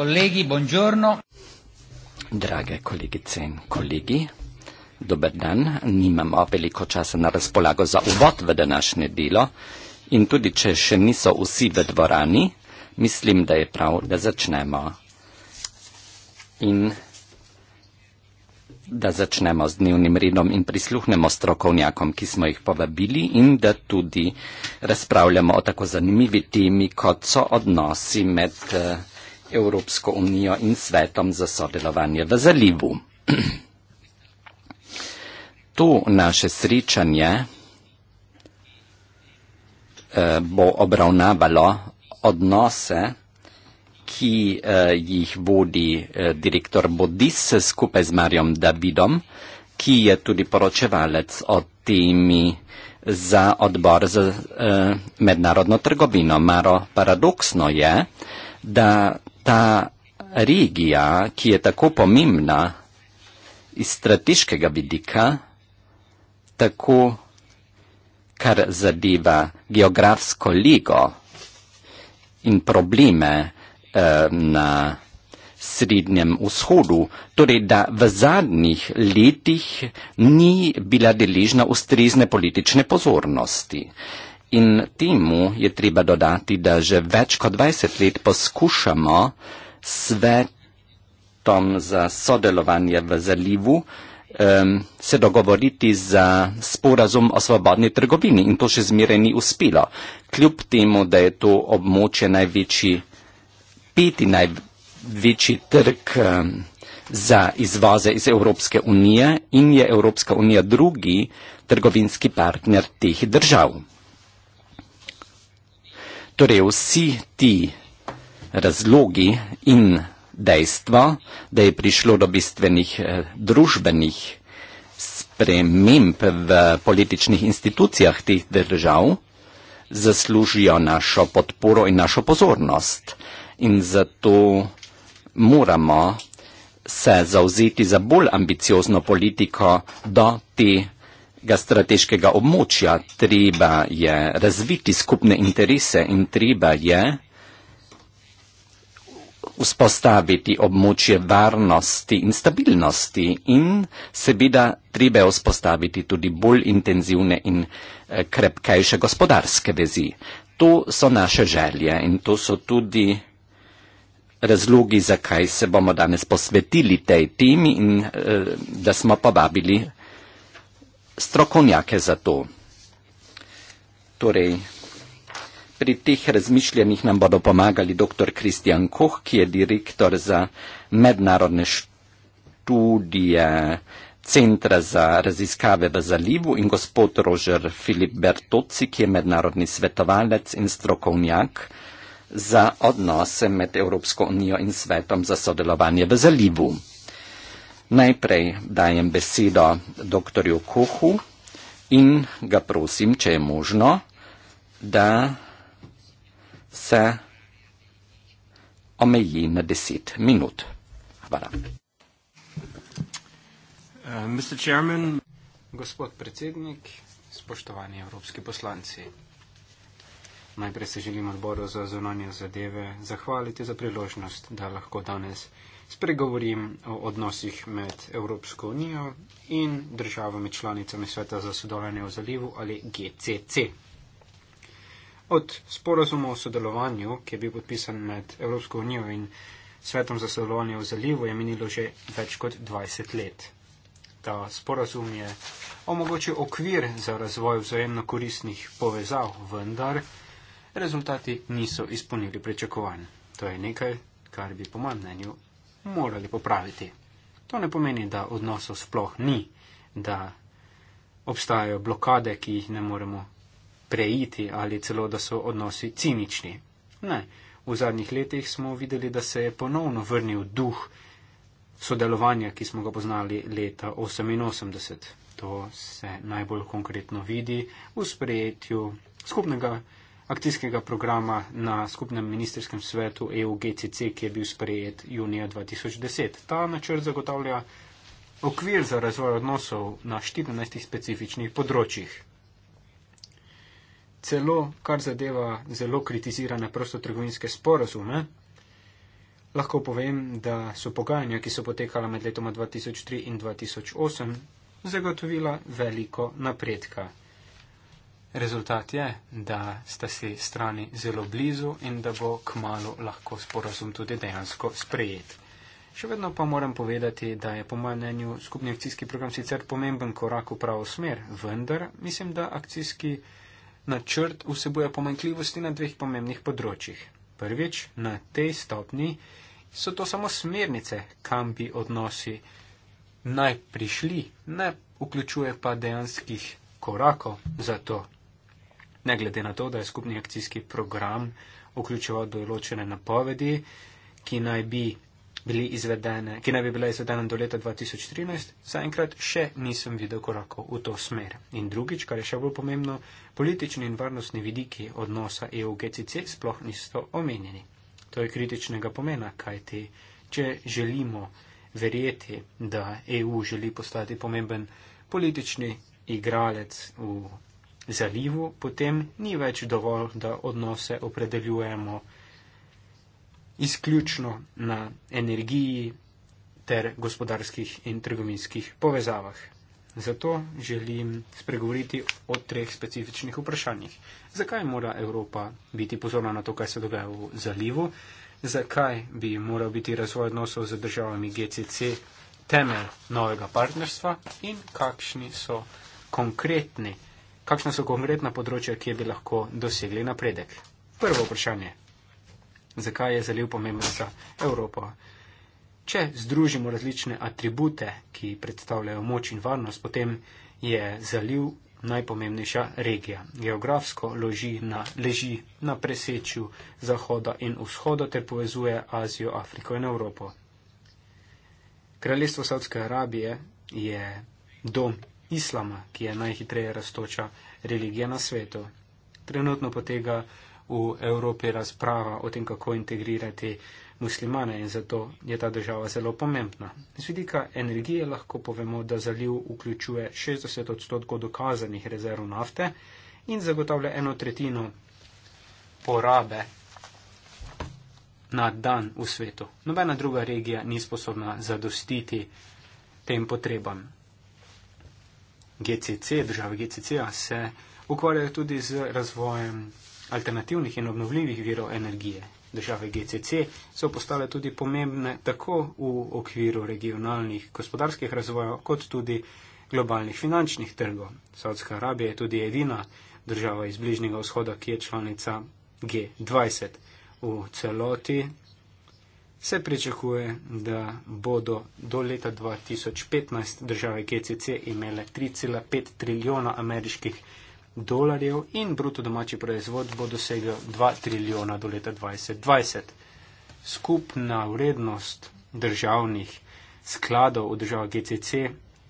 kolegi, buongiorno. Drage kolegice in kolegi, dober dan. Nimamo veliko časa na razpolago za uvod v današnje delo in tudi če še niso vsi v dvorani, mislim, da je prav, da začnemo. In da začnemo z dnevnim redom in prisluhnemo strokovnjakom, ki smo jih povabili in da tudi razpravljamo o tako zanimivi temi, kot so odnosi med eh, Evropsko unijo in svetom za sodelovanje v zalivu. To naše srečanje eh, bo obravnavalo odnose, ki eh, jih vodi eh, direktor Bodis skupaj z Marjom Davidom, ki je tudi poročevalec o temi za odbor za mednarodno trgovino. Maro paradoksno je, da ta regija, ki je tako pomembna iz strateškega vidika, tako kar zadeva geografsko ligo in probleme eh, na srednjem vzhodu, torej da v zadnjih letih ni bila deležna ustrezne politične pozornosti. Eh, In temu je treba dodati, da že več kot 20 let poskušamo svetom za sodelovanje v zalivu um, se dogovoriti za sporazum o svobodni trgovini in to še zmeraj ni uspelo. Kljub temu, da je to območje največji, peti največji trg um, za izvoze iz Evropske unije in je Evropska unija drugi trgovinski partner teh držav. Torej, vsi ti razlogi in dejstva, da je prišlo do bistvenih eh, družbenih sprememb v političnih institucijah teh držav, zaslužijo našo podporo in našo pozornost. In zato moramo se zauzeti za bolj ambiciozno politiko do te države tega strateškega območja, treba je razviti skupne interese in treba je vzpostaviti območje varnosti in stabilnosti in seveda treba vzpostaviti tudi bolj intenzivne in eh, krepkejše gospodarske vezi. To so naše želje in to so tudi razlogi, zakaj se bomo danes posvetili tej temi in eh, da smo povabili strokovnjake za to. Torej, pri teh razmišljanjih nam bodo pomagali dr. Kristjan Koh, ki je direktor za mednarodne študije Centra za raziskave v zalivu in gospod Rožer Filip Bertoci, ki je mednarodni svetovalec in strokovnjak za odnose med Evropsko unijo in svetom za sodelovanje v zalivu. Najprej dajem besedo dr. Kuhu in ga prosim, če je možno, da se omeji na 10 minut. Hvala. Uh, Mr. Chairman, gospod predsednik, spoštovani evropski poslanci. Najprej se želim odboru za zunanje zadeve zahvaliti za priložnost, da lahko danes spregovorim o odnosih med Evropsko unijo in državami članicami sveta za sodelovanje v zalivu ali GCC. Od sporozuma o sodelovanju, ki je bil podpisan med Evropsko unijo in svetom za sodelovanje v zalivu, je minilo že več kot 20 let. Ta sporozum je omogočil okvir za razvoj vzajemno koristnih povezav, vendar rezultati niso izpolnili pričakovanj. To je nekaj, kar bi po mojem mnenju morali popraviti. To ne pomeni, da odnosov sploh ni, da obstajajo blokade, ki jih ne moremo preiti ali celo, da so odnosi cinični. Ne, v zadnjih letih smo videli, da se je ponovno vrnil duh sodelovanja, ki smo ga poznali leta 1988. To se najbolj konkretno vidi v sprejetju skupnega akcijskega programa na skupnem ministerskem svetu EU-GCC, ki je bil sprejet junija 2010. Ta načrt zagotavlja okvir za razvoj odnosov na 14 specifičnih področjih. Celo, kar zadeva zelo kritizirane prostotrgovinske sporozume, lahko povem, da so pogajanja, ki so potekala med letoma 2003 in 2008, zagotovila veliko napredka. Rezultat je, da sta si strani zelo blizu in da bo k malu lahko sporazum tudi dejansko sprejet. Še vedno pa moram povedati, da je po mojem mnenju skupni akcijski program sicer pomemben korak v pravo smer, vendar mislim, da akcijski načrt vsebuje pomankljivosti na dveh pomembnih področjih. Prvič, na tej stopni so to samo smernice, kam bi odnosi naj prišli, ne vključuje pa dejanskih korakov za to, ne glede na to, da je skupni akcijski program vključeval določene napovedi, ki naj bi bili izvedene, ki naj bi bile izvedene do leta 2013, zaenkrat še nisem videl korakov v to smer. In drugič, kar je še bolj pomembno, politični in varnostni vidiki odnosa EU-GCC sploh niso omenjeni. To je kritičnega pomena, kajti če želimo verjeti, da EU želi postati pomemben politični igralec v zalivu, potem ni več dovolj, da odnose opredeljujemo izključno na energiji ter gospodarskih in trgovinskih povezavah. Zato želim spregovoriti o treh specifičnih vprašanjih. Zakaj mora Evropa biti pozorna na to, kaj se dogaja v zalivu? Zakaj bi moral biti razvoj odnosov z državami GCC temelj novega partnerstva in kakšni so konkretni kakšna so konkretna področja, kje bi lahko dosegli napredek. Prvo vprašanje. Zakaj je zaliv pomemben za Evropo? Če združimo različne atribute, ki predstavljajo moč in varnost, potem je zaliv najpomembnejša regija. Geografsko loži na, leži na presečju Zahoda in Vzhoda ter povezuje Azijo, Afriko in Evropo. Kraljestvo Saudske Arabije je dom islama, ki je najhitreje raztoča religija na svetu. Trenutno potega v Evropi razprava o tem, kako integrirati muslimane in zato je ta država zelo pomembna. Z vidika energije lahko povemo, da zaliv vključuje 60 odstotkov dokazanih rezerv nafte in zagotavlja eno tretjino porabe na dan v svetu. Nobena druga regija ni sposobna zadostiti tem potrebam. GCC, države GCC, -ja se ukvarjajo tudi z razvojem alternativnih in obnovljivih virov energije. Države GCC so postale tudi pomembne tako v okviru regionalnih gospodarskih razvojev, kot tudi globalnih finančnih trgov. Saudska Arabija je tudi edina država iz Bližnjega vzhoda, ki je članica G20. V celoti se pričakuje, da bodo do leta 2015 države GCC imele 3,5 trilijona ameriških dolarjev in bruto domači proizvod bo dosegel 2 trilijona do leta 2020. Skupna vrednost državnih skladov v državi GCC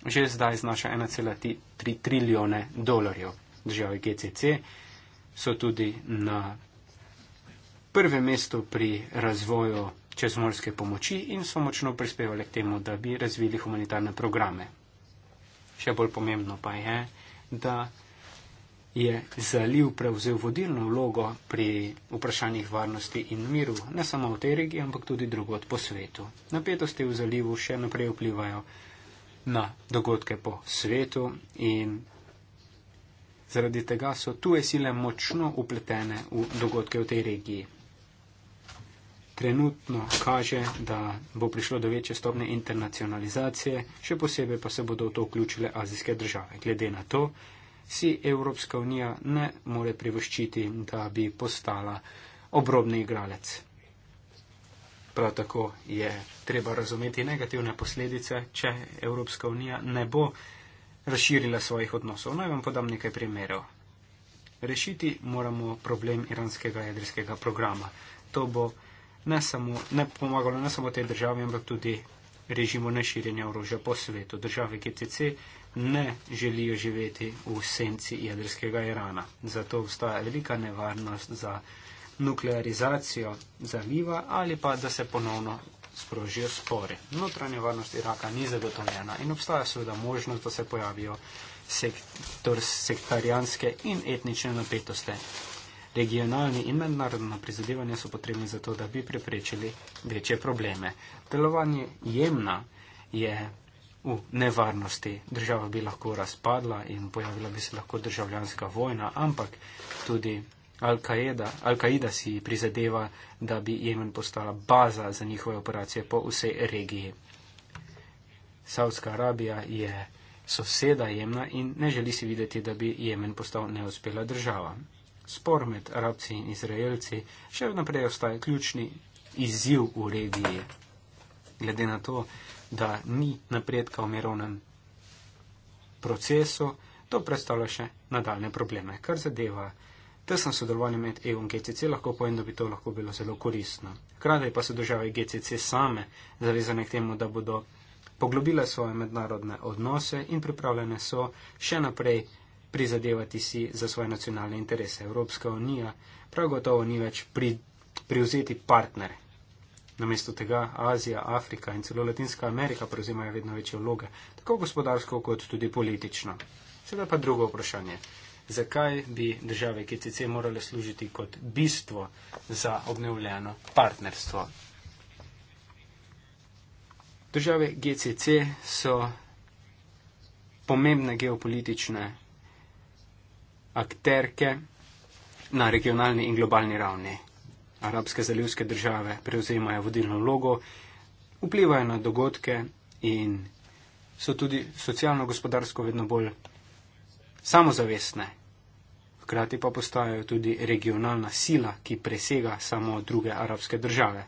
že zdaj znaša 1,3 trilijone dolarjev. Države GCC so tudi na prvem mestu pri razvoju čezmorske pomoči in so močno prispevali k temu, da bi razvili humanitarne programe. Še bolj pomembno pa je, da je zaliv prevzel vodilno vlogo pri vprašanjih varnosti in miru, ne samo v tej regiji, ampak tudi drugod po svetu. Napetosti v zalivu še naprej vplivajo na dogodke po svetu in zaradi tega so tuje sile močno upletene v dogodke v tej regiji trenutno kaže, da bo prišlo do večje stopne internacionalizacije, še posebej pa se bodo v to vključile azijske države. Glede na to si Evropska unija ne more privoščiti, da bi postala obrobni igralec. Prav tako je treba razumeti negativne posledice, če Evropska unija ne bo razširila svojih odnosov. Naj vam podam nekaj primerov. Rešiti moramo problem iranskega jedrskega programa. To bo ne, samo, ne pomagalo ne samo tej državi, ampak tudi režimu neširjenja orožja po svetu. Države GTC ne želijo živeti v senci jedrskega Irana. Zato obstaja velika nevarnost za nuklearizacijo zaliva ali pa da se ponovno sprožijo spore. Notranja varnost Iraka ni zagotovljena in obstaja seveda možnost, da se pojavijo sektor, sektarijanske in etnične napetosti Regionalni in mednarodna prizadevanja so potrebni za to, da bi preprečili večje probleme. Delovanje jemna je v nevarnosti. Država bi lahko razpadla in pojavila bi se lahko državljanska vojna, ampak tudi Al-Kaida Al si prizadeva, da bi jemen postala baza za njihove operacije po vsej regiji. Saudska Arabija je soseda jemna in ne želi si videti, da bi jemen postal neuspela država spor med arabci in izraelci še naprej ostaje ključni izziv v regiji, glede na to, da ni napredka v mirovnem procesu, to predstavlja še nadaljne probleme, kar zadeva tesno sodelovanje med EU in GCC, lahko povem, da bi to lahko bilo zelo koristno. Hkrati pa so države GCC same zavezane k temu, da bodo poglobile svoje mednarodne odnose in pripravljene so še naprej prizadevati si za svoje nacionalne interese. Evropska unija prav gotovo ni več pri, privzeti partner. Namesto tega Azija, Afrika in celo Latinska Amerika prevzemajo vedno večje vloge, tako gospodarsko kot tudi politično. Sedaj pa drugo vprašanje. Zakaj bi države KCC morale služiti kot bistvo za obnovljeno partnerstvo? Države GCC so pomembne geopolitične akterke na regionalni in globalni ravni. Arabske zalivske države prevzemajo vodilno vlogo, vplivajo na dogodke in so tudi socialno-gospodarsko vedno bolj samozavestne. Hkrati pa postajajo tudi regionalna sila, ki presega samo druge arabske države.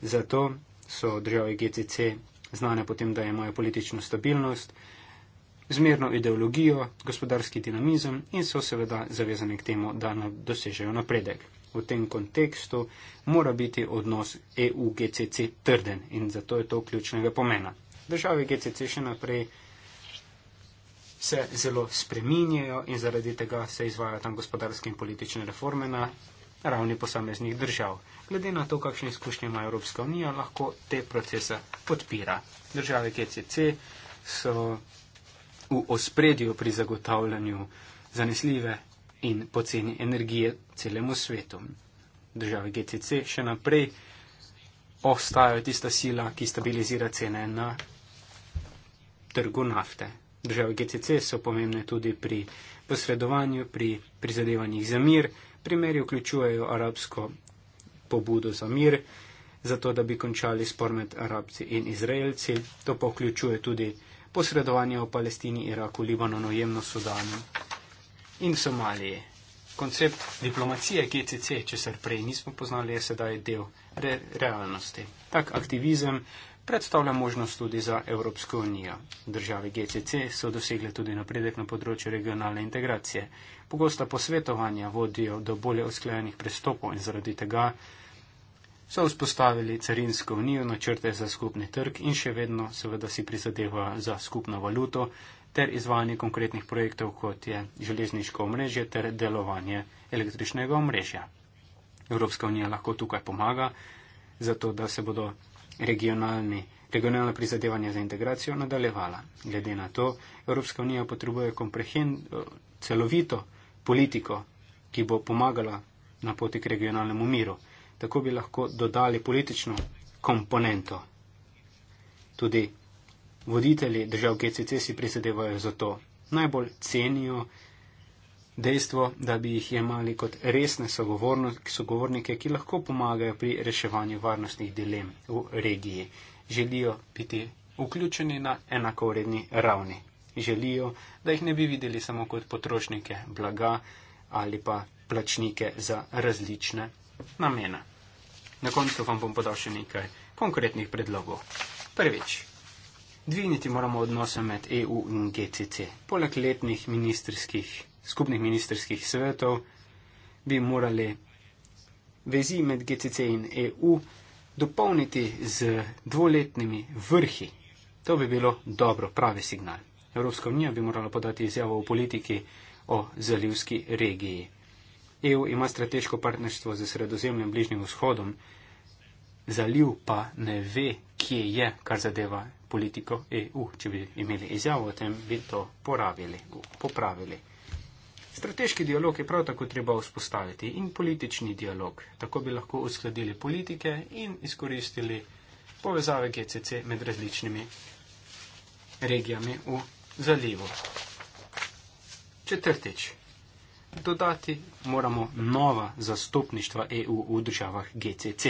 Zato so države GCC znane potem, da imajo politično stabilnost, zmerno ideologijo, gospodarski dinamizem in so seveda zavezani k temu, da dosežejo napredek. V tem kontekstu mora biti odnos EU-GCC trden in zato je to ključnega pomena. Države GCC še naprej se zelo spreminjajo in zaradi tega se izvajo tam gospodarske in politične reforme na ravni posameznih držav. Glede na to, kakšne izkušnje ima Evropska unija, lahko te procese podpira. Države GCC so v ospredju pri zagotavljanju zanesljive in poceni energije celemu svetu. Države GCC še naprej ostajajo tista sila, ki stabilizira cene na trgu nafte. Države GCC so pomembne tudi pri posredovanju, pri prizadevanjih za mir, primeri vključujejo arabsko pobudo za mir, zato da bi končali spor med arabci in izraelci. To pa vključuje tudi posredovanje v Palestini, Iraku, Libanonu, Jemnu, Sudanu in Somaliji. Koncept diplomacije GCC, če se prej nismo poznali, je sedaj del re realnosti. Tak aktivizem predstavlja možnost tudi za Evropsko unijo. Države GCC so dosegle tudi napredek na področju regionalne integracije. Pogosta posvetovanja vodijo do bolje usklajenih prestopov in zaradi tega so vzpostavili carinsko unijo načrte za skupni trg in še vedno seveda si prizadeva za skupno valuto ter izvajanje konkretnih projektov, kot je železniško omrežje ter delovanje električnega omrežja. Evropska unija lahko tukaj pomaga, zato da se bodo regionalni, regionalne prizadevanja za integracijo nadaljevala. Glede na to, Evropska unija potrebuje eh, celovito politiko, ki bo pomagala na poti k regionalnemu miru tako bi lahko dodali politično komponento. Tudi voditelji držav GCC si prisedevajo za to. Najbolj cenijo dejstvo, da bi jih imali kot resne sogovornike, ki lahko pomagajo pri reševanju varnostnih dilem v regiji. Želijo biti vključeni na enakovredni ravni. Želijo, da jih ne bi videli samo kot potrošnike blaga ali pa plačnike za različne namene. Na koncu vam bom podal še nekaj konkretnih predlogov. Prvič, dvigniti moramo odnose med EU in GCC. Poleg letnih ministerskih, skupnih ministerskih svetov bi morali vezi med GCC in EU dopolniti z dvoletnimi vrhi. To bi bilo dobro, pravi signal. Evropska unija bi morala podati izjavo o politiki o zalivski regiji. EU ima strateško partnerstvo z sredozemljem bližnjim vzhodom, zaliv pa ne ve, kje je, kar zadeva politiko EU. Če bi imeli izjavo o tem, bi to porabili, popravili. Strateški dialog je prav tako treba vzpostaviti in politični dialog. Tako bi lahko uskladili politike in izkoristili povezave GCC med različnimi regijami v zalivu. Četrtič dodati moramo nova zastopništva EU v državah GCC.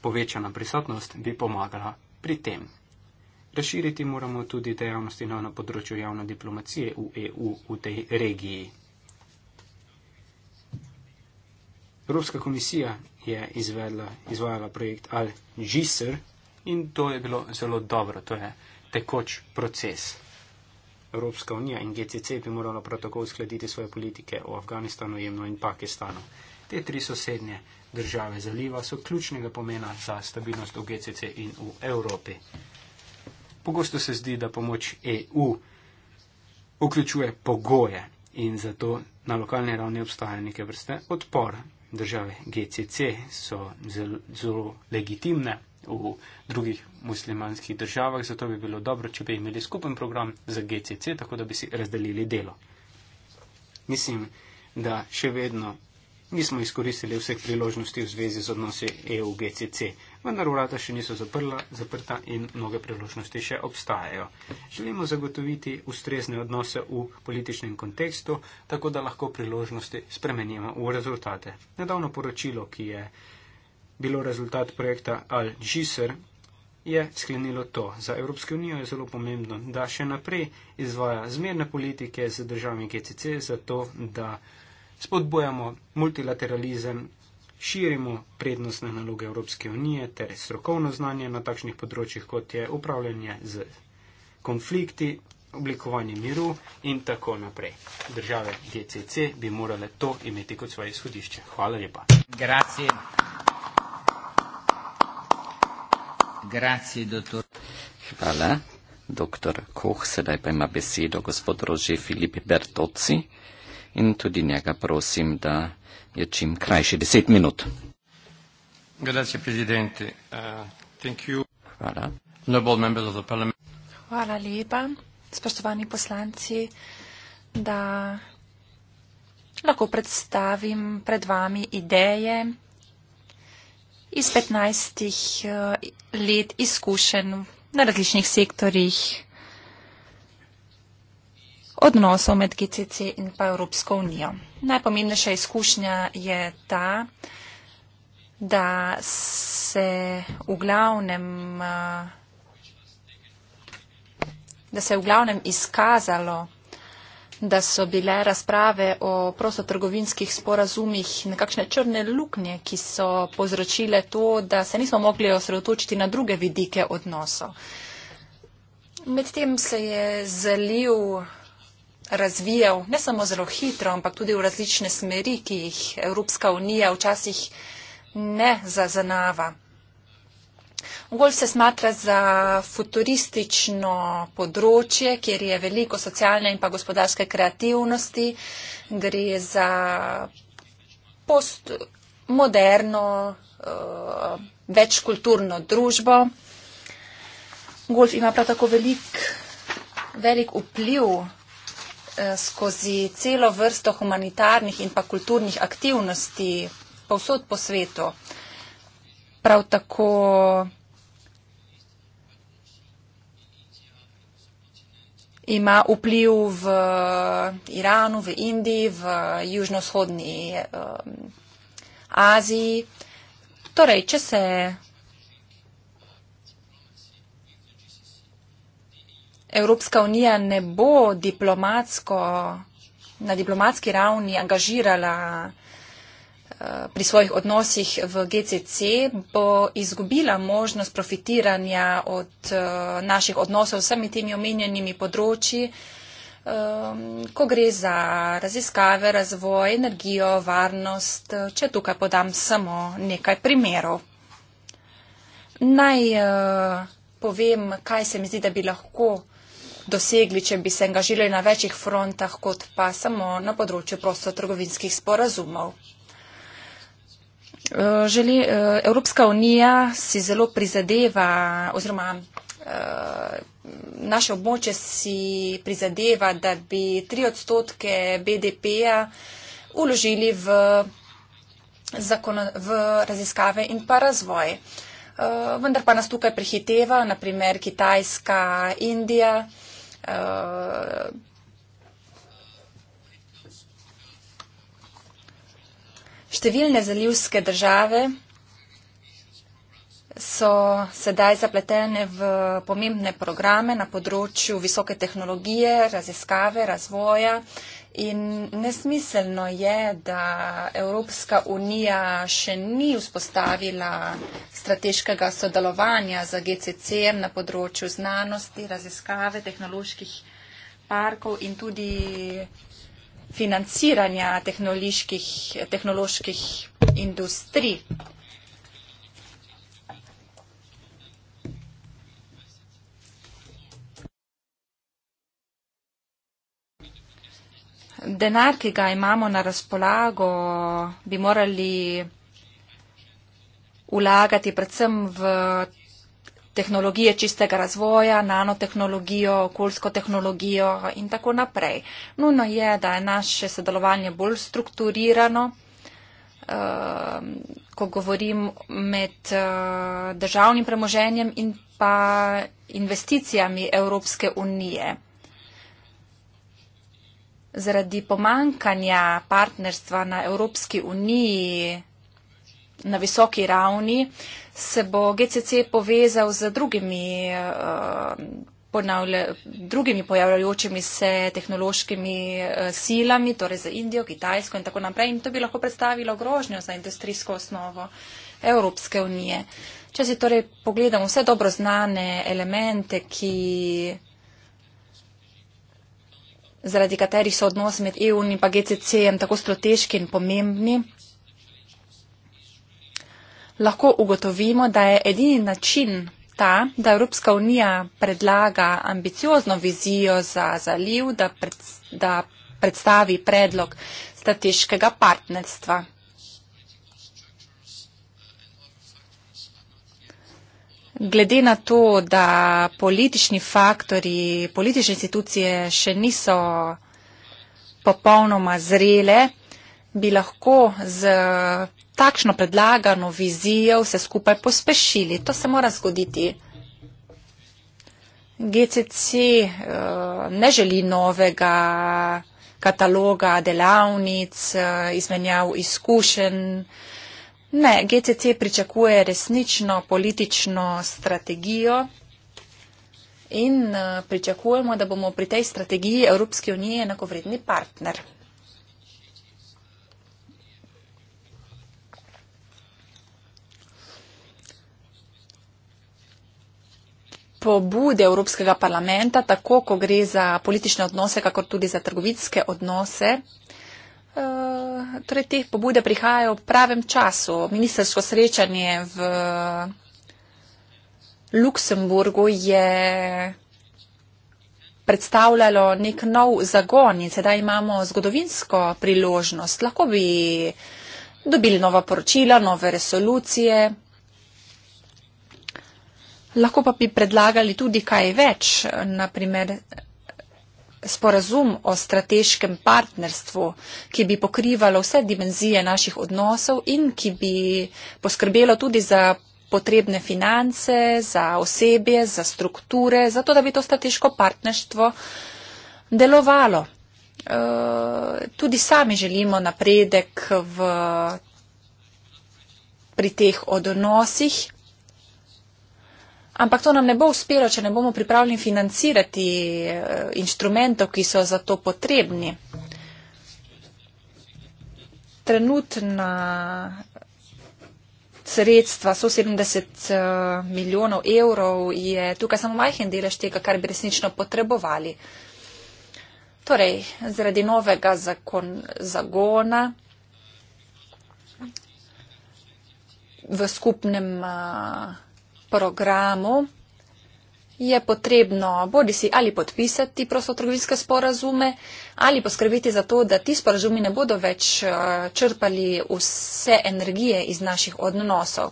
Povečana prisotnost bi pomagala pri tem. Razširiti moramo tudi dejavnosti na, na področju javne diplomacije v EU v tej regiji. Evropska komisija je izvedla, izvajala projekt Al-Jisr in to je bilo zelo dobro, to je tekoč proces. Evropska unija in GCC bi morala prav tako uskladiti svoje politike o Afganistanu, Jemnu in Pakistanu. Te tri sosednje države zaliva so ključnega pomena za stabilnost v GCC in v Evropi. Pogosto se zdi, da pomoč EU vključuje pogoje in zato na lokalni ravni obstaja neke vrste odpor. Države GCC so zelo, zelo legitimne, v drugih muslimanskih državah, zato bi bilo dobro, če bi imeli skupen program za GCC, tako da bi si razdelili delo. Mislim, da še vedno nismo izkoristili vseh priložnosti v zvezi z odnosi EU-GCC, vendar vrata še niso zaprla, zaprta in mnoge priložnosti še obstajajo. Želimo zagotoviti ustrezne odnose v političnem kontekstu, tako da lahko priložnosti spremenimo v rezultate. Nedavno poročilo, ki je bilo rezultat projekta Al-Jisr, je sklenilo to. Za Evropsko unijo je zelo pomembno, da še naprej izvaja zmerne politike z državami GCC, zato da spodbojamo multilateralizem, širimo prednostne naloge Evropske unije ter strokovno znanje na takšnih področjih, kot je upravljanje z konflikti, oblikovanje miru in tako naprej. Države GCC bi morale to imeti kot svoje izhodišče. Hvala lepa. Grazie. Grazie, dottor. Hvala, doktor Koh, sedaj pa ima besedo gospod Rože Filip Bertoci in tudi njega prosim, da je čim krajši deset minut. Grazie, presidente. Uh, thank you. Hvala. Noble members of the parliament. Hvala lepa, spoštovani poslanci, da lahko predstavim pred vami ideje, iz 15 eh, let izkušenj na različnih sektorjih odnosov med GCC in pa Evropsko unijo. Najpomembnejša izkušnja je ta, da se v glavnem eh, da se je v glavnem izkazalo, da so bile razprave o prostotrgovinskih sporazumih nekakšne črne luknje, ki so povzročile to, da se nismo mogli osredotočiti na druge vidike odnosov. Medtem se je zaliv razvijal ne samo zelo hitro, ampak tudi v različne smeri, ki jih Evropska unija včasih ne zaznava. Mogoče se smatra za futuristično področje, kjer je veliko socialne in pa gospodarske kreativnosti. Gre za postmoderno, eh, večkulturno družbo. Golf ima prav tako velik, velik vpliv eh, skozi celo vrsto humanitarnih in pa kulturnih aktivnosti povsod po svetu. Prav tako ima vpliv v eh, Iranu, v Indiji, v južno-shodni um, eh, Aziji. Torej, če se Evropska unija ne bo diplomatsko, na diplomatski ravni angažirala Eh, pri svojih odnosih v GCC bo izgubila možnost profitiranja od eh, naših odnosov s vsemi temi omenjenimi področji, ehm, ko gre za raziskave, razvoj, energijo, varnost, eh, če tukaj podam samo nekaj primerov. Naj povem, kaj se mi zdi, da bi lahko dosegli, če bi se angažirali na večjih frontah, kot pa samo na področju prostotrgovinskih sporazumov. Eh, želi, eh, Evropska unija si zelo prizadeva oziroma eh, naše območje si prizadeva, da bi tri odstotke BDP-ja uložili v, zakon, v raziskave in pa razvoj. Vendar pa nas tukaj prihiteva, naprimer Kitajska, Indija. Številne zalivske države so sedaj zapletene v pomembne programe na področju visoke tehnologije, raziskave, razvoja in nesmiselno je, da Evropska unija še ni vzpostavila strateškega sodelovanja za GCC na področju znanosti, raziskave, tehnoloških parkov in tudi financiranja tehnoloških, tehnoloških industrij. Denar, ki ga imamo na razpolago, bi morali vlagati predvsem v tehnologije čistega razvoja, nanotehnologijo, okoljsko tehnologijo in tako naprej. Nuno je, da je naše sodelovanje bolj strukturirano, ehm, ko govorim med eh, državnim premoženjem in pa investicijami Evropske unije. Zaradi pomankanja partnerstva na Evropski uniji na visoki ravni se bo GCC povezal z drugimi, eh, ponavlja, drugimi pojavljajočimi se tehnološkimi eh, silami, torej z Indijo, Kitajsko in tako naprej. In to bi lahko predstavilo grožnjo za industrijsko osnovo Evropske unije. Če si torej pogledamo vse dobro znane elemente, ki zaradi katerih so odnosi med EU in pa GCC tako strateški in pomembni, lahko ugotovimo, da je edini način ta, da Evropska unija predlaga ambiciozno vizijo za zaliv, da, pred, da predstavi predlog strateškega partnerstva. Glede na to, da politični faktori, politične institucije še niso popolnoma zrele, bi lahko z takšno predlagano vizijo vse skupaj pospešili. To se mora zgoditi. GCC eh, ne želi novega kataloga, delavnic, eh, izmenjav izkušenj. Ne, GCC pričakuje resnično politično strategijo in eh, pričakujemo, da bomo pri tej strategiji Evropske unije enakovredni partner. pobude Evropskega parlamenta, tako ko gre za politične odnose, kakor tudi za trgovinske odnose. Eh, torej, te pobude prihajajo v pravem času. Ministersko srečanje v Luksemburgu je predstavljalo nek nov zagon in sedaj imamo zgodovinsko priložnost. Lahko bi dobili nova poročila, nove resolucije. Lahko pa bi predlagali tudi kaj več, naprimer sporazum o strateškem partnerstvu, ki bi pokrivalo vse dimenzije naših odnosov in ki bi poskrbelo tudi za potrebne finance, za osebje, za strukture, zato da bi to strateško partnerstvo delovalo. E, tudi sami želimo napredek v, pri teh odnosih. Ampak to nam ne bo uspelo, če ne bomo pripravljeni financirati eh, inštrumentov, ki so za to potrebni. Trenutna sredstva, 170 eh, milijonov evrov, je tukaj samo majhen delež tega, kar bi resnično potrebovali. Torej, zaradi novega zakon, zagona v skupnem. Uh, programu je potrebno bodi si ali podpisati prostotrgovinske sporazume ali poskrbiti za to, da ti sporazumi ne bodo več eh, črpali vse energije iz naših odnosov.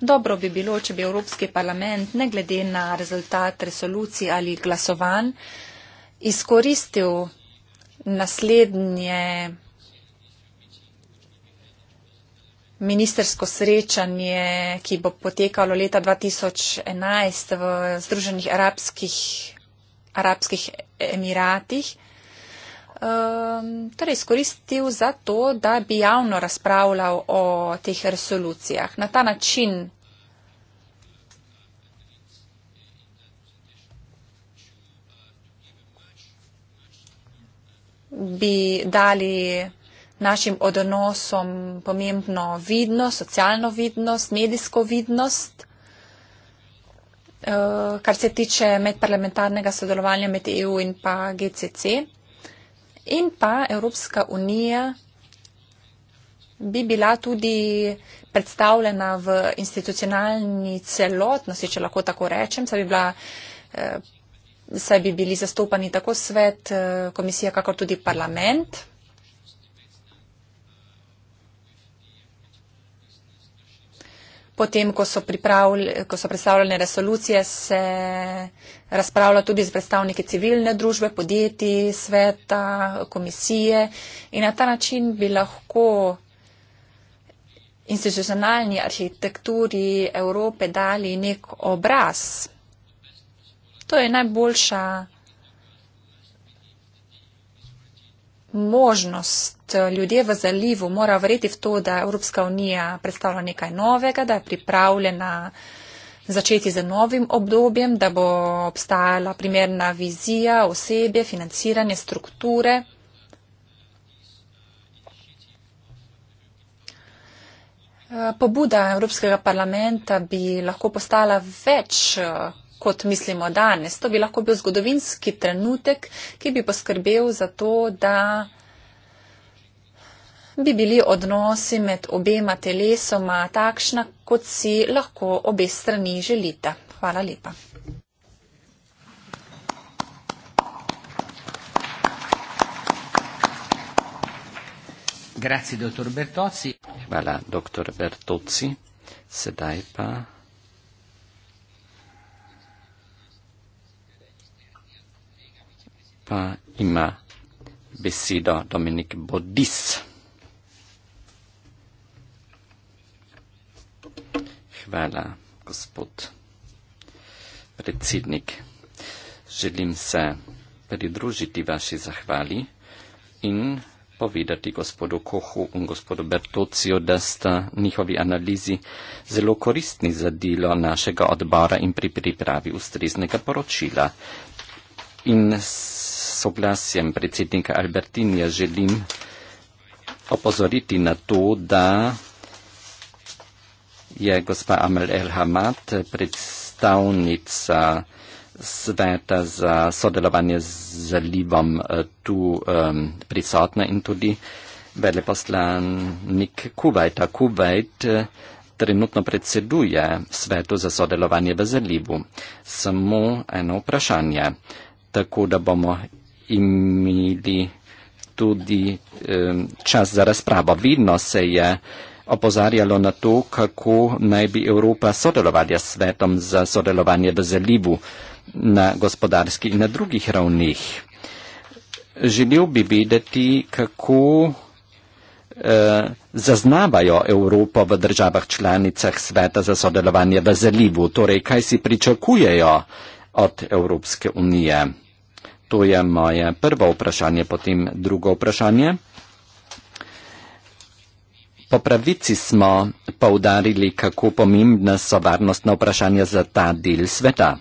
Dobro bi bilo, če bi Evropski parlament, ne glede na rezultat resolucij ali glasovanj, izkoristil naslednje ministersko srečanje, ki bo potekalo leta 2011 v Združenih arabskih, arabskih emiratih, um, torej izkoristil za to, da bi javno razpravljal o teh resolucijah. Na ta način bi dali našim odnosom pomembno vidnost, socialno vidnost, medijsko vidnost, eh, kar se tiče medparlamentarnega sodelovanja med EU in pa GCC. In pa Evropska unija bi bila tudi predstavljena v institucionalni celotnosti, če lahko tako rečem, saj bi, bila, eh, saj bi bili zastopani tako svet, eh, komisija, kakor tudi parlament. Potem, ko so, ko so predstavljene resolucije, se razpravlja tudi z predstavniki civilne družbe, podjetij, sveta, komisije in na ta način bi lahko institucionalni arhitekturi Evrope dali nek obraz. To je najboljša. možnost. Eh, ljudje v zalivu mora verjeti v to, da Evropska unija predstavlja nekaj novega, da je pripravljena začeti z novim obdobjem, da bo obstajala primerna vizija osebe, financiranje strukture. Eh, pobuda Evropskega parlamenta bi lahko postala več eh, kot mislimo danes. To bi lahko bil zgodovinski trenutek, ki bi poskrbel za to, da bi bili odnosi med obema telesoma takšna, kot si lahko obe strani želita. Hvala lepa. Grazie, dottor Bertozzi. Hvala, dottor Bertozzi. Sedaj pa. pa ima besedo Dominik Bodis. Hvala, gospod predsednik. Želim se pridružiti vaši zahvali in povedati gospodu Kohu in gospodu Bertocijo, da sta njihovi analizi zelo koristni za delo našega odbora in pri pripravi ustreznega poročila. In soglasjem predsednika Albertinija želim opozoriti na to, da je gospa Amel El Hamad predstavnica sveta za sodelovanje z Libom eh, tu um, prisotna in tudi veleposlanik Kuwaita. Kuwait eh, trenutno predseduje svetu za sodelovanje v Zalibu. Samo eno vprašanje, tako da bomo imeli tudi eh, čas za razpravo. Vidno se je opozarjalo na to, kako naj bi Evropa sodelovala s svetom za sodelovanje v zalivu na gospodarski in na drugih ravnih. Želel bi vedeti, kako eh, zaznavajo Evropo v državah članicah sveta za sodelovanje v zalivu, torej kaj si pričakujejo od Evropske unije. To je moje prvo vprašanje, potem drugo vprašanje. Po pravici smo poudarili, kako pomembna so varnostna vprašanja za ta del sveta,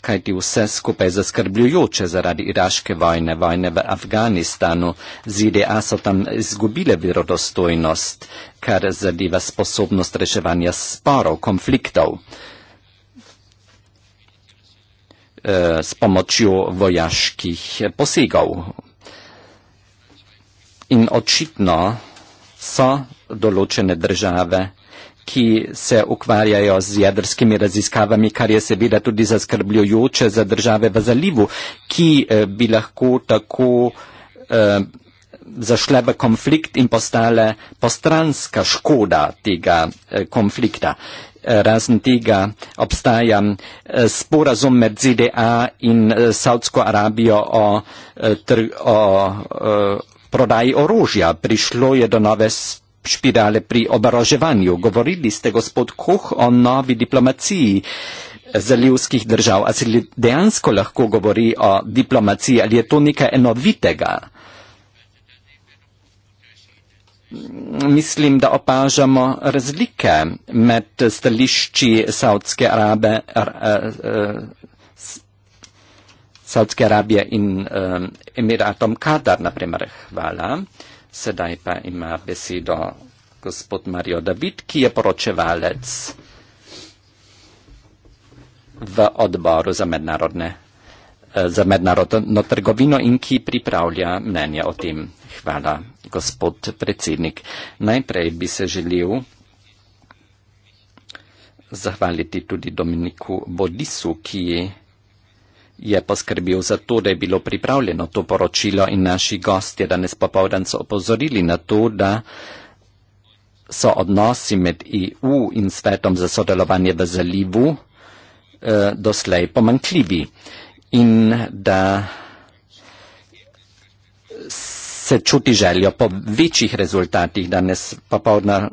kajti vse skupaj zaskrbljujoče zaradi iraške vojne, vojne v Afganistanu, ZDA so tam izgubile verodostojnost, kar zadeva sposobnost reševanja sporov, konfliktov. Eh, s pomočjo vojaških posegov. In očitno so določene države, ki se ukvarjajo z jedrskimi raziskavami, kar je seveda tudi zaskrbljujoče za države v zalivu, ki eh, bi lahko tako eh, zašle v konflikt in postale postranska škoda tega konflikta razen tega obstaja eh, sporazum med ZDA in eh, Saudsko Arabijo o, eh, tr, o, o prodaji orožja. Prišlo je do nove špirale pri obaroževanju. Govorili ste, gospod Koh, o novi diplomaciji zalivskih držav. A se dejansko lahko govori o diplomaciji ali je to nekaj enovitega? mislim, da opažamo razlike med stališči Saudske Arabe, eh, eh, Saudske Arabije in eh, Emiratom Kadar, naprimer. Hvala. Sedaj pa ima besedo gospod Mario David, ki je poročevalec v odboru za mednarodne za mednarodno trgovino in ki pripravlja mnenje o tem. Hvala, gospod predsednik. Najprej bi se želel zahvaliti tudi Dominiku Bodisu, ki je poskrbel za to, da je bilo pripravljeno to poročilo in naši gostje danes popovdan so opozorili na to, da so odnosi med EU in svetom za sodelovanje v zalivu eh, doslej pomankljivi in da se čuti željo po večjih rezultatih. Danes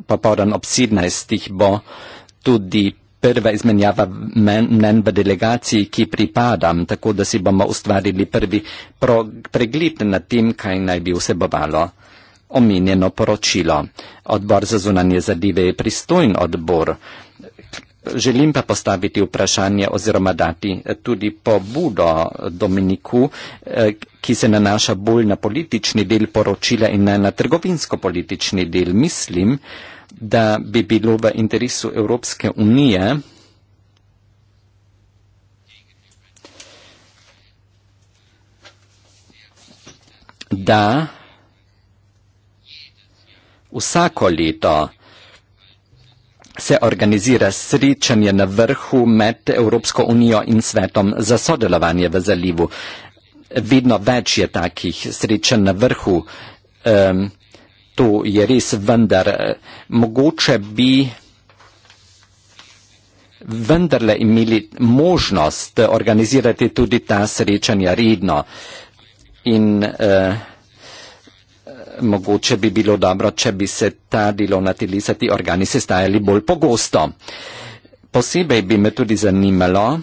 popovdan ob 17. bo tudi prva izmenjava mnen v delegaciji, ki pripadam, tako da si bomo ustvarili prvi pregled na tem, kaj naj bi vsebovalo omenjeno poročilo. Odbor za zunanje zadeve je pristojen odbor. Želim pa postaviti vprašanje oziroma dati tudi pobudo Dominiku, eh, ki se nanaša bolj na politični del poročila in ne na trgovinsko-politični del. Mislim, da bi bilo v interesu Evropske unije da vsako leto se organizira srečanje na vrhu med Evropsko unijo in svetom za sodelovanje v zalivu vedno več je takih srečen na vrhu. Um, to je res vendar. Eh, mogoče bi vendarle imeli možnost organizirati tudi ta srečanja redno. In uh, mogoče bi bilo dobro, če bi se ta delovna telesa, ti organi sestajali bolj pogosto. Posebej bi me tudi zanimalo,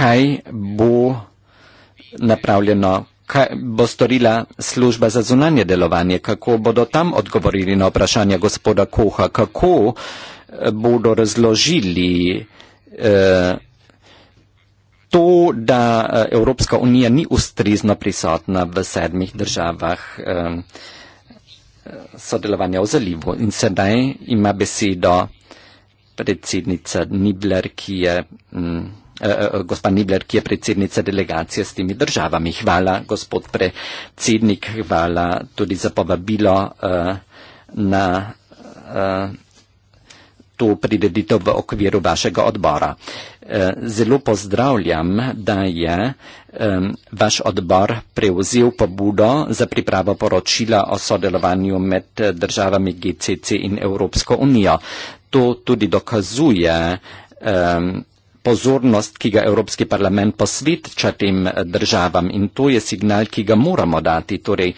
kaj bo napravljeno, kaj bo storila služba za zunanje delovanje, kako bodo tam odgovorili na vprašanje gospoda Koha, kako eh, bodo razložili eh, to, da eh, Evropska unija ni ustrizno prisotna v sedmih državah eh, sodelovanja v zalivu. In sedaj ima besedo predsednica Nibler, ki je. Hm, Eh, eh, gospa Nibler, ki je predsednica delegacije s temi državami. Hvala, gospod predsednik, hvala tudi za povabilo eh, na eh, to prireditev v okviru vašega odbora. Eh, zelo pozdravljam, da je um, vaš odbor prevzel pobudo za pripravo poročila o sodelovanju med državami GCC in Evropsko unijo. To tudi dokazuje um, pozornost, ki ga Evropski parlament posvetča tem eh, državam in to je signal, ki ga moramo dati. Torej,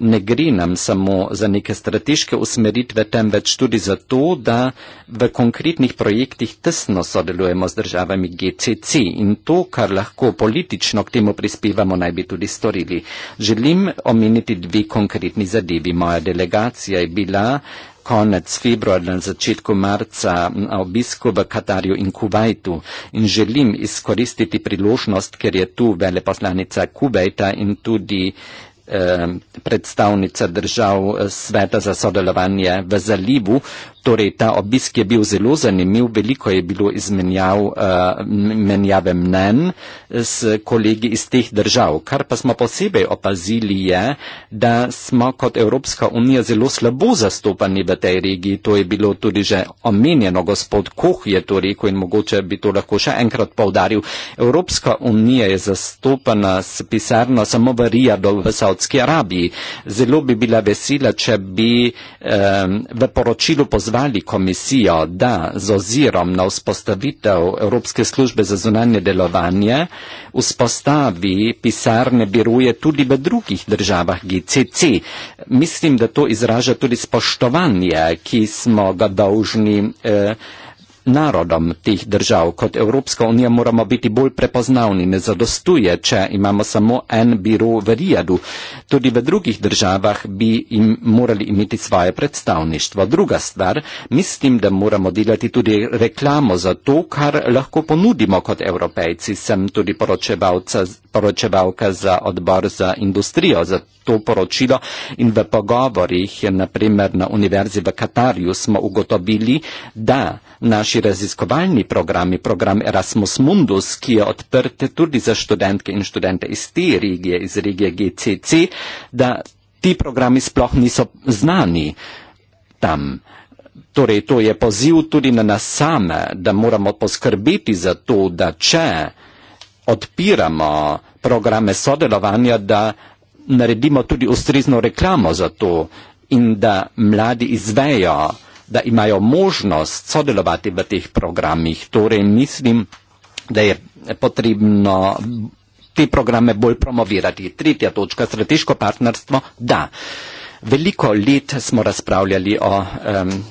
ne gre nam samo za neke strateške usmeritve, temveč tudi za to, da v konkretnih projektih tesno sodelujemo z državami GCC in to, kar lahko politično k temu prispevamo, naj bi tudi storili. Želim omeniti dve konkretni zadevi. Moja delegacija je bila konec februarja, na začetku marca obisko v Katarju in Kuwaitu in želim izkoristiti priložnost, ker je tu veleposlanica Kuwaita in tudi eh, Eh, predstavnica držav eh, sveta za sodelovanje v zalivu. Torej, ta obisk je bil zelo zanimiv, veliko je bilo izmenjav, eh, menjave mnen s kolegi iz teh držav. Kar pa smo posebej opazili je, da smo kot Evropska unija zelo slabo zastopani v tej regiji. To je bilo tudi že omenjeno, gospod Koh je to rekel in mogoče bi to lahko še enkrat povdaril. Evropska unija je zastopana s pisarno samo v Rijadu v Saud Saudski Arabiji. Zelo bi bila vesela, če bi eh, v poročilu pozvali komisijo, da z ozirom na vzpostavitev Evropske službe za zunanje delovanje vzpostavi pisarne biruje tudi v drugih državah GCC. Mislim, da to izraža tudi spoštovanje, ki smo ga dolžni. Eh, narodom tih držav. Kot Evropska unija moramo biti bolj prepoznavni. Ne zadostuje, če imamo samo en biro v Rijadu. Tudi v drugih državah bi im morali imeti svoje predstavništvo. Druga stvar, mislim, da moramo delati tudi reklamo za to, kar lahko ponudimo kot evropejci. Sem tudi poročevalca poročevalka za odbor za industrijo za to poročilo in v pogovorih, naprimer na univerzi v Katarju, smo ugotovili, da naši raziskovalni programi, program Erasmus Mundus, ki je odprt tudi za študentke in študente iz te regije, iz regije GCC, da ti programi sploh niso znani tam. Torej, to je poziv tudi na nas same, da moramo poskrbeti za to, da če odpiramo programe sodelovanja, da naredimo tudi ustrezno reklamo za to in da mladi izvejo, da imajo možnost sodelovati v teh programih. Torej mislim, da je potrebno te programe bolj promovirati. Tretja točka, strateško partnerstvo, da. Uh, Veliko let smo razpravljali o um,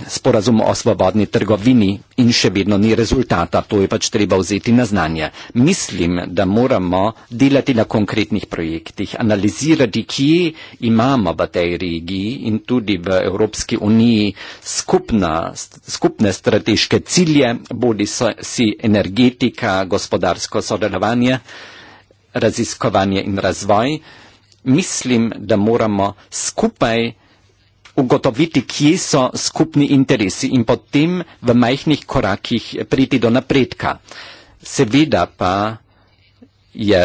sporazumu o svobodni trgovini in še vedno ni rezultata, to je pač treba vzeti na znanje. Mislim, da moramo delati na konkretnih projektih, analizirati, kje imamo v tej regiji in tudi v Evropski uniji skupna, skupne strateške cilje, bodi so, si energetika, gospodarsko sodelovanje, raziskovanje in razvoj mislim, da moramo skupaj ugotoviti, kje so skupni interesi in potem v majhnih korakih priti do napredka. Seveda pa je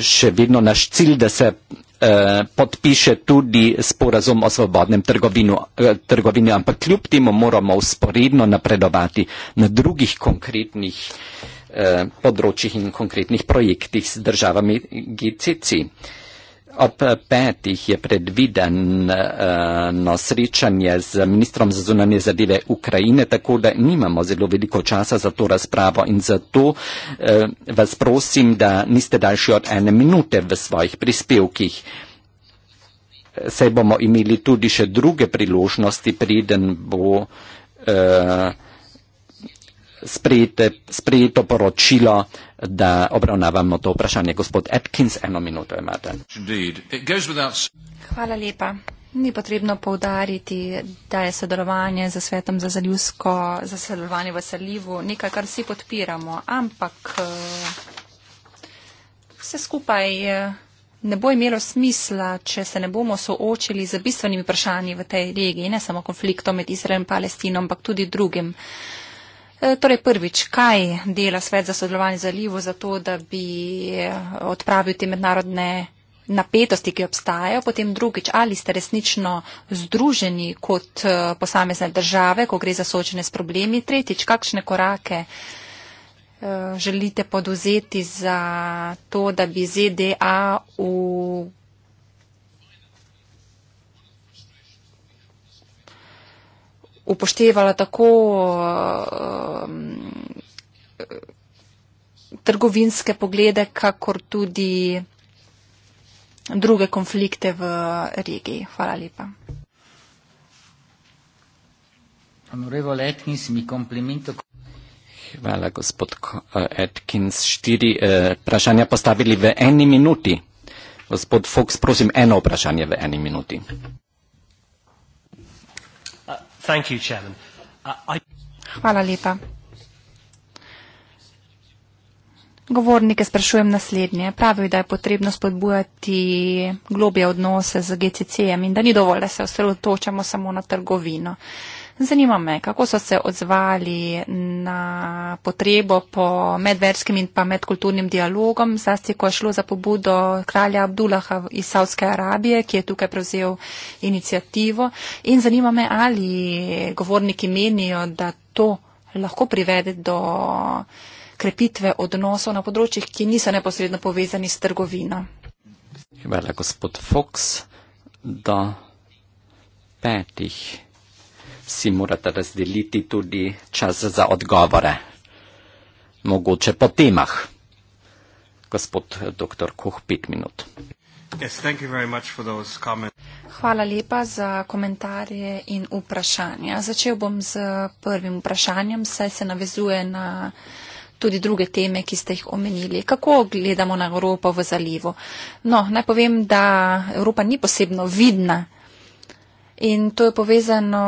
še vedno naš cilj, da se eh, podpiše tudi sporazum o svobodnem trgovinu, eh, trgovinu, ampak kljub temu moramo usporedno napredovati na drugih konkretnih eh, področjih in konkretnih projektih z državami GCC. Eh, Ob petih je predvideno eh, no, srečanje z ministrom za zunanje zadeve Ukrajine, tako da nimamo zelo veliko časa za to razpravo in zato eh, vas prosim, da niste daljši od ene minute v svojih prispevkih. Sej bomo imeli tudi še druge priložnosti, preden bo. Uh, sprejete, sprejeto poročilo, da obravnavamo to vprašanje. Gospod Atkins, eno minuto imate. Hvala lepa. Ni potrebno povdariti, da je sodelovanje za svetom za zaljusko, za sodelovanje v salivu nekaj, kar vsi podpiramo, ampak eh, vse skupaj eh, ne bo imelo smisla, če se ne bomo soočili z bistvenimi vprašanji v tej regiji, ne samo konfliktom med Izraelom in Palestino, ampak tudi drugim. Eh, torej prvič, kaj dela svet za sodelovanje zalivo za to, da bi eh, odpravil te mednarodne napetosti, ki obstajajo, potem drugič, ali ste resnično združeni kot eh, posamezne države, ko gre za soočene s problemi, tretjič, kakšne korake želite poduzeti za to, da bi ZDA v upoštevala tako uh, trgovinske poglede, kakor tudi druge konflikte v regiji. Hvala lepa. Hvala, gospod eh, Atkins. Štiri eh, vprašanja eh, postavili v eni minuti. Gospod Fox, prosim, eno vprašanje v eni minuti. Uh, Hvala lepa. Govornike sprašujem naslednje. Pravijo, da je potrebno spodbujati globje odnose z GCC-jem in da ni dovolj, da se osredotočamo samo na trgovino. Uh, Zanima me, kako so se odzvali na potrebo po medverskim in pa medkulturnim dialogom, zlasti ko je šlo za pobudo kralja Abdullaha iz Saudske Arabije, ki je tukaj prevzel inicijativo. In zanima me, ali govorniki menijo, da to lahko privede do krepitve odnosov na področjih, ki niso neposredno povezani s trgovino. Hvala, gospod Fox, do petih si morate razdeliti tudi čas za odgovore. Mogoče po temah. Gospod dr. Kuh, pet minut. Yes, thank you very much for those comments. Hvala lepa za komentarje in vprašanja. Začel bom z prvim vprašanjem, saj se navezuje na tudi druge teme, ki ste jih omenili. Kako gledamo na Evropo v zalivu? No, naj povem, da Evropa ni posebno vidna In to je povezano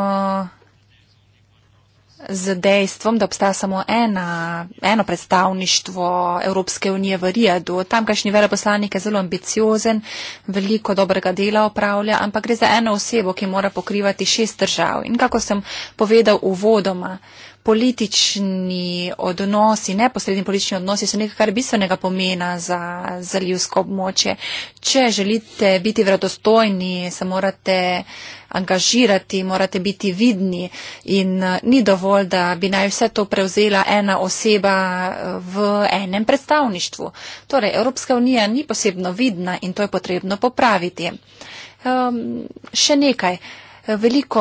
z dejstvom, da obstaja samo ena, eno predstavništvo Evropske unije v Rijadu. Tamkajšnji veleposlanik je zelo ambiciozen, veliko dobrega dela opravlja, ampak gre za eno osebo, ki mora pokrivati šest držav. In kako sem povedal uvodoma, politični odnosi, neposredni politični odnosi so nekaj, kar bistvenega pomena za, za ljusko območje. Če želite biti vredostojni, se morate angažirati, morate biti vidni in eh, ni dovolj, da bi naj vse to prevzela ena oseba eh, v enem predstavništvu. Torej, Evropska unija ni posebno vidna in to je potrebno popraviti. Um, še nekaj. Veliko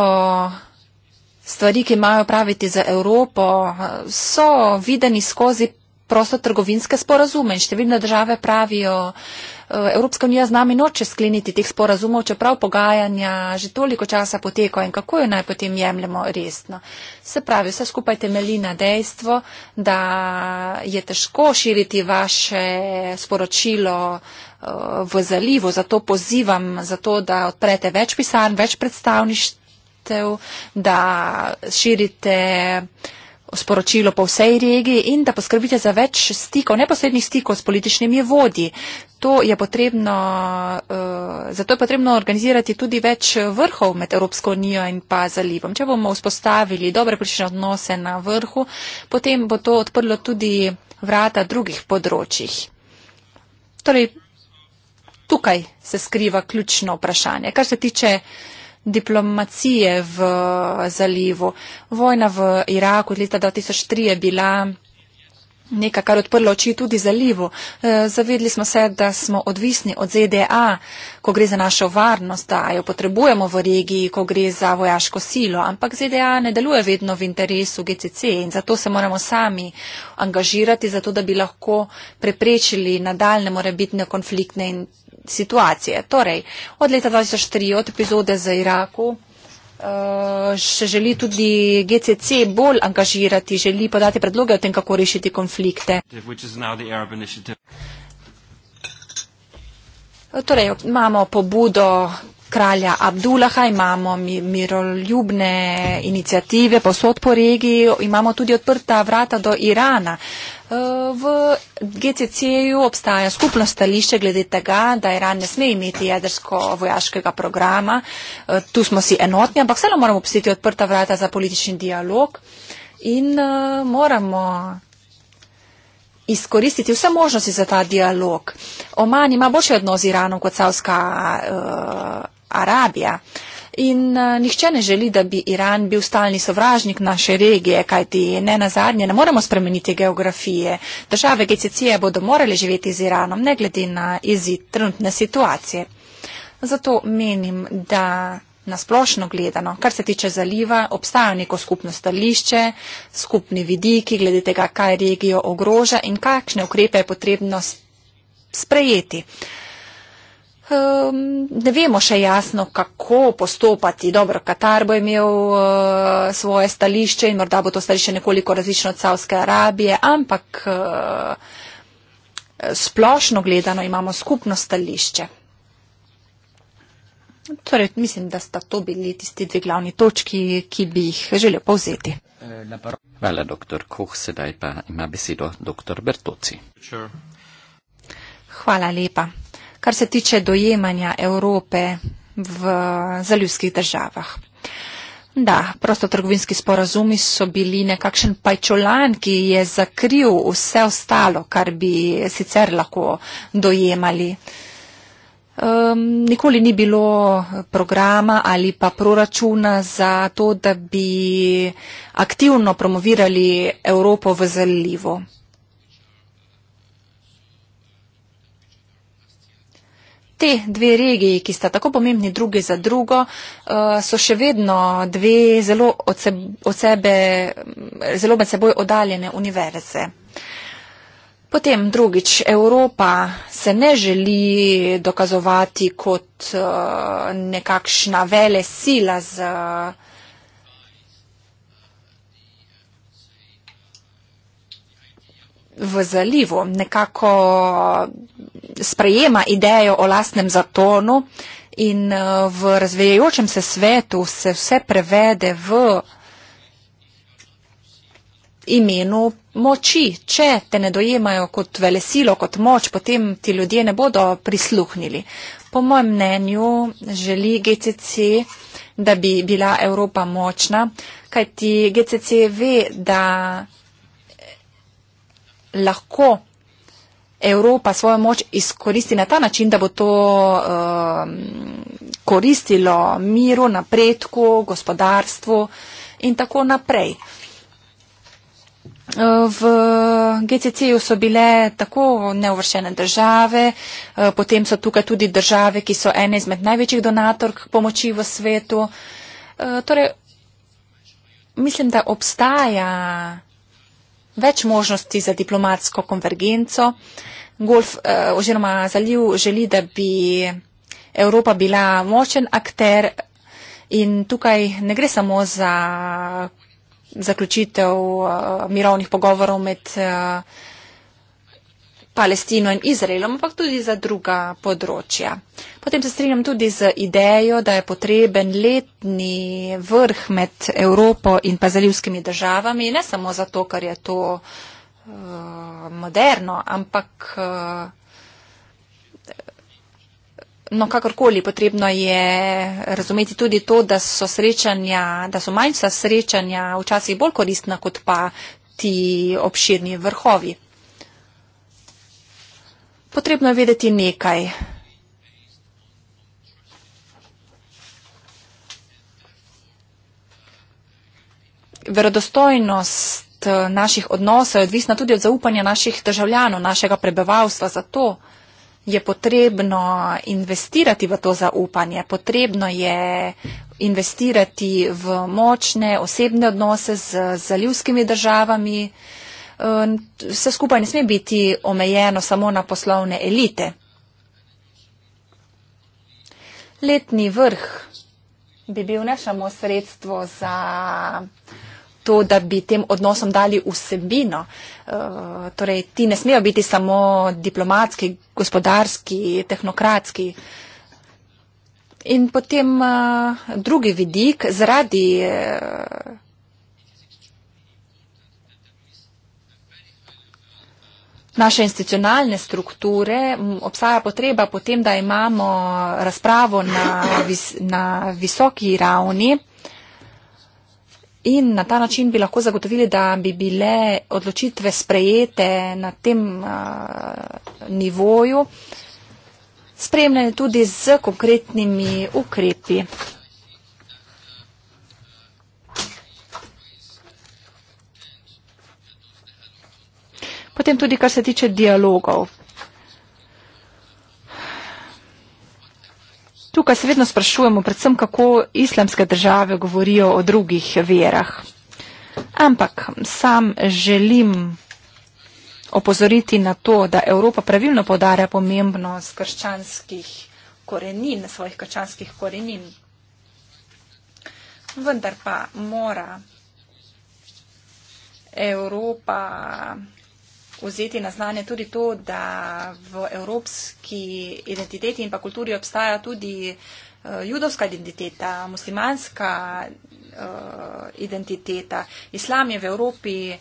stvari, ki imajo praviti za Evropo, so videni skozi prostotrgovinske sporazume in številne države pravijo, eh, Evropska unija z nami noče skleniti teh sporazumov, čeprav pogajanja že toliko časa potekajo in kako jo naj potem jemljemo resno. Se pravi, vse skupaj temelji na dejstvo, da je težko širiti vaše sporočilo eh, v zalivu, zato pozivam, zato da odprete več pisarn, več predstavništv storitev, da širite sporočilo po vsej regiji in da poskrbite za več stikov, neposrednih stikov s političnimi vodji. To je potrebno, eh, zato je potrebno organizirati tudi več vrhov med Evropsko unijo in pa zalivom. Če bomo vzpostavili dobre politične odnose na vrhu, potem bo to odprlo tudi vrata drugih področjih. Torej, tukaj se skriva ključno vprašanje. Kar se tiče diplomacije v zalivu. Vojna v Iraku od leta 2003 je bila nekaj, kar odprlo oči tudi zalivu. E, zavedli smo se, da smo odvisni od ZDA, ko gre za našo varnost, da jo potrebujemo v regiji, ko gre za vojaško silo, ampak ZDA ne deluje vedno v interesu GCC in zato se moramo sami angažirati, zato da bi lahko preprečili nadaljne morebitne konfliktne in situacije. Torej, od leta 2003, od epizode za Iraku, še eh, želi tudi GCC bolj angažirati, želi podati predloge o tem, kako rešiti konflikte. Eh, torej, imamo pobudo kralja Abdullaha, imamo miroljubne inicijative posod po regiji, imamo tudi odprta vrata do Irana. V GCC-ju obstaja skupno stališče glede tega, da Iran ne sme imeti jedrsko vojaškega programa. E, tu smo si enotni, ampak vseeno moramo posjetiti odprta vrata za politični dialog in e, moramo izkoristiti vse možnosti za ta dialog. Oman ima boljši odnos z Iranom kot Savska uh, Arabija. Uh, In uh, nihče ne želi, da bi Iran bil stalni sovražnik naše regije, kajti ne na zadnje, ne moremo spremeniti geografije. Države GCC-je bodo morali živeti z Iranom, ne glede na izid trenutne situacije. Zato menim, da nasplošno gledano, kar se tiče zaliva, obstaja neko skupno stališče, skupni vidiki glede tega, kaj regijo ogroža in kakšne ukrepe je potrebno sprejeti. Uh, um, ne vemo še jasno, kako postopati. Dobro, Katar bo imel uh, svoje stališče in morda bo to stališče nekoliko različno od Savske Arabije, ampak uh, splošno gledano imamo skupno stališče. Torej, mislim, da sta to bili tisti dve glavni točki, ki bi jih želel povzeti. Hvala, dr. Koh, sedaj pa ima besedo dr. Bertoci. Hvala lepa kar se tiče dojemanja Evrope v zaljuskih državah. Da, prostotrgovinski sporazumi so bili nekakšen pajčolan, ki je zakril vse ostalo, kar bi sicer lahko dojemali. Um, nikoli ni bilo programa ali pa proračuna za to, da bi aktivno promovirali Evropo v zalivo. te dve regiji, ki sta tako pomembni druge za drugo, eh, so še vedno dve zelo od, se, od sebe, zelo med seboj oddaljene univerze. Potem drugič, Evropa se ne želi dokazovati kot eh, nekakšna vele sila z. v zalivu, nekako sprejema idejo o lastnem zatonu in eh, v razvejajočem se svetu se vse prevede v imenu moči. Če te ne dojemajo kot velesilo, kot moč, potem ti ljudje ne bodo prisluhnili. Po mojem mnenju želi GCC, da bi bila Evropa močna, kajti GCC ve, da lahko Evropa svojo moč izkoristi na ta način, da bo to um, koristilo miru, napredku, gospodarstvu in tako naprej. V GCC-ju so bile tako neuvršene države, eh, potem so tukaj tudi države, ki so ene izmed največjih donatork pomoči v svetu. Eh, torej, mislim, da obstaja več možnosti za diplomatsko konvergenco. Golf eh, oziroma zaliv želi, da bi Evropa bila močen akter in tukaj ne gre samo za zaključitev eh, mirovnih pogovorov med eh, Palestino in Izraelom, ampak tudi za druga področja. Potem se strinjam tudi z idejo, da je potreben letni vrh med Evropo in pa zalivskimi državami, ne samo zato, ker je to uh, moderno, ampak. Uh, No, kakorkoli, potrebno je razumeti tudi to, da so, so manjša srečanja včasih bolj koristna kot pa ti obširni vrhovi. Potrebno je vedeti nekaj. Verodostojnost eh, naših odnosov je odvisna tudi od zaupanja naših državljanov, našega prebivalstva. Zato je potrebno investirati v to zaupanje, potrebno je investirati v močne osebne odnose z zaljivskimi državami vse skupaj ne sme biti omejeno samo na poslovne elite. Letni vrh bi bil ne samo sredstvo za to, da bi tem odnosom dali vsebino. Torej, ti ne smejo biti samo diplomatski, gospodarski, tehnokratski. In potem drugi vidik zaradi naše institucionalne strukture, obstaja potreba potem, da imamo razpravo na, vis, na visoki ravni in na ta način bi lahko zagotovili, da bi bile odločitve sprejete na tem a, nivoju, spremljene tudi z konkretnimi ukrepi. Potem tudi, kar se tiče dialogov. Tukaj se vedno sprašujemo, predvsem kako islamske države govorijo o drugih verah. Ampak sam želim opozoriti na to, da Evropa pravilno podarja pomembnost krščanskih korenin, svojih krščanskih korenin. Vendar pa mora Evropa vzeti na znanje tudi to, da v evropski identiteti in pa kulturi obstaja tudi eh, judovska identiteta, muslimanska eh, identiteta. Islam je v Evropi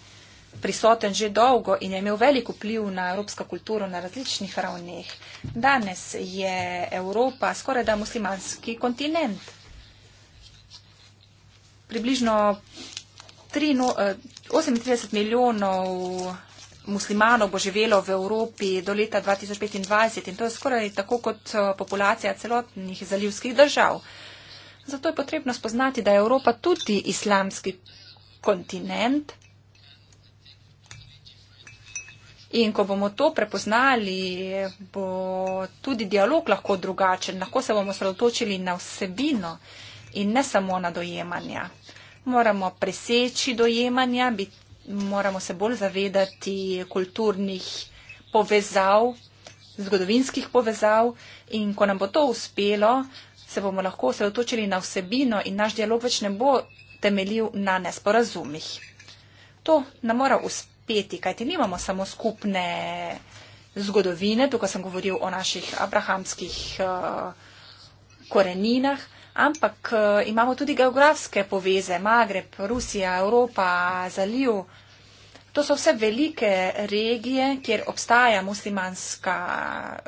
prisoten že dolgo in je imel veliko vpliv na evropsko kulturo na različnih ravneh. Danes je Evropa skoraj da muslimanski kontinent. Približno 38 no, eh, milijonov muslimanov bo živelo v Evropi do leta 2025 in to je skoraj tako kot eh, populacija celotnih zalivskih držav. Zato je potrebno spoznati, da je Evropa tudi islamski kontinent. In ko bomo to prepoznali, bo tudi dialog lahko drugačen. Lahko se bomo sredotočili na vsebino in ne samo na dojemanja. Moramo preseči dojemanja, biti moramo se bolj zavedati kulturnih povezav, zgodovinskih povezav in ko nam bo to uspelo, se bomo lahko osredotočili na vsebino in naš dialog več ne bo temeljil na nesporazumih. To nam mora uspeti, kajti nimamo samo skupne zgodovine, tukaj sem govoril o naših abrahamskih uh, koreninah ampak eh, imamo tudi geografske poveze, Magreb, Rusija, Evropa, Zaliv. To so vse velike regije, kjer obstaja muslimanska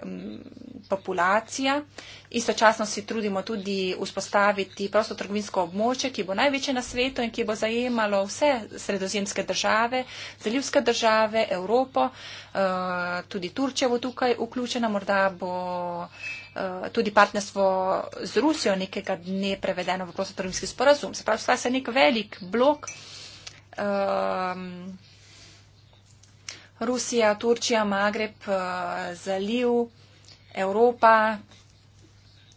mm, populacija. Istočasno si trudimo tudi vzpostaviti prosto trgovinsko območje, ki bo največje na svetu in ki bo zajemalo vse sredozemske države, zaljivske države, Evropo, eh, tudi Turčevo tukaj vključena, morda bo uh, Eh, tudi partnerstvo z Rusijo nekega dne prevedeno v prostotrgovinski sporazum. Se pravi, stvar se nek velik blok. Um, Rusija, Turčija, Magreb, uh, Zaliv, Evropa.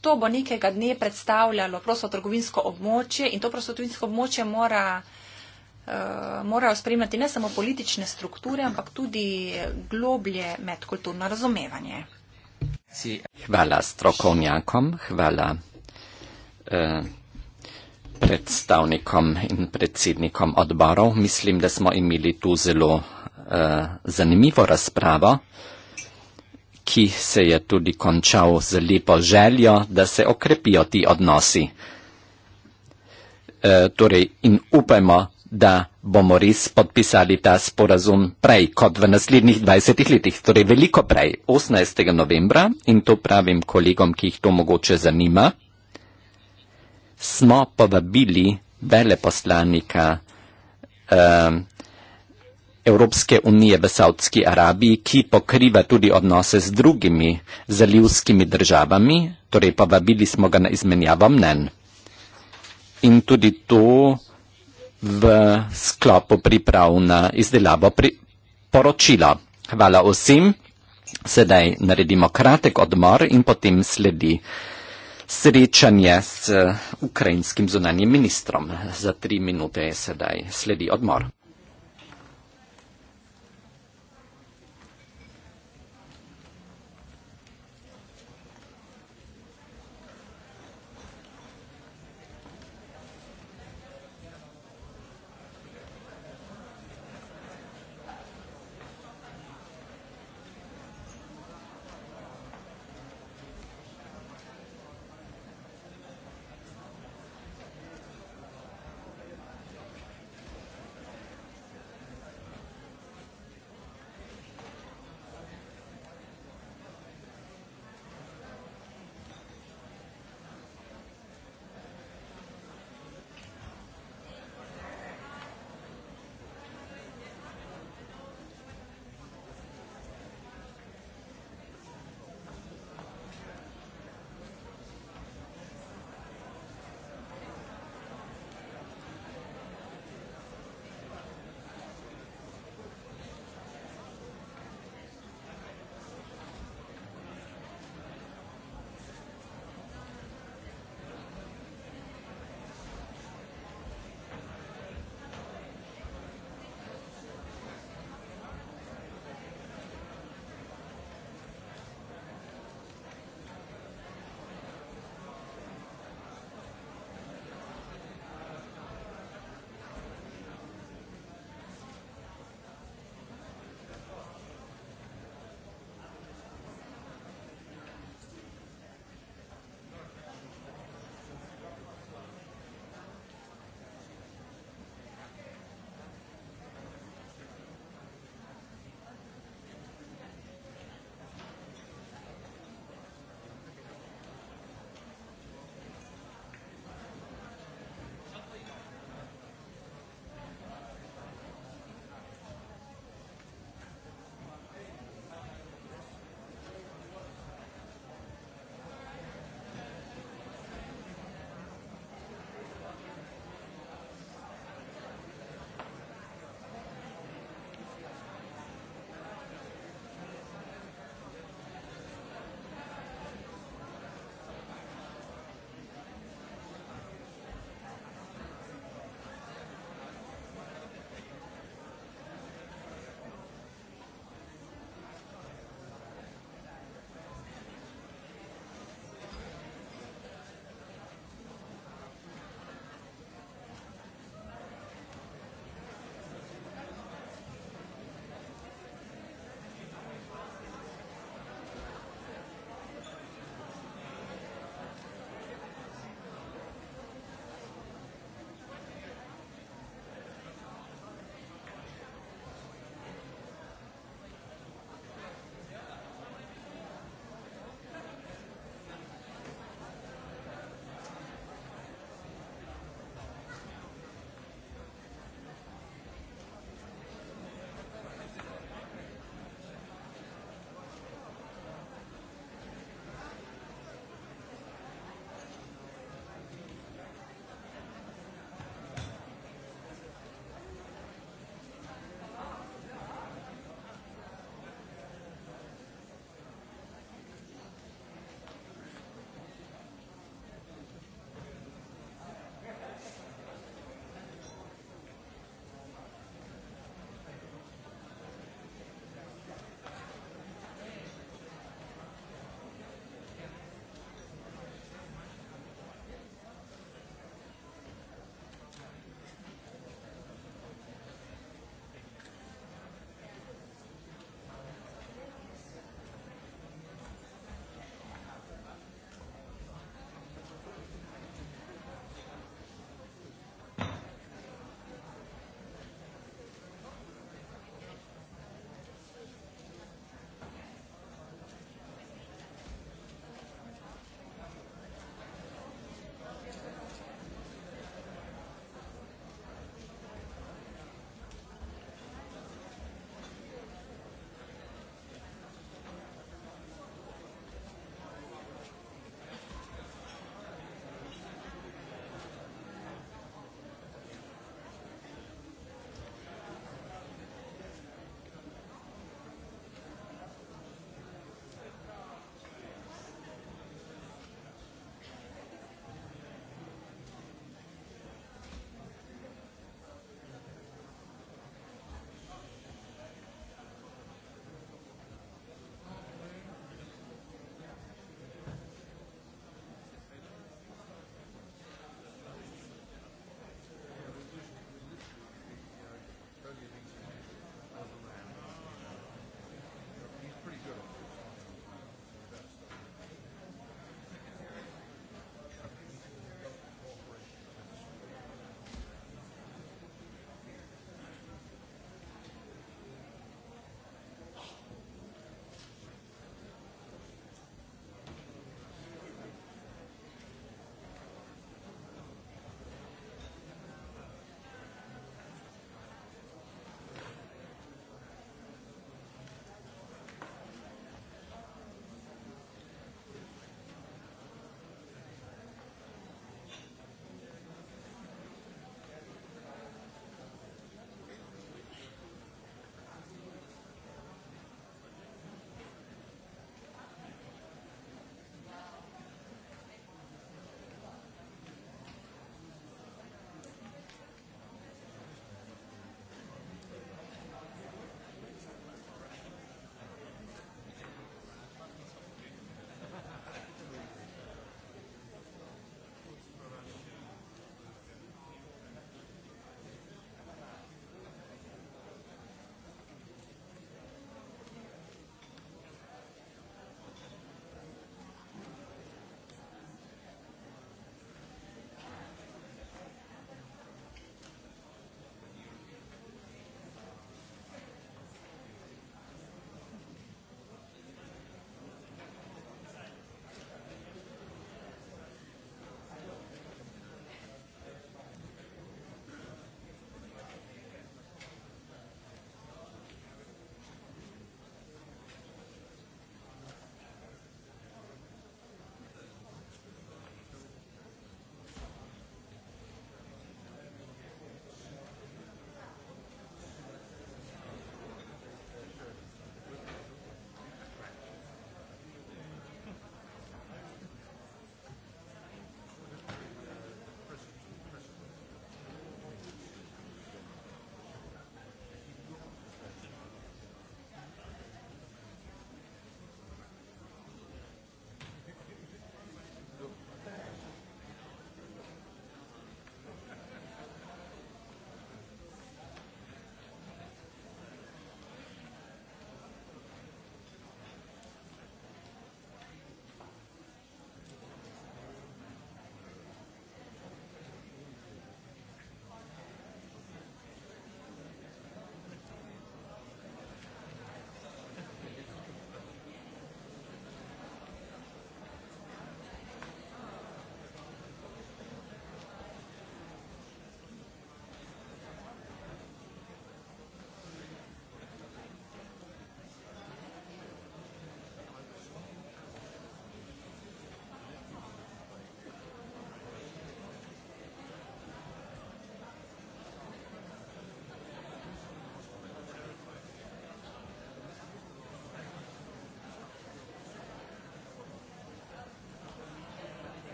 To bo nekega dne predstavljalo prostotrgovinsko območje in to prostotrgovinsko območje mora, uh, morajo spremljati ne samo politične strukture, ampak tudi globlje medkulturno razumevanje. Hvala strokovnjakom, hvala eh, predstavnikom in predsednikom odborov. Mislim, da smo imeli tu zelo eh, zanimivo razpravo, ki se je tudi končal z lepo željo, da se okrepijo ti odnosi. Eh, torej, in upajmo, da bomo res podpisali ta sporazum prej kot v naslednjih 20 letih, torej veliko prej, 18. novembra, in to pravim kolegom, ki jih to mogoče zanima, smo povabili veleposlanika eh, Evropske unije v Saudski Arabiji, ki pokriva tudi odnose z drugimi zalivskimi državami, torej povabili smo ga na izmenjavo mnen. In tudi to, v sklopu priprav na izdelavo pri poročila. Hvala vsem. Sedaj naredimo kratek odmor in potem sledi srečanje s ukrajinskim zunanjim ministrom. Za tri minute sedaj sledi odmor.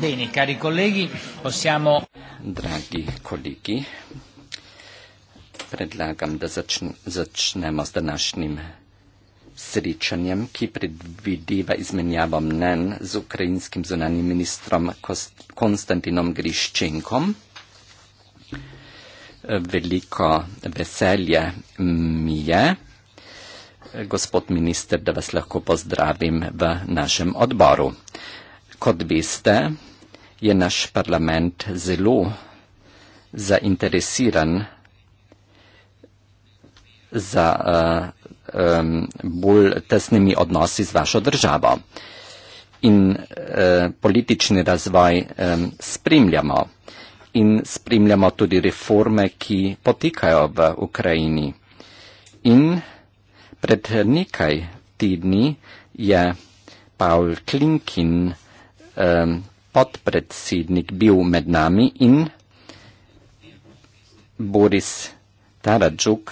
Bene, cari colleghi, possiamo... Draghi colleghi, predlagam da začnemo s današnjim srečanjem, ki predvideva izmenjavo mnen z ukrajinskim zunanjim ministrom Konstantinom Griščenkom. Veliko veselje mi je, gospod minister, da vas lahko pozdravim v našem odboru. Kot veste, je naš parlament zelo zainteresiran za uh, um, bolj tesnimi odnosi z vašo državo. In uh, politični razvoj um, spremljamo in spremljamo tudi reforme, ki potekajo v Ukrajini. In pred nekaj tedni je Paul Klinkin um, podpredsednik bil med nami in Boris Taradžuk,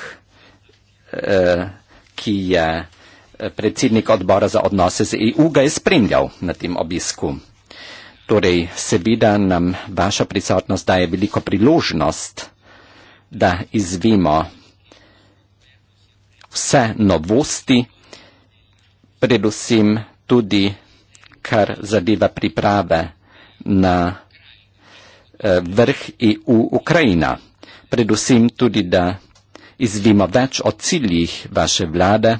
eh, ki je eh, predsednik odbora za odnose z EU, ga je spremljal na tem obisku. Torej, seveda nam vaša prisotnost daje veliko priložnost, da izvemo vse novosti, predvsem tudi, kar zadeva priprave na eh, vrh EU Ukrajina. Predvsem tudi, da izvimo več o ciljih vaše vlade,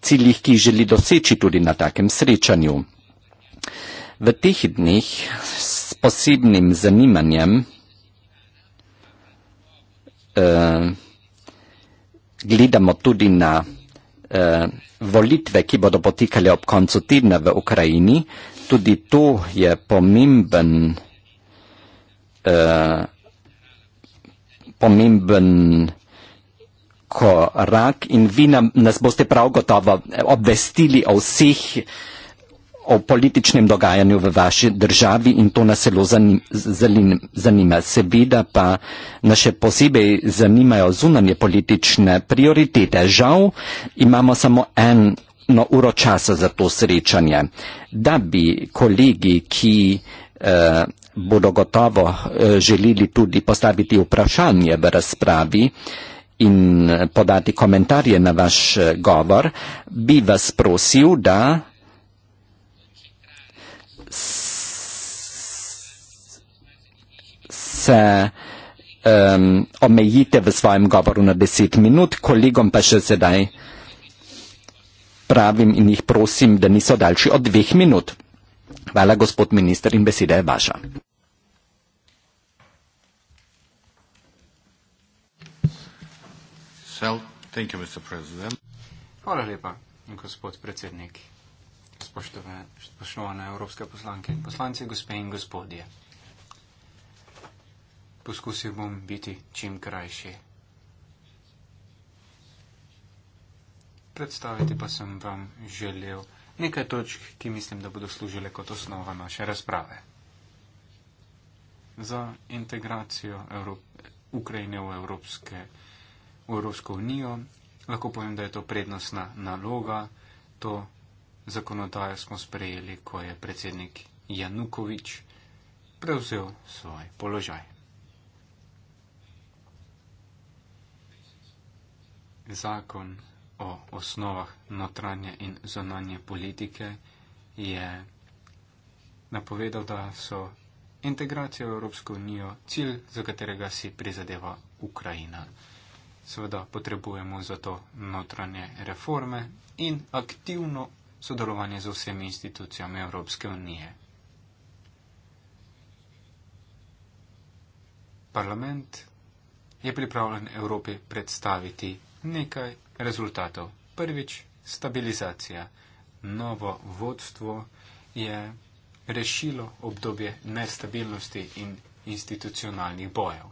ciljih, ki jih želi doseči tudi na takem srečanju. V teh dneh s posebnim zanimanjem gledamo tudi na eh, volitve, ki bodo potekale ob koncu tedna v Ukrajini. Tudi to je pomemben, eh, pomemben korak in vi nam, nas boste prav gotovo obvestili o vseh eh, o političnem dogajanju v vaši državi in to nas zelo zanim, zanim, zanima. Seveda pa nas še posebej zanimajo zunanje politične prioritete. Žal imamo samo eno uro časa za to srečanje, da bi kolegi, ki eh, bodo gotovo eh, želeli tudi postaviti vprašanje v razpravi, in podati komentarje na vaš eh, govor, bi vas prosil, da se um, omejite v svojem govoru na deset minut, kolegom pa še sedaj pravim in jih prosim, da niso daljši od dveh minut. Hvala, gospod minister, in beseda je vaša. Thank you, Mr. President. Hvala lepa, gospod predsednik, spoštovane evropske poslanke in poslanci, gospe in gospodje poskusil bom biti čim krajši. Predstaviti pa sem vam želel nekaj točk, ki mislim, da bodo služile kot osnova naše razprave. Za integracijo Evrop Ukrajine v, Evropske, v Evropsko unijo lahko povem, da je to prednostna naloga. To zakonodajo smo sprejeli, ko je predsednik Janukovič prevzel svoj položaj. zakon o osnovah notranje in zonanje politike je napovedal, da so integracijo v Evropsko unijo cilj, za katerega si prizadeva Ukrajina. Seveda potrebujemo za to notranje reforme in aktivno sodelovanje z vsemi institucijami Evropske unije. Parlament je pripravljen Evropi predstaviti nekaj rezultatov. Prvič, stabilizacija. Novo vodstvo je rešilo obdobje nestabilnosti in institucionalnih bojev.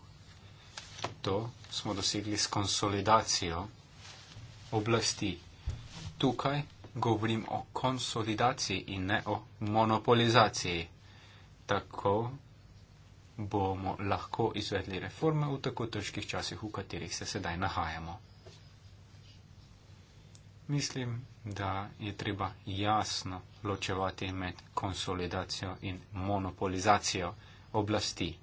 To smo dosegli s konsolidacijo oblasti. Tukaj govorim o konsolidaciji in ne o monopolizaciji. Tako bomo lahko izvedli reforme v tako težkih časih, v katerih se sedaj nahajamo. Mislim, da je treba jasno ločevati med konsolidacijo in monopolizacijo oblasti.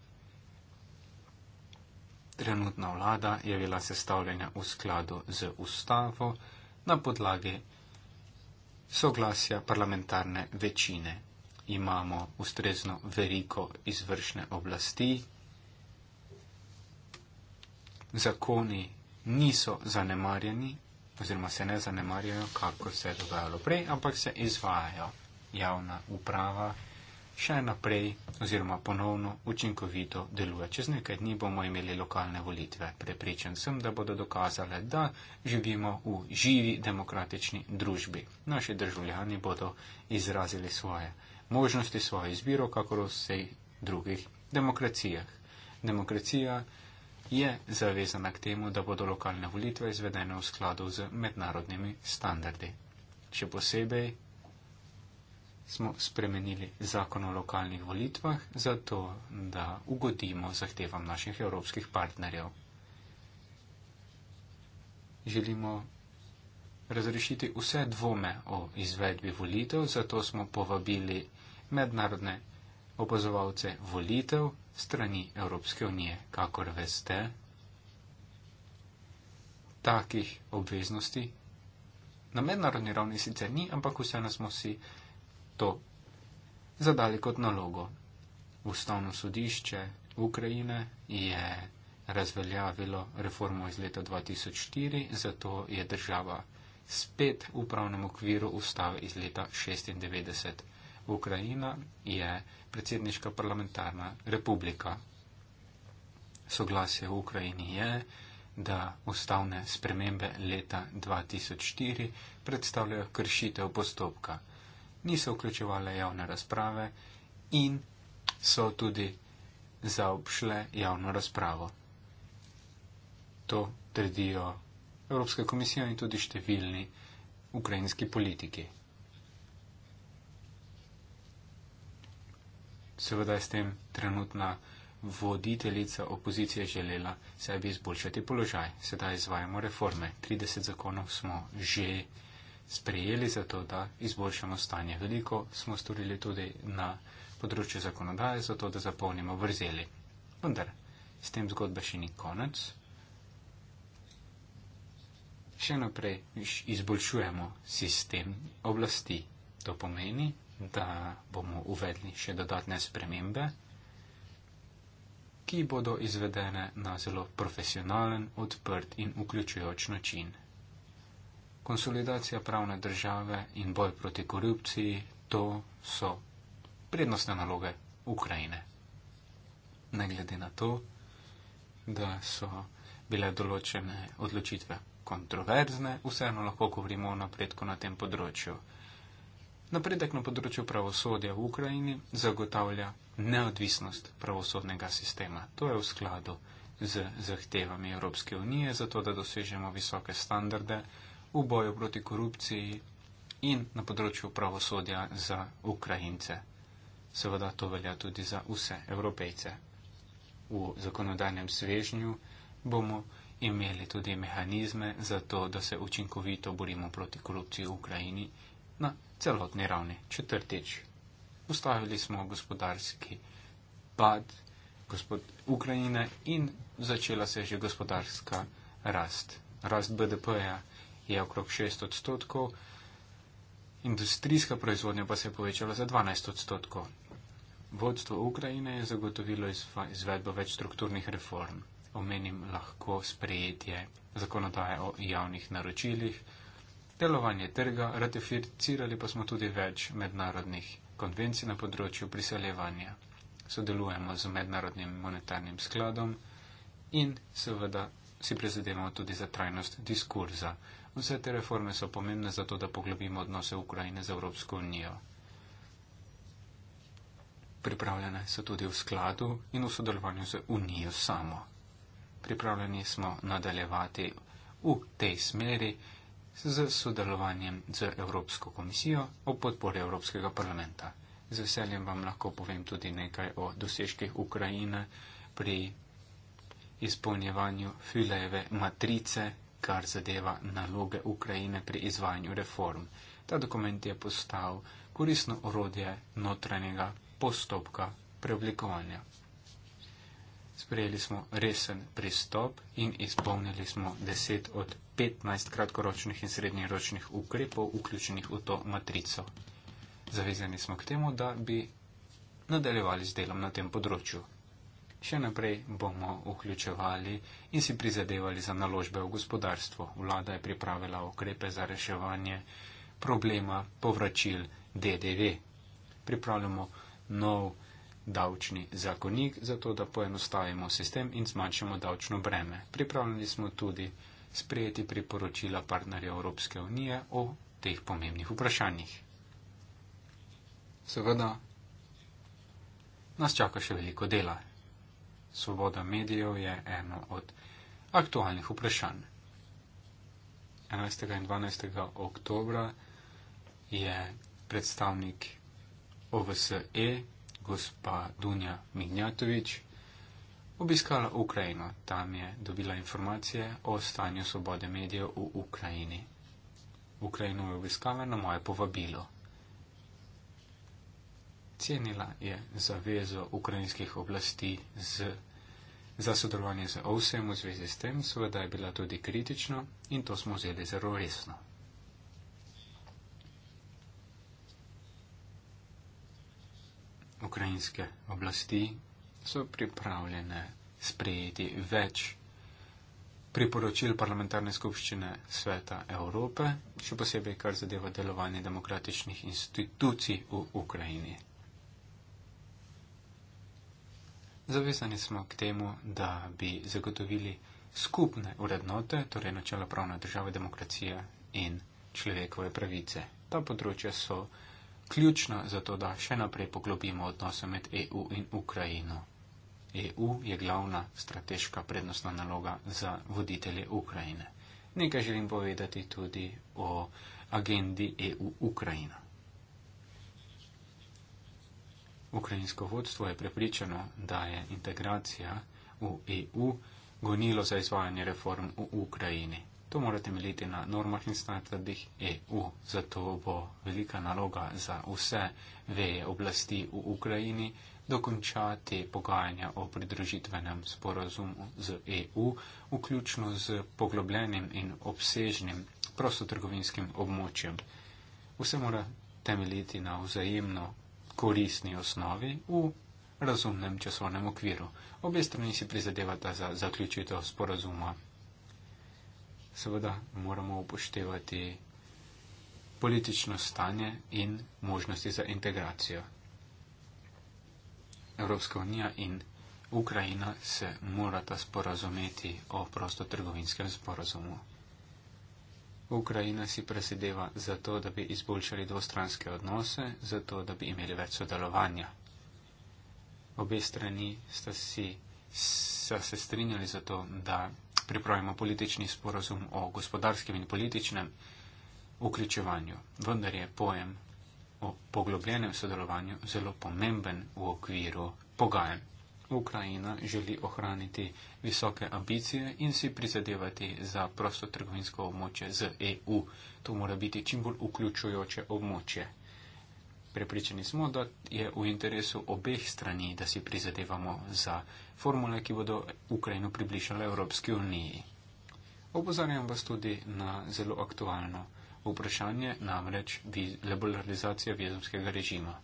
Trenutna vlada je bila sestavljena v skladu z ustavo na podlagi soglasja parlamentarne večine. Imamo ustrezno veriko izvršne oblasti, zakoni niso zanemarjeni oziroma se ne zanemarjajo, kako se je dogajalo prej, ampak se izvajajo javna uprava. Še naprej, oziroma ponovno učinkovito deluje. Čez nekaj dni bomo imeli lokalne volitve. Prepričan sem, da bodo dokazale, da živimo v živi demokratični družbi. Naši državljani bodo izrazili svoje možnosti, svojo izbiro, kakor v vseh drugih demokracijah. Demokracija je zavezana k temu, da bodo lokalne volitve izvedene v skladu z mednarodnimi standardi. Še posebej smo spremenili zakon o lokalnih volitvah, zato da ugodimo zahtevam naših evropskih partnerjev. Želimo razrešiti vse dvome o izvedbi volitev, zato smo povabili mednarodne opazovalce volitev strani Evropske unije, kakor veste, takih obveznosti na mednarodni ravni sicer ni, ampak vseeno smo si to zadali kot nalogo. Ustavno sodišče Ukrajine je razveljavilo reformo iz leta 2004, zato je država spet v upravnem okviru ustave iz leta 1996. Ukrajina je predsedniška parlamentarna republika. Soglasje v Ukrajini je, da ustavne spremembe leta 2004 predstavljajo kršitev postopka. Niso vključevale javne razprave in so tudi zaobšle javno razpravo. To trdijo Evropska komisija in tudi številni ukrajinski politiki. seveda je s tem trenutna voditeljica opozicije želela sebi izboljšati položaj. Sedaj izvajamo reforme. 30 zakonov smo že sprejeli za to, da izboljšamo stanje. Veliko smo storili tudi na področju zakonodaje za to, da zapolnimo vrzeli. Vendar, s tem zgodba še ni konec. Še naprej izboljšujemo sistem oblasti. To pomeni, da bomo uvedli še dodatne spremembe, ki bodo izvedene na zelo profesionalen, odprt in vključujoč način. Konsolidacija pravne države in boj proti korupciji, to so prednostne naloge Ukrajine. Ne glede na to, da so bile določene odločitve kontroverzne, vseeno lahko govorimo o napredku na tem področju. Napredek na področju pravosodja v Ukrajini zagotavlja neodvisnost pravosodnega sistema. To je v skladu z zahtevami Evropske unije, zato da dosežemo visoke standarde v boju proti korupciji in na področju pravosodja za Ukrajince. Seveda to velja tudi za vse evropejce. V zakonodajnem svežnju bomo imeli tudi mehanizme za to, da se učinkovito borimo proti korupciji v Ukrajini na celotni ravni. Četrtič, postavili smo gospodarski pad gospod Ukrajine in začela se že gospodarska rast. Rast BDP-ja je okrog 6 odstotkov, industrijska proizvodnja pa se je povečala za 12 odstotkov. Vodstvo Ukrajine je zagotovilo izvedbo več strukturnih reform. Omenim lahko sprejetje zakonodaje o javnih naročilih, delovanje trga, ratificirali pa smo tudi več mednarodnih konvencij na področju priseljevanja. Sodelujemo z mednarodnim monetarnim skladom in seveda si prizadevamo tudi za trajnost diskurza. Vse te reforme so pomembne zato, da poglobimo odnose Ukrajine z Evropsko unijo. Pripravljene so tudi v skladu in v sodelovanju z unijo samo. Pripravljeni smo nadaljevati v tej smeri z sodelovanjem z Evropsko komisijo ob podpori Evropskega parlamenta. Z veseljem vam lahko povem tudi nekaj o dosežkih Ukrajine pri izpolnjevanju Filejeve matrice, kar zadeva naloge Ukrajine pri izvajanju reform. Ta dokument je postal koristno orodje notranjega postopka preoblikovanja sprejeli smo resen pristop in izpolnili smo 10 od 15 kratkoročnih in srednjeročnih ukrepov, vključenih v to matrico. Zavezani smo k temu, da bi nadaljevali z delom na tem področju. Še naprej bomo vključevali in si prizadevali za naložbe v gospodarstvo. Vlada je pripravila ukrepe za reševanje problema povračil DDV. Pripravljamo nov davčni zakonik, zato da poenostavimo sistem in zmanjšamo davčno breme. Pripravljeni smo tudi sprejeti priporočila partnerja Evropske unije o teh pomembnih vprašanjih. Seveda, nas čaka še veliko dela. Svoboda medijev je eno od aktualnih vprašanj. 11. in 12. oktobra je predstavnik OVSE gospa Dunja Mignatovič obiskala Ukrajino. Tam je dobila informacije o stanju svobode medijev v Ukrajini. Ukrajino je obiskala na moje povabilo. Cenila je zavezo ukrajinskih oblasti z, za sodelovanje z OVSEM v zvezi s tem, seveda je bila tudi kritična in to smo vzeli zelo resno. ukrajinske oblasti so pripravljene sprejeti več priporočil parlamentarne skupščine sveta Evrope, še posebej kar zadeva delovanje demokratičnih institucij v Ukrajini. Zavezani smo k temu, da bi zagotovili skupne urednote, torej načela pravna država, demokracija in človekove pravice. Ta področja so ključno za to, da še naprej poglobimo odnose med EU in Ukrajino. EU je glavna strateška prednostna naloga za voditelje Ukrajine. Nekaj želim povedati tudi o agendi EU Ukrajina. Ukrajinsko vodstvo je prepričano, da je integracija v EU gonilo za izvajanje reform v Ukrajini. To mora temeljiti na normah in standardih EU. Zato bo velika naloga za vse veje oblasti v Ukrajini dokončati pogajanja o pridružitvenem sporazumu z EU, vključno z poglobljenim in obsežnim prostotrgovinskim območjem. Vse mora temeljiti na vzajemno koristni osnovi v razumnem časovnem okviru. Obe strani si prizadevata za zaključitev sporazuma seveda moramo upoštevati politično stanje in možnosti za integracijo. Evropska unija in Ukrajina se morata sporazumeti o prostotrgovinskem sporazumu. Ukrajina si presedeva za to, da bi izboljšali dvostranske odnose, za to, da bi imeli več sodelovanja. Obe strani sta si sta se strinjali za to, da pripravimo politični sporozum o gospodarskem in političnem vključevanju, vendar je pojem o poglobljenem sodelovanju zelo pomemben v okviru pogajanj. Ukrajina želi ohraniti visoke ambicije in si prizadevati za prosto trgovinsko območje z EU. To mora biti čim bolj vključujoče območje. Prepričani smo, da je v interesu obeh strani, da si prizadevamo za formule, ki bodo Ukrajino približale Evropski uniji. Opozarjam vas tudi na zelo aktualno vprašanje, namreč liberalizacija vizumskega režima.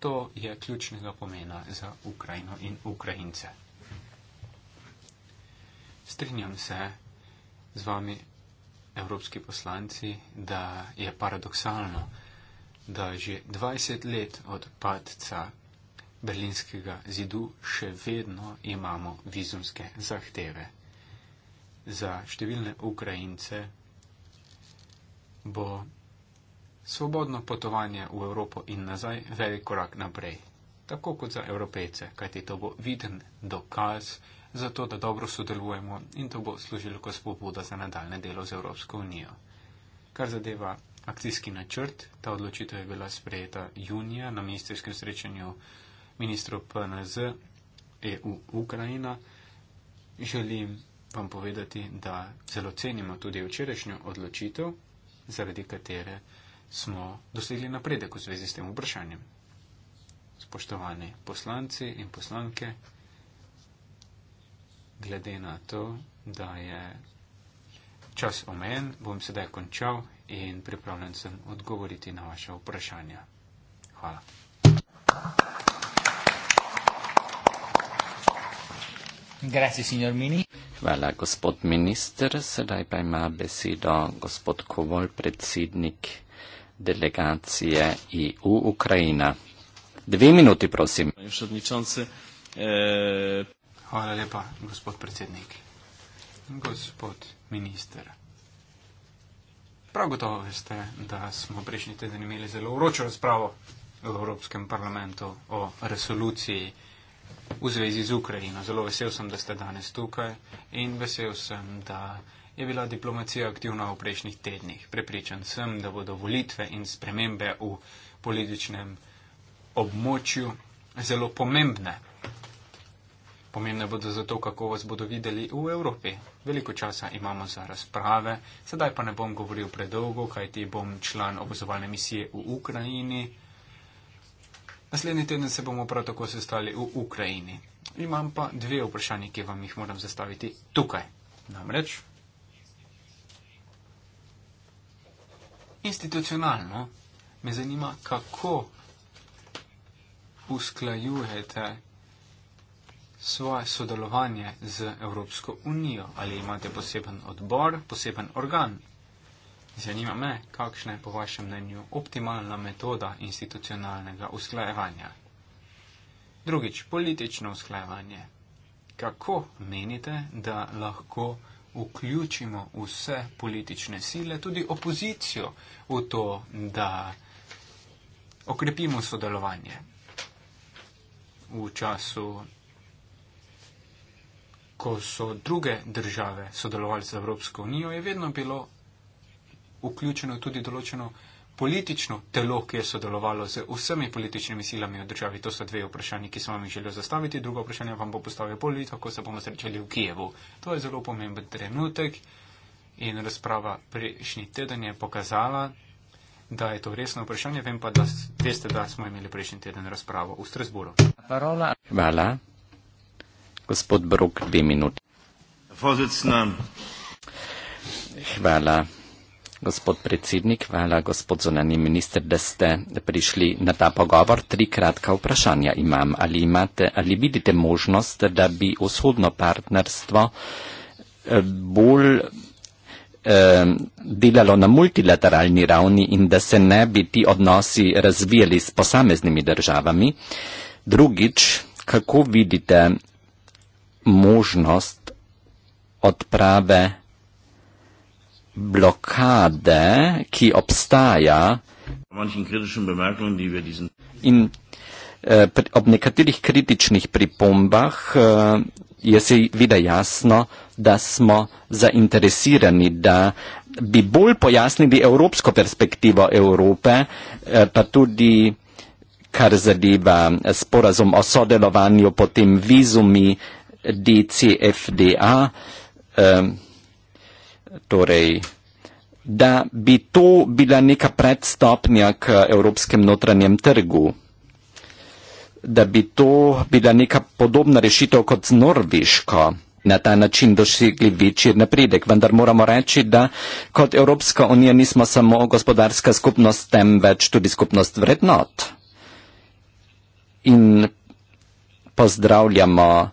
To je ključnega pomena za Ukrajino in Ukrajince. Strinjam se z vami, evropski poslanci, da je paradoksalno, da že 20 let od padca berlinskega zidu še vedno imamo vizumske zahteve. Za številne Ukrajince bo svobodno potovanje v Evropo in nazaj velik korak naprej, tako kot za Evropejce, kajti to bo viden dokaz za to, da dobro sodelujemo in to bo služilo kot spobuda za nadaljne delo z Evropsko unijo. Kar zadeva akcijski načrt. Ta odločitev je bila sprejeta junija na ministerskem srečanju ministrov PNZ EU Ukrajina. Želim vam povedati, da zelo cenimo tudi včerajšnjo odločitev, zaradi katere smo dosegli napredek v zvezi s tem vprašanjem. Spoštovani poslanci in poslanke, glede na to, da je čas omejen, bom sedaj končal in pripravljen sem odgovoriti na vaše vprašanja. Hvala. Grazie, signor Mini. Hvala, gospod minister. Sedaj pa ima besedo gospod Kovol, predsednik delegacije EU Ukrajina. Dve minuti, prosim. E, Hvala lepa, gospod predsednik. Gospod minister. Prav gotovo veste, da smo prejšnji teden imeli zelo vročo razpravo v Evropskem parlamentu o resoluciji v zvezi z Ukrajino. Zelo vesel sem, da ste danes tukaj in vesel sem, da je bila diplomacija aktivna v prejšnjih tednih. Prepričan sem, da bodo volitve in spremembe v političnem območju zelo pomembne. Pomembne bodo zato, kako vas bodo videli v Evropi. Veliko časa imamo za razprave, sedaj pa ne bom govoril predolgo, kajti bom član obozovalne misije v Ukrajini. Naslednji teden se bomo prav tako sestali v Ukrajini. Imam pa dve vprašanje, ki vam jih moram zastaviti tukaj. Namreč, institucionalno me zanima, kako usklajujete svoje sodelovanje z Evropsko unijo? Ali imate poseben odbor, poseben organ? Zanima me, kakšna je po vašem mnenju optimalna metoda institucionalnega usklajevanja. Drugič, politično usklajevanje. Kako menite, da lahko vključimo vse politične sile, tudi opozicijo, v to, da okrepimo sodelovanje v času ko so druge države sodelovali z Evropsko unijo, je vedno bilo vključeno tudi določeno politično telo, ki je sodelovalo z vsemi političnimi silami v državi. To so dve vprašanji, ki sem vam jih želel zastaviti. Drugo vprašanje vam bo postavil Poli, tako se bomo srečali v Kijevu. To je zelo pomemben trenutek in razprava prejšnji teden je pokazala, da je to resno vprašanje. Vem pa, da veste, da smo imeli prejšnji teden razpravo v Strasburu. Hvala. Gospod Brok, dve minuti. Hvala, gospod predsednik, hvala, gospod zunani minister, da ste prišli na ta pogovor. Tri kratka vprašanja imam. Ali, imate, ali vidite možnost, da bi vzhodno partnerstvo eh, bolj eh, delalo na multilateralni ravni in da se ne bi ti odnosi razvijali s posameznimi državami. Drugič, kako vidite možnost odprave blokade, ki obstaja. In eh, ob nekaterih kritičnih pripombah eh, je se vida jasno, da smo zainteresirani, da bi bolj pojasnili evropsko perspektivo Evrope, eh, pa tudi kar zadeva sporazum o sodelovanju, potem vizumi, DCFDA, um, torej, da bi to bila neka predstopnja k evropskem notranjem trgu, da bi to bila neka podobna rešitev kot z Norveško na ta način dosegli večji napredek. Vendar moramo reči, da kot Evropska unija nismo samo gospodarska skupnost, temveč tudi skupnost vrednot. In pozdravljamo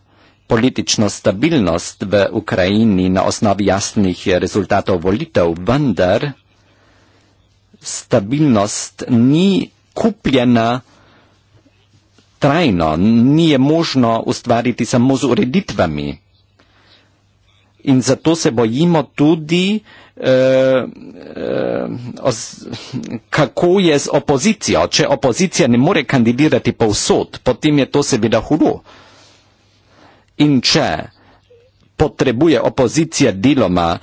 politično stabilnost v Ukrajini na osnovi jasnih rezultatov volitev, vendar stabilnost ni kupljena trajno, ni je možno ustvariti samo z ureditvami. In zato se bojimo tudi, eh, eh os, kako je z opozicijo. Če opozicija ne more kandidirati povsod, potem je to seveda hudo in če potrebuje opozicija deloma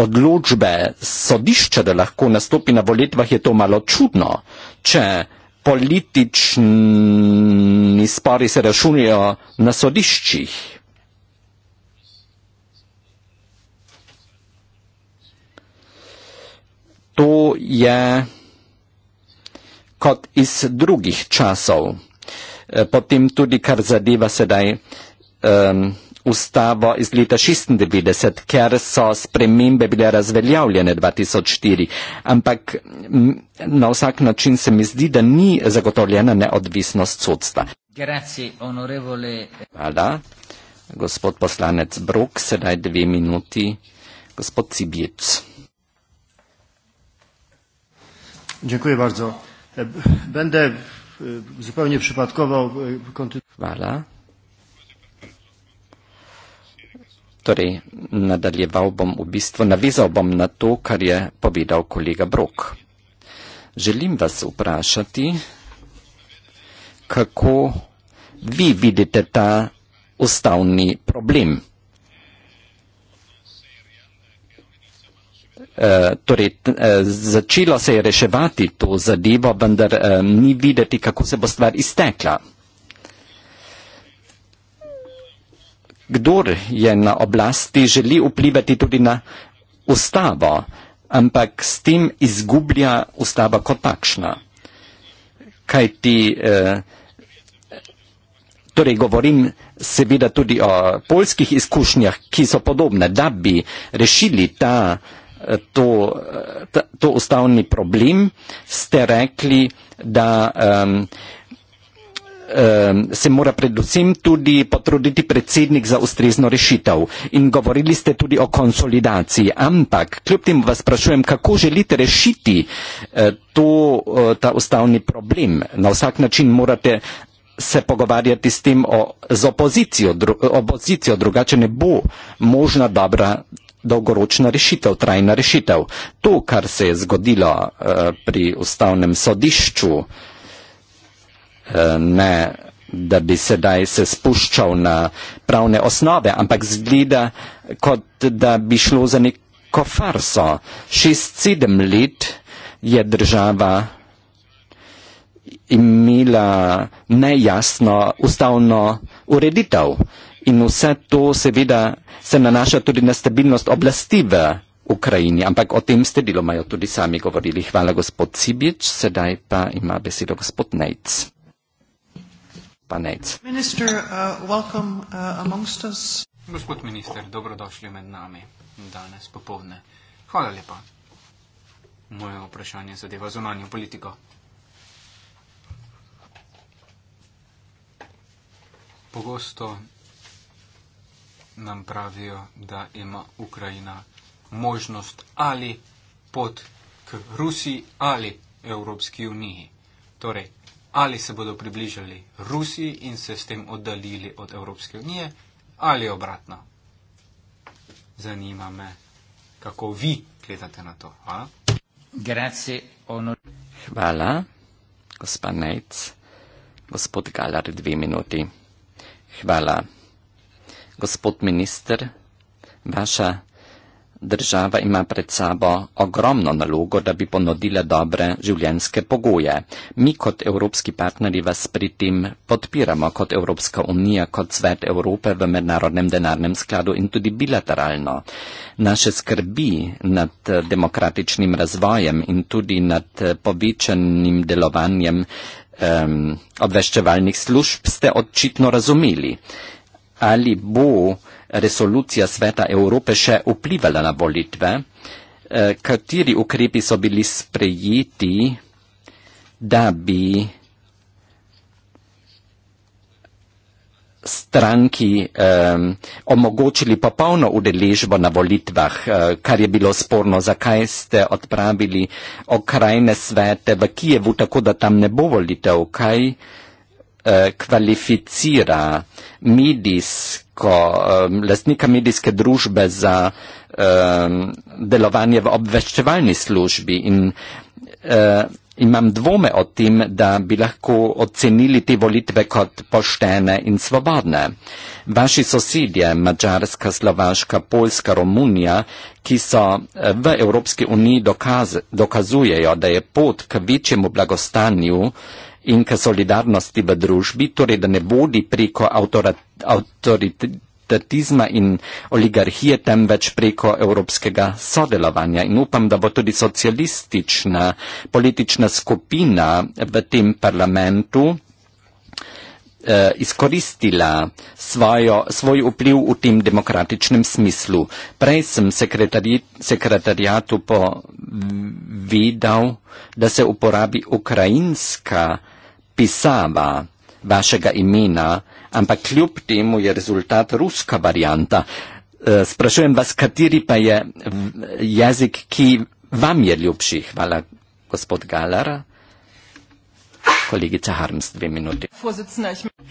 odločbe sodišča, da lahko nastopi na volitvah, je to malo čudno. Če politični spori se rešujejo na sodiščih. To je kot iz drugih časov. E, potem tudi, kar zadeva sedaj um, ustavo iz leta 1996, ker so spremembe bile razveljavljene 2004. Ampak m, na vsak način se mi zdi, da ni zagotovljena neodvisnost sodstva. Grazie, onorevole. Hvala. Gospod poslanec Brok, sedaj dve minuti. Gospod Cibic. Dziękuję bardzo. E, będę e, zupełnie przypadkowo e, kontynuował. Torej, nadaljeval bom v bistvu, navezal bom na to, kar je povedal kolega Brok. Želim vas vprašati, kako vi vidite ta ustavni problem. Uh, torej, uh, začelo se je reševati to zadevo, vendar uh, ni videti, kako se bo stvar iztekla. kdor je na oblasti, želi vplivati tudi na ustavo, ampak s tem izgublja ustava kot takšna. Kaj ti, eh, torej govorim seveda tudi o polskih izkušnjah, ki so podobne, da bi rešili ta, eh, to, eh, ta, to ustavni problem, ste rekli, da eh, Ehm, se mora predvsem tudi potruditi predsednik za ustrezno rešitev. In govorili ste tudi o konsolidaciji, ampak kljub tem vas sprašujem, kako želite rešiti eh, to, eh, ta ustavni problem. Na vsak način morate se pogovarjati s tem o, z opozicijo, dru, opozicijo, drugače ne bo možna dobra dolgoročna rešitev, trajna rešitev. To, kar se je zgodilo uh, pri ustavnem sodišču, uh, Eh, ne da bi sedaj se spuščal na pravne osnove, ampak zgleda, kot da bi šlo za neko farso. Šest sedem let je država imela nejasno ustavno ureditev in vse to seveda se nanaša tudi na stabilnost oblasti v Ukrajini, ampak o tem ste deloma jo tudi sami govorili. Hvala gospod Cibič, sedaj pa ima besedo gospod Nejc. Panec. Minister, uh, uh, Gospod minister, dobrodošli med nami danes popovdne. Hvala lepa. Moje vprašanje zadeva zunanjo politiko. Pogosto nam pravijo, da ima Ukrajina možnost ali pot k Rusiji ali Evropski uniji. Torej, ali se bodo približali Rusiji in se s tem oddaljili od Evropske unije, ali obratno. Zanima me, kako vi gledate na to. Hvala. Grazie, Hvala, gospa Nec. Gospod Galar, dve minuti. Hvala. Gospod minister, vaša država ima pred sabo ogromno nalogo, da bi ponudila dobre življenjske pogoje. Mi kot evropski partneri vas pri tem podpiramo kot Evropska unija, kot svet Evrope v mednarodnem denarnem skladu in tudi bilateralno. Naše skrbi nad demokratičnim razvojem in tudi nad povečanim delovanjem um, obveščevalnih služb ste očitno razumeli. Ali bo resolucija Sveta Evrope še vplivala na volitve, eh, kateri ukrepi so bili sprejeti, da bi stranki eh, omogočili popolno udeležbo na volitvah, eh, kar je bilo sporno, zakaj ste odpravili okrajne svete v Kijevu, tako da tam ne bo volitev, kaj eh, Eh, kvalificira medijsko, eh, lastnika medijske družbe za eh, delovanje v obveščevalni službi in imam dvome o tem, da bi lahko ocenili te volitve kot poštene in svobodne. Vaši sosedje, Mačarska, Slovaška, Poljska, Romunija, ki so v Evropski uniji dokaz, dokazujejo, da je pot k večjemu blagostanju, in k solidarnosti v družbi, torej da ne bodi preko avtoritetizma in oligarhije, temveč preko evropskega sodelovanja. In upam, da bo tudi socialistična politična skupina v tem parlamentu Eh, izkoristila svojo, svoj vpliv v tem demokratičnem smislu. Prej sem sekretari, sekretarijatu povedal, da se uporabi ukrajinska pisava vašega imena, ampak kljub temu je rezultat ruska varijanta. Eh, sprašujem vas, kateri pa je jezik, ki vam je ljubši? Hvala, gospod Galara. Kolegica Harms, dve minuti.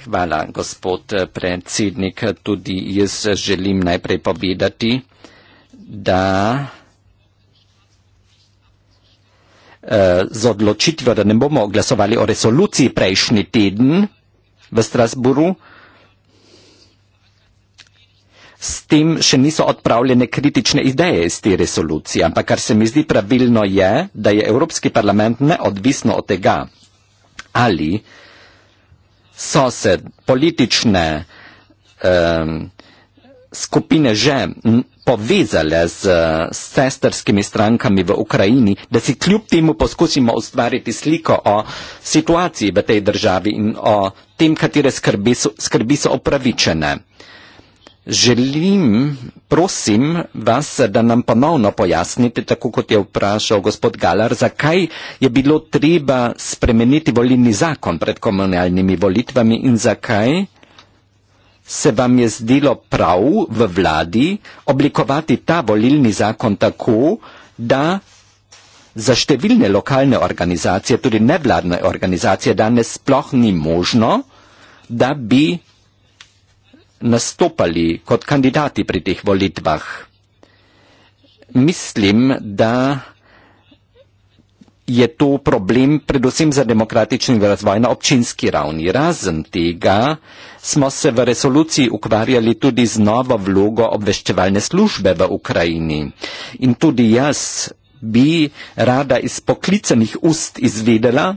Hvala, gospod eh, predsednik. Tudi jaz eh, želim najprej povedati, da eh, z odločitvijo, da ne bomo glasovali o resoluciji prejšnji teden v Strasburu, s tem še niso odpravljene kritične ideje iz te resolucije. Ampak kar se mi zdi pravilno je, da je Evropski parlament neodvisno od tega, ali so se politične um, skupine že povezale z sesterskimi strankami v Ukrajini, da si kljub temu poskusimo ustvariti sliko o situaciji v tej državi in o tem, katere skrbi so, skrbi so upravičene. Želim, prosim vas, da nam ponovno pojasnite, tako kot je vprašal gospod Galar, zakaj je bilo treba spremeniti volilni zakon pred komunalnimi volitvami in zakaj se vam je zdelo prav v vladi oblikovati ta volilni zakon tako, da za številne lokalne organizacije, tudi nevladne organizacije, danes sploh ni možno, da bi nastopali kot kandidati pri teh volitvah. Mislim, da je to problem predvsem za demokratični razvoj na občinski ravni. Razen tega smo se v resoluciji ukvarjali tudi z novo vlogo obveščevalne službe v Ukrajini. In tudi jaz bi rada iz poklicanih ust izvedela,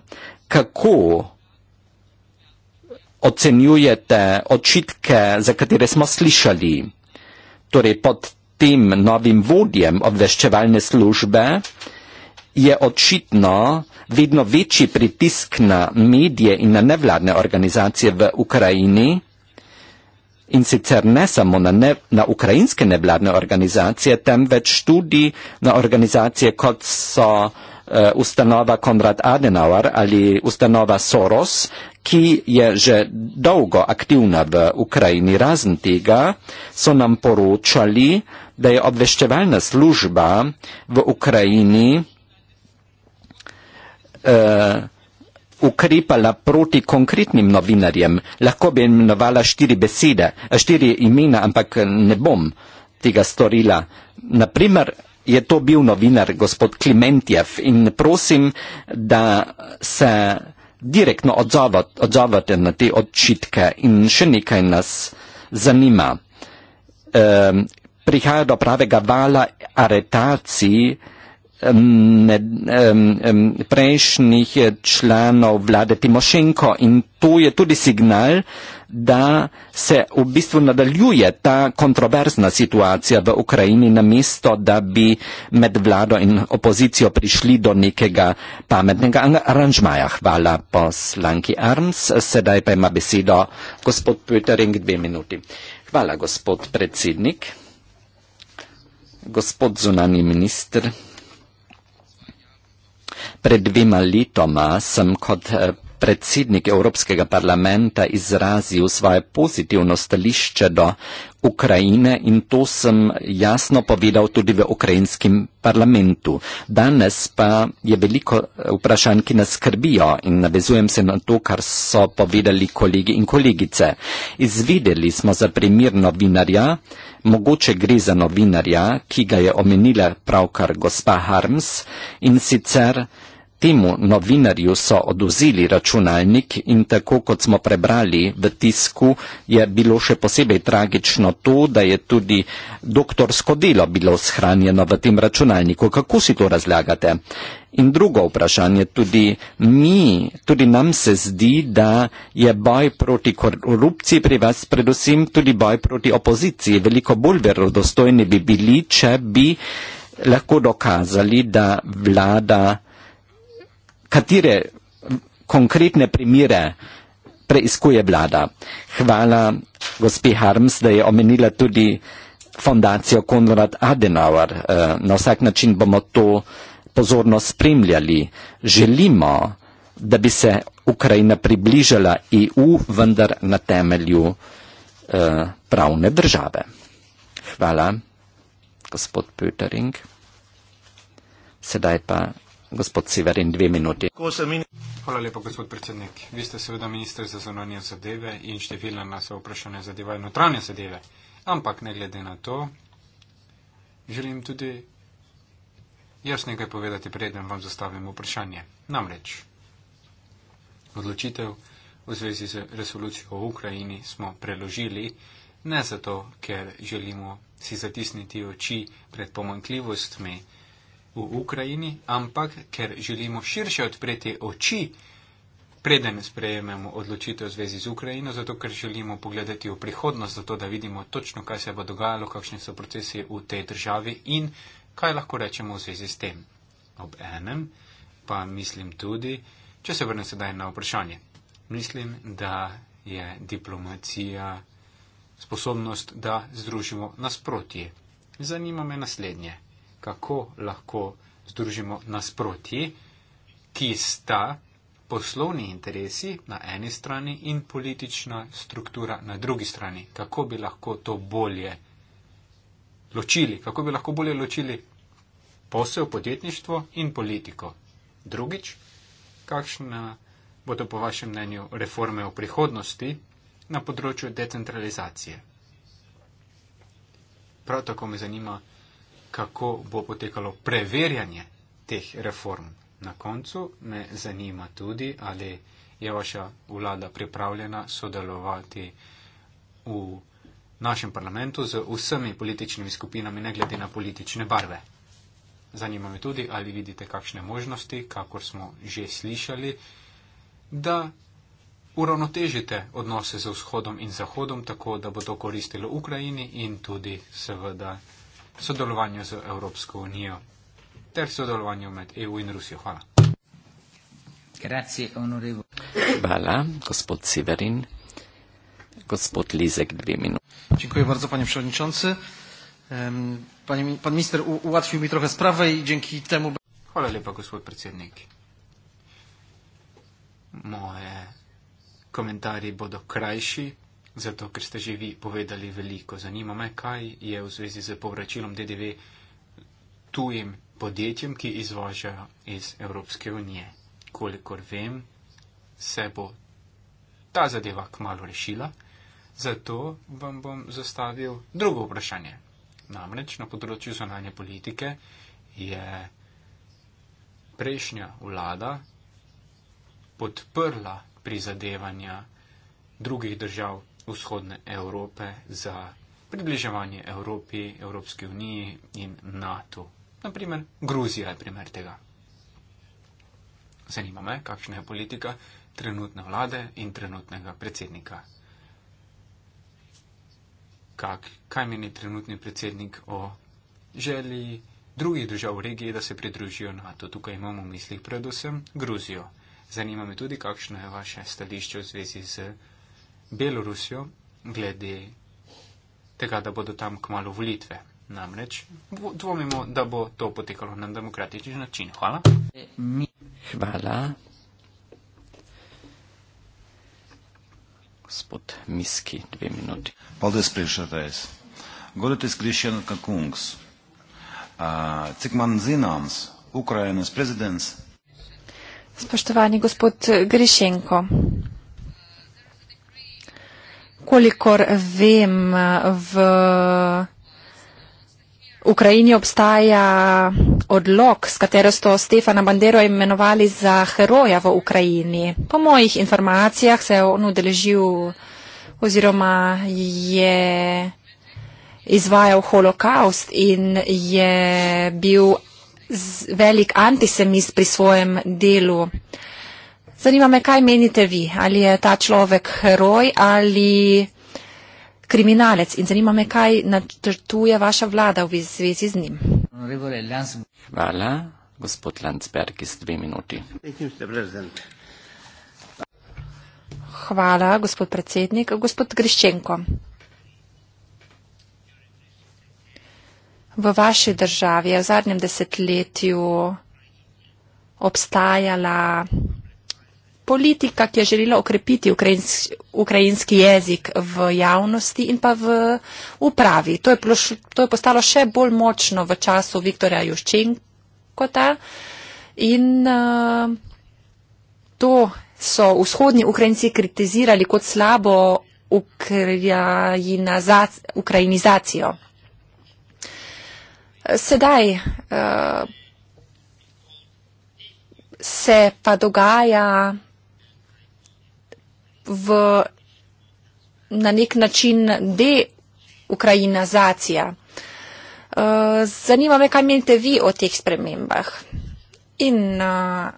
kako ocenjujete očitke, za katere smo slišali? Torej, pod tem novim vodjem obveščevalne službe je očitno vedno večji pritisk na medije in na nevladne organizacije v Ukrajini in sicer ne samo na, ne, na ukrajinske nevladne organizacije, temveč tudi na organizacije kot so Eh, ustanova Konrad Adenauer ali ustanova Soros, ki je že dolgo aktivna v Ukrajini. Razen tega so nam poročali, da je obveščevalna služba v Ukrajini uh, ukrepala proti konkretnim novinarjem. Lahko bi imenovala štiri besede, eh, štiri imena, ampak ne bom tega storila. Naprimer, je to bil novinar gospod Klimentjev in prosim, da se direktno odzovate na te odčitke in še nekaj nas zanima. Um, prihaja do pravega vala aretacij um, um, prejšnjih članov vlade Timošenko in to je tudi signal, da se v bistvu nadaljuje ta kontroverzna situacija v Ukrajini, namesto da bi med vlado in opozicijo prišli do nekega pametnega aranžmaja. Hvala poslanki Arms. Sedaj pa ima besedo gospod Pötering dve minuti. Hvala gospod predsednik. Gospod zunani minister. Pred dvema letoma sem kot eh, predsednik Evropskega parlamenta izrazil svoje pozitivno stališče do Ukrajine in to sem jasno povedal tudi v ukrajinskem parlamentu. Danes pa je veliko vprašanj, ki nas skrbijo in navezujem se na to, kar so povedali kolegi in kolegice. Izvedeli smo za primir novinarja, mogoče gre za novinarja, ki ga je omenila pravkar gospa Harms in sicer temu novinarju so oduzeli računalnik in tako kot smo prebrali v tisku, je bilo še posebej tragično to, da je tudi doktorsko delo bilo shranjeno v tem računalniku. Kako si to razlagate? In drugo vprašanje, tudi mi, tudi nam se zdi, da je boj proti korupciji pri vas, predvsem tudi boj proti opoziciji, veliko bolj verodostojni bi bili, če bi lahko dokazali, da vlada katere konkretne primere preiskuje vlada. Hvala gospi Harms, da je omenila tudi fondacijo Konrad Adenauer. Eh, na vsak način bomo to pozorno spremljali. Želimo, da bi se Ukrajina približala EU, vendar na temelju eh, pravne države. Hvala, gospod Pötering. Sedaj pa Gospod Severin, dve minuti. Hvala lepa, gospod predsednik. Vi ste seveda ministr za zunanje zadeve in številna nas je vprašanje zadeva in notranje zadeve. Ampak ne glede na to, želim tudi jaz nekaj povedati, preden vam zastavim vprašanje. Namreč, odločitev v zvezi z resolucijo o Ukrajini smo preložili ne zato, ker želimo si zatisniti oči pred pomankljivostmi, v Ukrajini, ampak ker želimo širše odpreti oči, preden sprejememo odločitev v zvezi z Ukrajino, zato ker želimo pogledati v prihodnost, zato da vidimo točno, kaj se bo dogajalo, kakšni so procesi v tej državi in kaj lahko rečemo v zvezi s tem. Ob enem pa mislim tudi, če se vrnem sedaj na vprašanje, mislim, da je diplomacija sposobnost, da združimo nasprotje. Zanima me naslednje kako lahko združimo nasprotji, ki sta poslovni interesi na eni strani in politična struktura na drugi strani. Kako bi lahko to bolje ločili? Kako bi lahko bolje ločili posel, podjetništvo in politiko? Drugič, kakšna bodo po vašem mnenju reforme v prihodnosti na področju decentralizacije? Prav tako me zanima, kako bo potekalo preverjanje teh reform. Na koncu me zanima tudi, ali je vaša vlada pripravljena sodelovati v našem parlamentu z vsemi političnimi skupinami, ne glede na politične barve. Zanima me tudi, ali vidite kakšne možnosti, kakor smo že slišali, da uravnotežite odnose z vzhodom in zahodom, tako da bo to koristilo Ukrajini in tudi seveda sodelovanju z Evropsko unijo ter sodelovanju med EU in Rusijo. Hvala. Grazie, Hvala, gospod Severin. Gospod Lizek, dve minuti. Dziękuję bardzo, panie przewodniczący. Panie, pan minister u, ułatwił mi trochę sprawę i dzięki temu... Hvala lepa, gospod predsednik. Moje komentarji bodo krajši zato ker ste že vi povedali veliko. Zanima me, kaj je v zvezi z povračilom DDV tujim podjetjem, ki izvažajo iz Evropske unije. Kolikor vem, se bo ta zadeva kmalo rešila, zato vam bom zastavil drugo vprašanje. Namreč na področju zonanje politike je prejšnja vlada podprla prizadevanja drugih držav vzhodne Evrope, za približevanje Evropi, Evropski uniji in NATO. Naprimer, Gruzija je primer tega. Zanima me, kakšna je politika trenutne vlade in trenutnega predsednika. Kak, kaj meni trenutni predsednik o želji drugih držav v regiji, da se pridružijo NATO? Tukaj imamo v mislih predvsem Gruzijo. Zanima me tudi, kakšno je vaše stališče v zvezi z Belorusijo glede tega, da bodo tam kmalo volitve. Namreč dvomimo, da bo to potekalo na demokratični način. Hvala. Hvala. Gospod Miski, dve minuti. Paldies, priešavais. Godotis Krišjan Kakungs. Cik man zinams, Ukrajinas prezidents. Spoštovani gospod Grišenko, Kolikor vem, v Ukrajini obstaja odlog, s katero so Stefana Bandero imenovali za heroja v Ukrajini. Po mojih informacijah se je on udeležil oziroma je izvajal holokaust in je bil velik antisemist pri svojem delu. Zanima me, kaj menite vi, ali je ta človek heroj ali kriminalec in zanima me, kaj načrtuje vaša vlada v zvezi z njim. Hvala, gospod Landsberg, iz dve minuti. Hvala, gospod predsednik. Gospod Griščenko, v vaši državi je v zadnjem desetletju obstajala politika, ki je želela okrepiti ukrajinski, ukrajinski jezik v javnosti in pa v upravi. To je, ploš, to je postalo še bolj močno v času Viktorja Juščenkota in uh, to so vzhodni Ukrajinci kritizirali kot slabo ukrajinizacijo. Sedaj uh, se pa dogaja v na nek način deukrajinizacija. Eh, zanima me, kaj menite vi o teh spremembah in eh,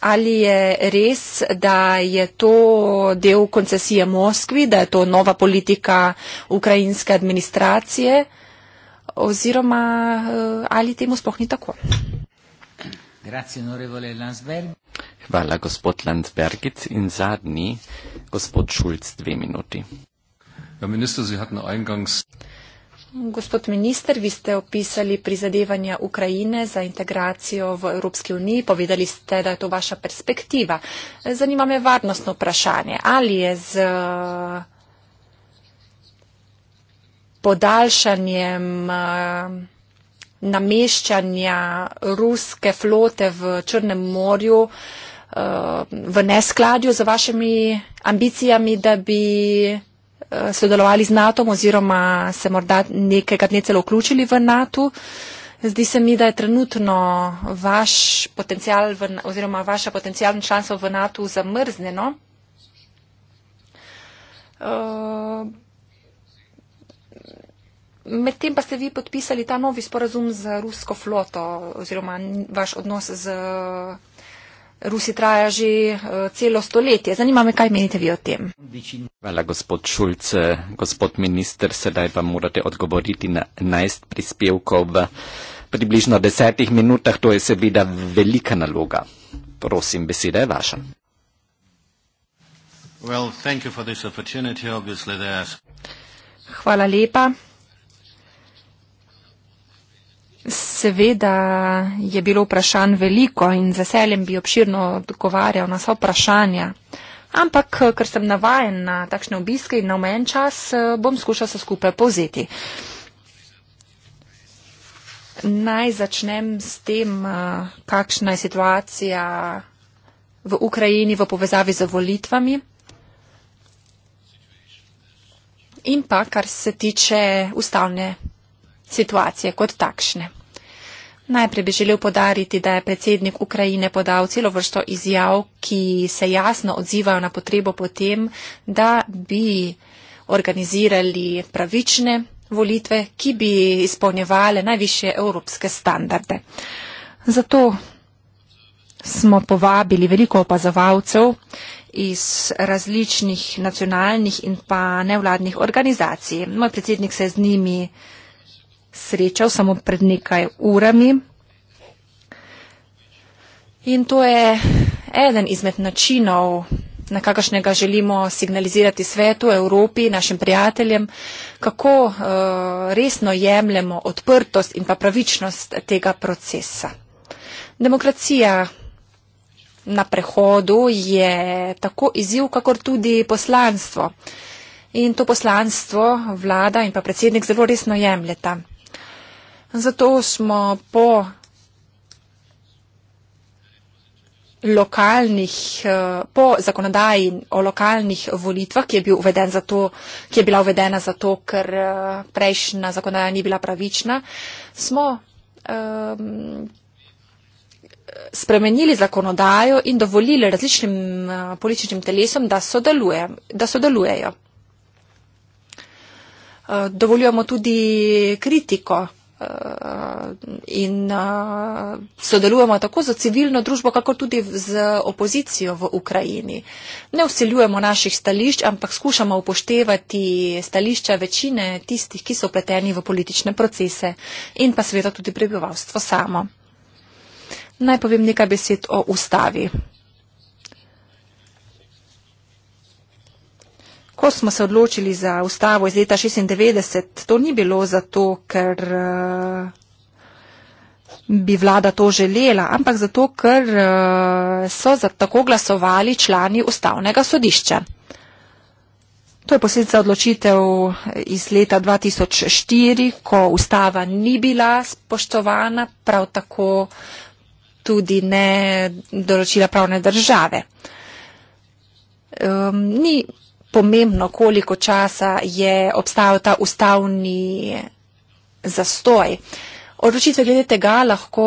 ali je res, da je to del koncesije Moskvi, da je to nova politika ukrajinske administracije oziroma eh, ali temu spohni tako. Hvala, gospod Landsbergit. In zadnji, gospod Šulc, dve minuti. Ja, minister, eingangs... Gospod minister, vi ste opisali prizadevanja Ukrajine za integracijo v Evropski uniji. Povedali ste, da je to vaša perspektiva. Zanima me varnostno vprašanje. Ali je z eh, podaljšanjem. Uh, nameščanja ruske flote v Črnem morju eh, v neskladju z vašimi ambicijami, da bi eh, sodelovali z NATO oziroma se morda nekega dne celo vključili v NATO. Zdi se mi, da je trenutno vaš potencial v, oziroma vaša potencijalna članstvo v NATO zamrzneno. Eh, Medtem pa ste vi podpisali ta novi sporazum z rusko floto oziroma vaš odnos z Rusi traja že eh, celo stoletje. Zanima me, kaj menite vi o tem. Hvala, gospod Šulc. Gospod minister, sedaj pa morate odgovoriti na enajst prispevkov v približno desetih minutah. To je seveda velika naloga. Prosim, beseda je vaša. Well, Hvala lepa. Seveda je bilo vprašanj veliko in z veseljem bi obširno odgovarjal na vsa vprašanja. Ampak, ker sem navajen na takšne obiske in na omejen čas, bom skušal se skupaj povzeti. Naj začnem s tem, kakšna je situacija v Ukrajini v povezavi z volitvami. In pa, kar se tiče ustavne situacije kot takšne. Najprej bi želel podariti, da je predsednik Ukrajine podal celo vrsto izjav, ki se jasno odzivajo na potrebo potem, da bi organizirali pravične volitve, ki bi izpolnjevale najviše evropske standarde. Zato smo povabili veliko opazovalcev iz različnih nacionalnih in pa nevladnih organizacij. Moj predsednik se je z njimi srečal samo pred nekaj urami. In to je eden izmed načinov, na kakršnega želimo signalizirati svetu, Evropi, našim prijateljem, kako eh, resno jemljemo odprtost in pa pravičnost tega procesa. Demokracija na prehodu je tako izziv, kakor tudi poslanstvo. In to poslanstvo vlada in pa predsednik zelo resno jemljeta. Zato smo po lokalnih, eh, po zakonodaji o lokalnih volitvah, ki je, bil uveden zato, ki je bila uvedena zato, ker eh, prejšnja zakonodaja ni bila pravična, smo um, spremenili zakonodajo in dovolili različnim eh, političnim telesom, da, sodeluje, da sodelujejo. Dovoljujemo tudi kritiko in eh, sodelujemo tako z civilno družbo, kako tudi z opozicijo v Ukrajini. Ne vseljujemo naših stališč, ampak skušamo upoštevati stališča večine tistih, ki so pleteni v politične procese in pa seveda tudi prebivalstvo samo. Naj povem nekaj besed o ustavi. Ko smo se odločili za ustavo iz leta 96, to ni bilo zato, ker eh, bi vlada to želela, ampak zato, ker eh, so za tako glasovali člani ustavnega sodišča. To je posledica odločitev eh, iz leta 2004, ko ustava ni bila spoštovana, prav tako tudi ne določila pravne države. Um, ni, pomembno, koliko časa je obstajal ta ustavni zastoj. Odločitve glede tega lahko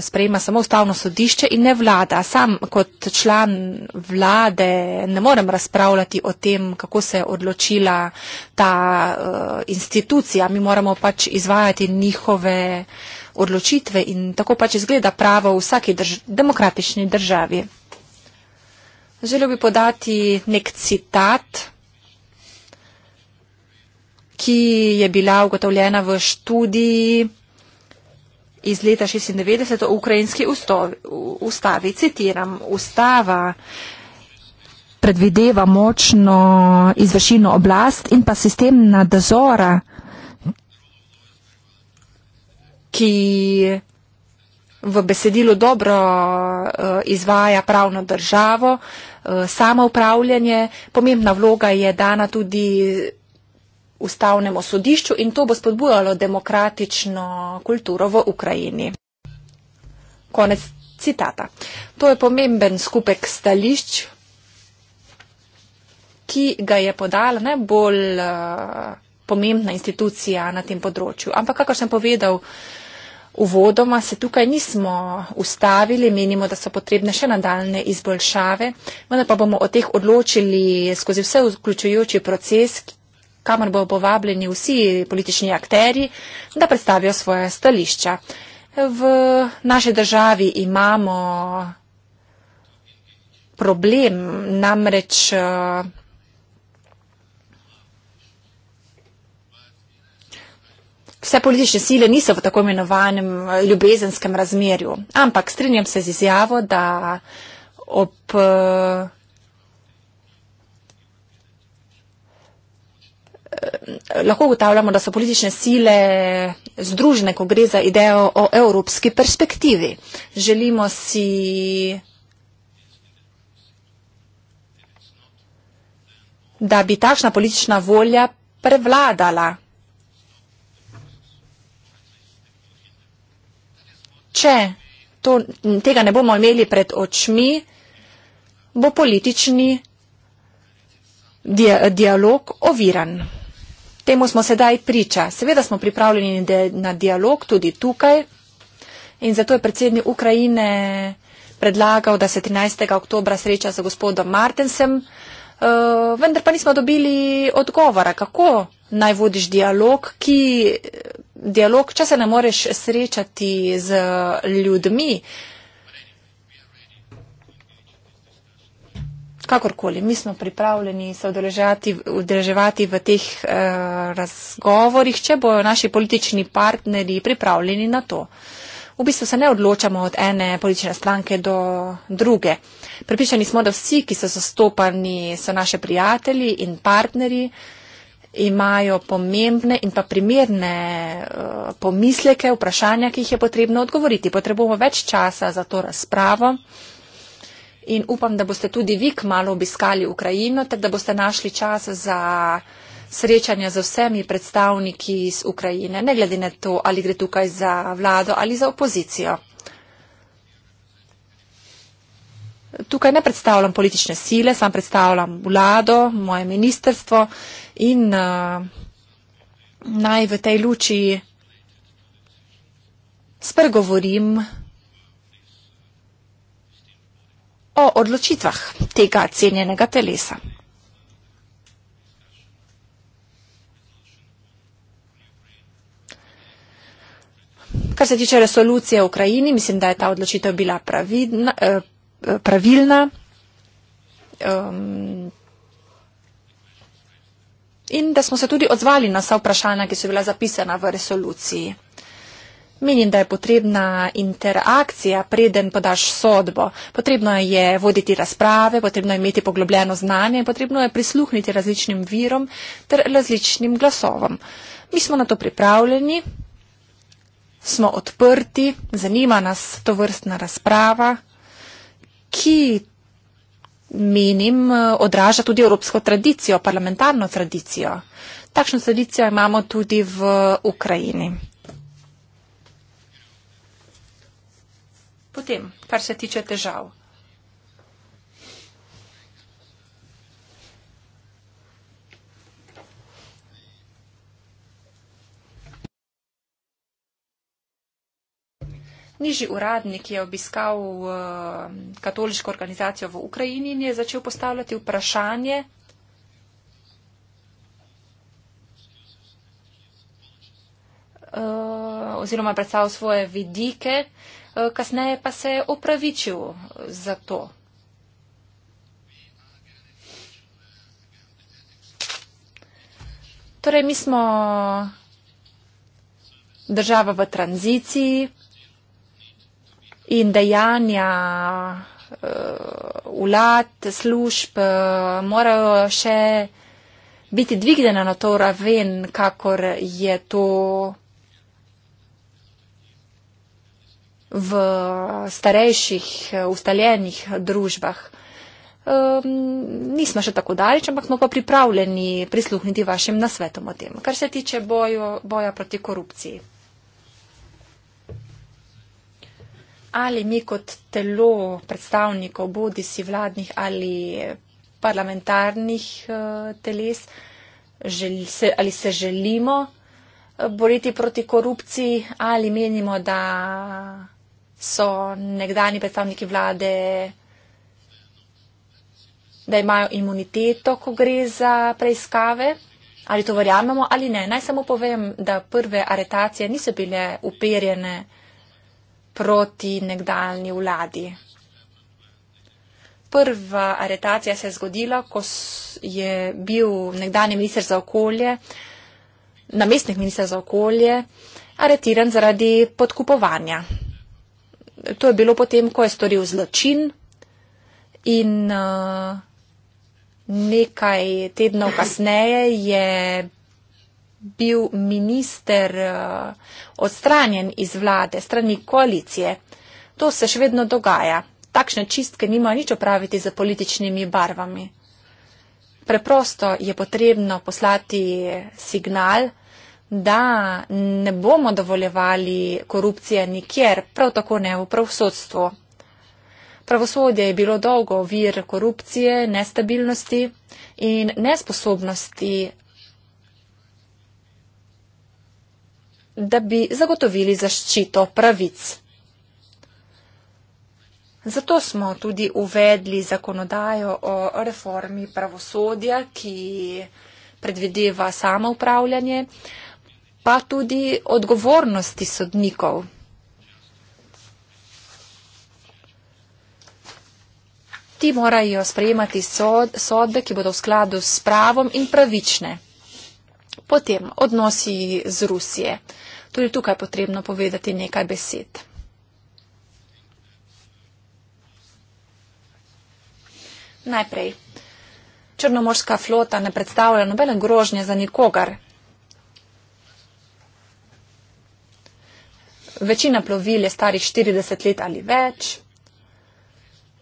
sprejema samo ustavno sodišče in ne vlada. Sam kot član vlade ne morem razpravljati o tem, kako se je odločila ta uh, institucija. Mi moramo pač izvajati njihove odločitve in tako pač izgleda pravo v vsaki drž demokratični državi. Želel bi podati nek citat, ki je bila ugotovljena v študiji iz leta 96 o ukrajinski ustavi. Citiram, ustava predvideva močno izvršilno oblast in pa sistem nadzora, ki v besedilu dobro eh, izvaja pravno državo, eh, samo upravljanje. Pomembna vloga je dana tudi ustavnemu sodišču in to bo spodbujalo demokratično kulturo v Ukrajini. Konec citata. To je pomemben skupek stališč, ki ga je podala najbolj eh, pomembna institucija na tem področju. Ampak, kakor sem povedal, Uvodoma se tukaj nismo ustavili, menimo, da so potrebne še nadaljne izboljšave, vendar pa bomo o teh odločili skozi vse vključujoči proces, kamor bo povabljeni vsi politični akteri, da predstavijo svoje stališča. V naši državi imamo problem namreč. Uh, vse politične sile niso v tako imenovanem eh, ljubezenskem razmerju. Ampak strinjam se z izjavo, da ob. Eh, lahko ugotavljamo, da so politične sile združene, ko gre za idejo o evropski perspektivi. Želimo si da bi takšna politična volja prevladala če to, tega ne bomo imeli pred očmi, bo politični dia, dialog oviran. Temu smo sedaj priča. Seveda smo pripravljeni na dialog tudi tukaj in zato je predsednik Ukrajine predlagal, da se 13. oktobra sreča z gospodom Martensem, eh, vendar pa nismo dobili odgovora, kako naj vodiš dialog, ki dialog, če se ne moreš srečati z ljudmi, kakorkoli, mi smo pripravljeni se udeleževati v teh uh, razgovorih, če bojo naši politični partnerji pripravljeni na to. V bistvu se ne odločamo od ene politične stranke do druge. Pripišani smo, da vsi, ki so zastopani, so naše prijatelji in partnerji. Uh, imajo pomembne in pa primerne eh, pomisleke, vprašanja, ki jih je potrebno odgovoriti. Potrebujemo več časa za to razpravo in upam, da boste tudi vi kmalo obiskali Ukrajino, ter da boste našli čas za srečanja z vsemi predstavniki iz Ukrajine, ne glede na to, ali gre tukaj za vlado ali za opozicijo. Tukaj ne predstavljam politične sile, sam predstavljam vlado, moje ministerstvo in uh, naj v tej luči spregovorim o odločitvah tega cenjenega telesa. Kar se tiče resolucije v Ukrajini, mislim, da je ta odločitev bila pravidna. Uh, pravilna. Um, in da smo se tudi odzvali na vsa vprašanja, ki so bila zapisana v resoluciji. Menim, da je potrebna interakcija, preden podaš sodbo. Potrebno je voditi razprave, potrebno je imeti poglobljeno znanje in potrebno je prisluhniti različnim virom ter različnim glasovom. Mi smo na to pripravljeni, smo odprti, zanima nas to vrstna razprava, ki menim odraža tudi evropsko tradicijo, parlamentarno tradicijo. Takšno tradicijo imamo tudi v Ukrajini. Potem, kar se tiče težav. Nižji uradnik je obiskal uh, katoliško organizacijo v Ukrajini in je začel postavljati vprašanje, uh, oziroma predstavil svoje vidike, uh, kasneje pa se je opravičil za to. Torej, mi smo država v tranziciji in dejanja eh, vlad, služb eh, morajo še biti dvignjena na to raven, kakor je to v starejših eh, ustaljenih družbah. Um, nismo še tako daleč, ampak smo pa pripravljeni prisluhniti vašim nasvetom o tem, kar se tiče bojo, boja proti korupciji. ali mi kot telo predstavnikov, bodi si vladnih ali parlamentarnih eh, teles, želi, se, ali se želimo eh, boriti proti korupciji ali menimo, da so nekdani predstavniki vlade, da imajo imuniteto, ko gre za preiskave. Ali to verjamemo ali ne? Naj samo povem, da prve aretacije niso bile uperjene proti nekdaljni vladi. Prva aretacija se je zgodila, ko je bil nekdani minister za okolje, namestnik minister za okolje, aretiran zaradi podkupovanja. To je bilo potem, ko je storil zločin in uh, nekaj tednov kasneje je bil minister eh, odstranjen iz vlade, strani koalicije. To se še vedno dogaja. Takšne čistke nima nič opraviti z političnimi barvami. Preprosto je potrebno poslati signal, da ne bomo dovoljevali korupcije nikjer, prav tako ne v pravosodstvu. Pravosodje je bilo dolgo vir korupcije, nestabilnosti in nesposobnosti da bi zagotovili zaščito pravic. Zato smo tudi uvedli zakonodajo o reformi pravosodja, ki predvideva samo upravljanje, pa tudi odgovornosti sodnikov. Ti morajo sprejemati sodbe, ki bodo v skladu s pravom in pravične. Potem odnosi z Rusije. Tudi tukaj je potrebno povedati nekaj besed. Najprej, Črnomorska flota ne predstavlja nobene grožnje za nikogar. Večina plovil je starih 40 let ali več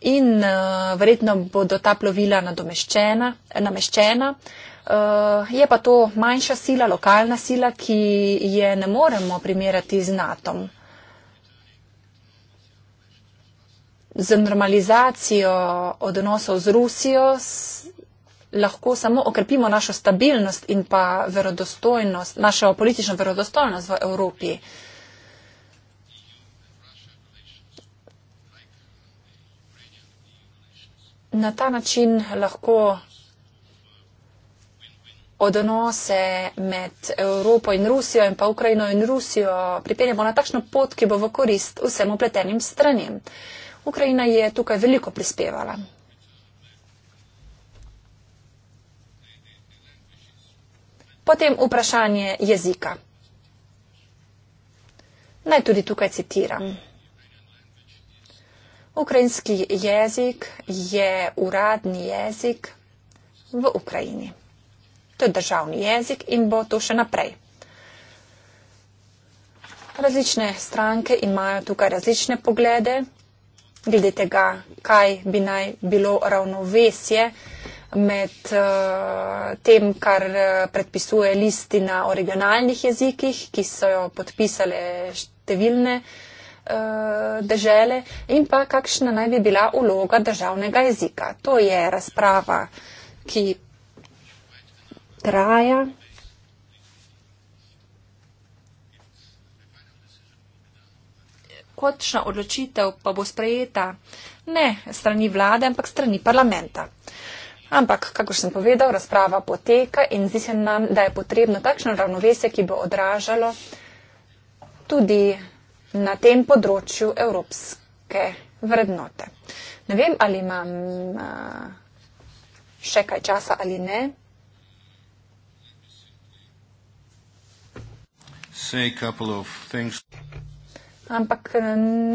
in uh, verjetno bodo ta plovila nameščena. Eh, je pa to manjša sila, lokalna sila, ki je ne moremo primerjati z NATO. Z normalizacijo odnosov z Rusijo lahko samo okrepimo našo stabilnost in pa verodostojnost, našo politično verodostojnost v Evropi. Na ta način lahko odnose med Evropo in Rusijo in pa Ukrajino in Rusijo pripeljemo na takšno pot, ki bo v korist vsem upletenim stranjem. Ukrajina je tukaj veliko prispevala. Potem vprašanje jezika. Naj tudi tukaj citiram. Ukrajinski jezik je uradni jezik v Ukrajini. To je državni jezik in bo to še naprej. Različne stranke imajo tukaj različne poglede glede tega, kaj bi naj bilo ravnovesje med uh, tem, kar eh, predpisuje listina o regionalnih jezikih, ki so jo podpisale številne uh, dežele, in pa kakšna naj bi bila uloga državnega jezika. To je razprava, ki traja. Kotšna odločitev pa bo sprejeta ne strani vlade, ampak strani parlamenta. Ampak, kako sem povedal, razprava poteka in zdi se nam, da je potrebno takšno ravnovesje, ki bo odražalo tudi na tem področju evropske vrednote. Ne vem, ali imam eh, še kaj časa ali ne. Ampak eh,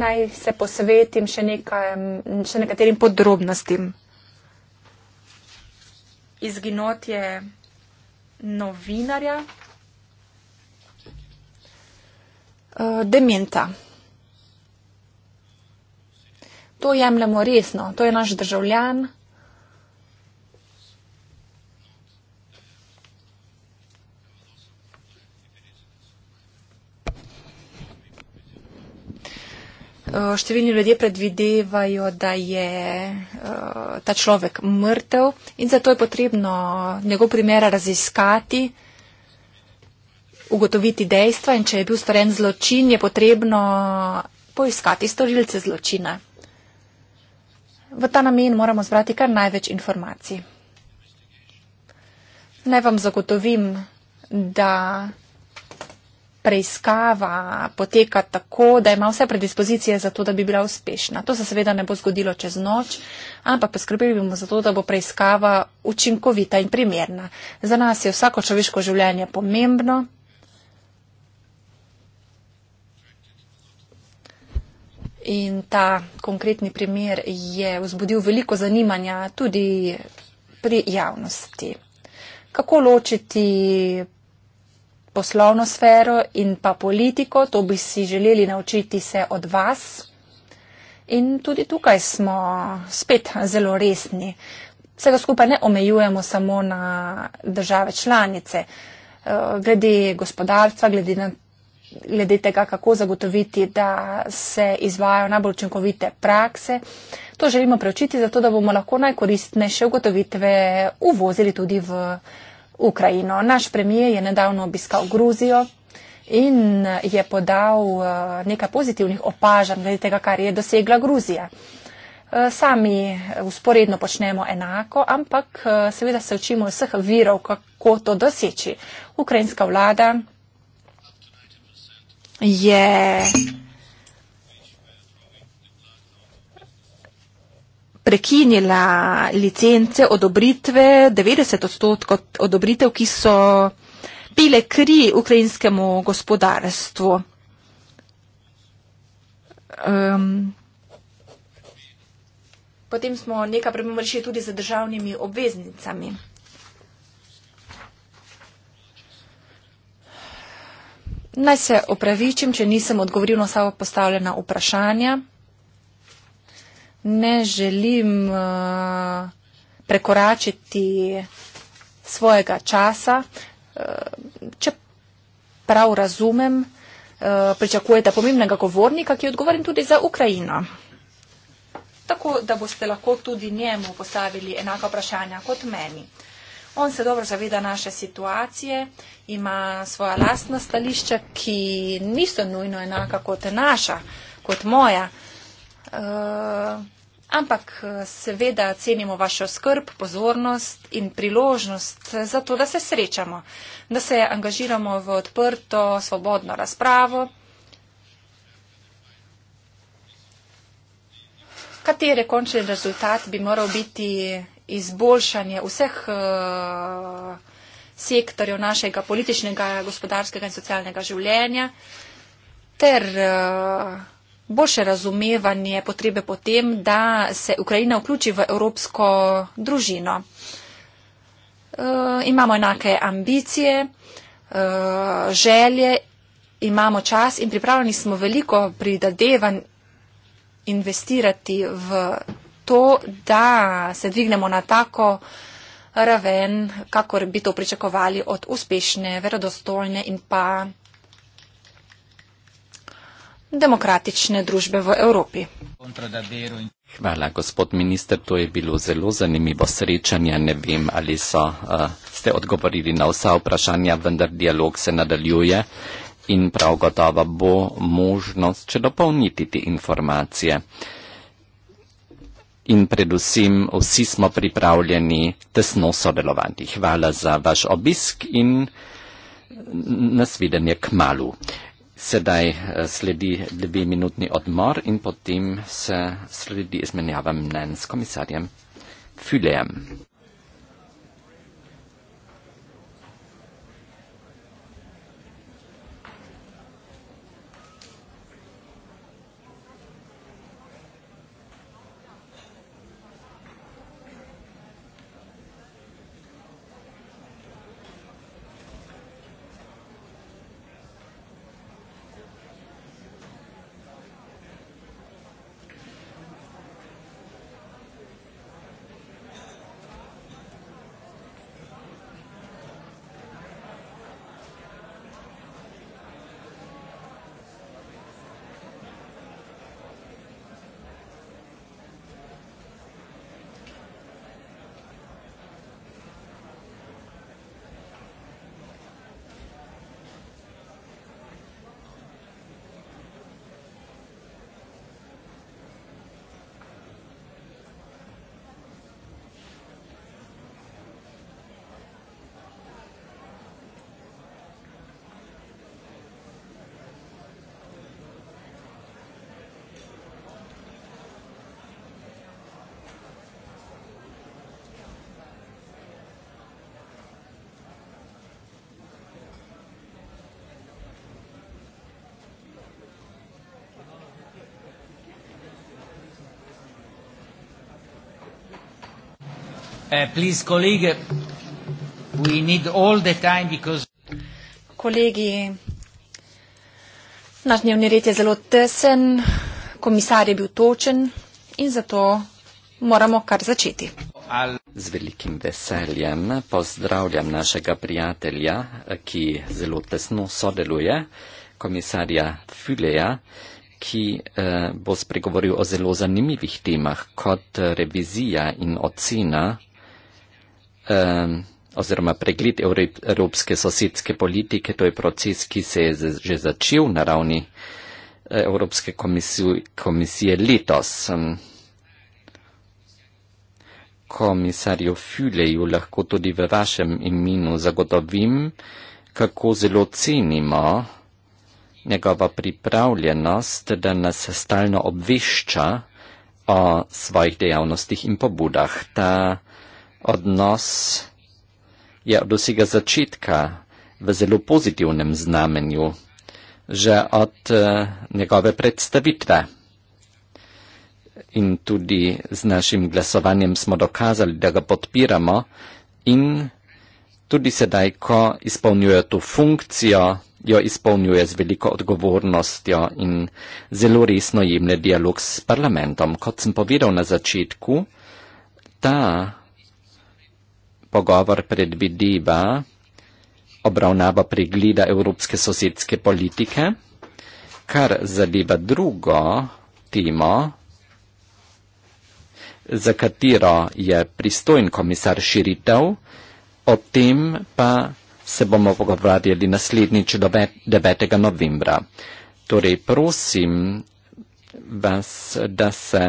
naj se posvetim še, nekaj, še nekaterim podrobnostim. Izginot je novinarja eh, Dementa. To jemljemo resno, to je naš državljan. Eh, številni ljudje predvidevajo, da je eh, ta človek mrtev in zato je potrebno njegov primer raziskati, ugotoviti dejstva in če je bil storjen zločin, je potrebno poiskati storilce zločina. V ta namen moramo zbrati kar največ informacij. Naj vam zagotovim, da preiskava poteka tako, da ima vse predispozicije za to, da bi bila uspešna. To se seveda ne bo zgodilo čez noč, ampak poskrbeli bomo za to, da bo preiskava učinkovita in primerna. Za nas je vsako človeško življenje pomembno. In ta konkretni primer je vzbudil veliko zanimanja tudi pri javnosti. Kako ločiti poslovno sfero in pa politiko. To bi si želeli naučiti se od vas. In tudi tukaj smo spet zelo resni. Vsega skupaj ne omejujemo samo na države članice. Eh, glede gospodarstva, glede, na, glede tega, kako zagotoviti, da se izvajo najbolj učinkovite prakse, to želimo preučiti, zato da bomo lahko najkoristnejše ugotovitve uvozili tudi v. Ukrajino. Naš premijer je nedavno obiskal Gruzijo in je podal eh, nekaj pozitivnih opažanj glede tega, kar je dosegla Gruzija. Eh, sami usporedno eh, počnemo enako, ampak seveda se učimo vseh virov, kako to doseči. Ukrajinska vlada je. Yeah. prekinila licence odobritve, 90 odstotkov odobritev, ki so pile kri ukrajinskemu gospodarstvu. Um, potem smo nekaj premomrešili tudi za državnimi obveznicami. Naj se opravičim, če nisem odgovoril na samo postavljena vprašanja ne želim uh, prekoračiti svojega časa, uh, čeprav razumem, uh, pričakujete pomembnega govornika, ki je odgovoren tudi za Ukrajino. Tako, da boste lahko tudi njemu postavili enaka vprašanja kot meni. On se dobro zaveda naše situacije, ima svoja lastna stališča, ki niso nujno enaka kot naša, kot moja. Eh, ampak eh, seveda cenimo vašo skrb, pozornost in priložnost za to, da se srečamo, da se angažiramo v odprto, svobodno razpravo. Kateri končni rezultat bi moral biti izboljšanje vseh uh, sektorjev našega političnega, gospodarskega in socialnega življenja ter uh, boljše razumevanje potrebe potem, da se Ukrajina vključi v evropsko družino. Uh, imamo enake ambicije, uh, želje, imamo čas in pripravljeni smo veliko pridadevan investirati v to, da se dvignemo na tako raven, kakor bi to pričakovali od uspešne, verodostojne in pa demokratične družbe v Evropi. Hvala, gospod minister, to je bilo zelo zanimivo srečanje. Ne vem, ali so, uh, ste odgovorili na vsa vprašanja, vendar dialog se nadaljuje in prav gotovo bo možnost še dopolniti te informacije. In predvsem vsi smo pripravljeni tesno sodelovati. Hvala za vaš obisk in nasvidenje k malu. Sedaj eh, sledi dve minutni odmor in potem se sledi izmenjava mnen s komisarjem Fülejem. Eh, please, colleague, we need all the time because. Kolegi, naš dnevni red je zelo tesen, komisar je bil točen in zato moramo kar začeti. Z velikim veseljem pozdravljam našega prijatelja, ki zelo tesno sodeluje, komisarja Füleja, ki eh, bo spregovoril o zelo zanimivih temah kot eh, revizija in ocena um, oziroma pregled evropske sosedske politike, to je proces, ki se je že začel na ravni e, Evropske komisije letos. Komisarju Füleju lahko tudi v vašem imenu zagotovim, kako zelo cenimo njegova pripravljenost, da nas stalno obvešča o svojih dejavnostih in pobudah. Ta odnos je od vsega začetka v zelo pozitivnem znamenju, že od eh, njegove predstavitve. In tudi z našim glasovanjem smo dokazali, da ga podpiramo in tudi sedaj, ko izpolnjuje to funkcijo, jo izpolnjuje z veliko odgovornostjo in zelo resno jemlje dialog s parlamentom. Kot sem povedal na začetku, ta pogovor predvidiva obravnava pregleda evropske sosedske politike, kar zadeva drugo temo, za katero je pristojen komisar širitev, o tem pa se bomo pogovarjali naslednjič 9. novembra. Torej prosim vas, da se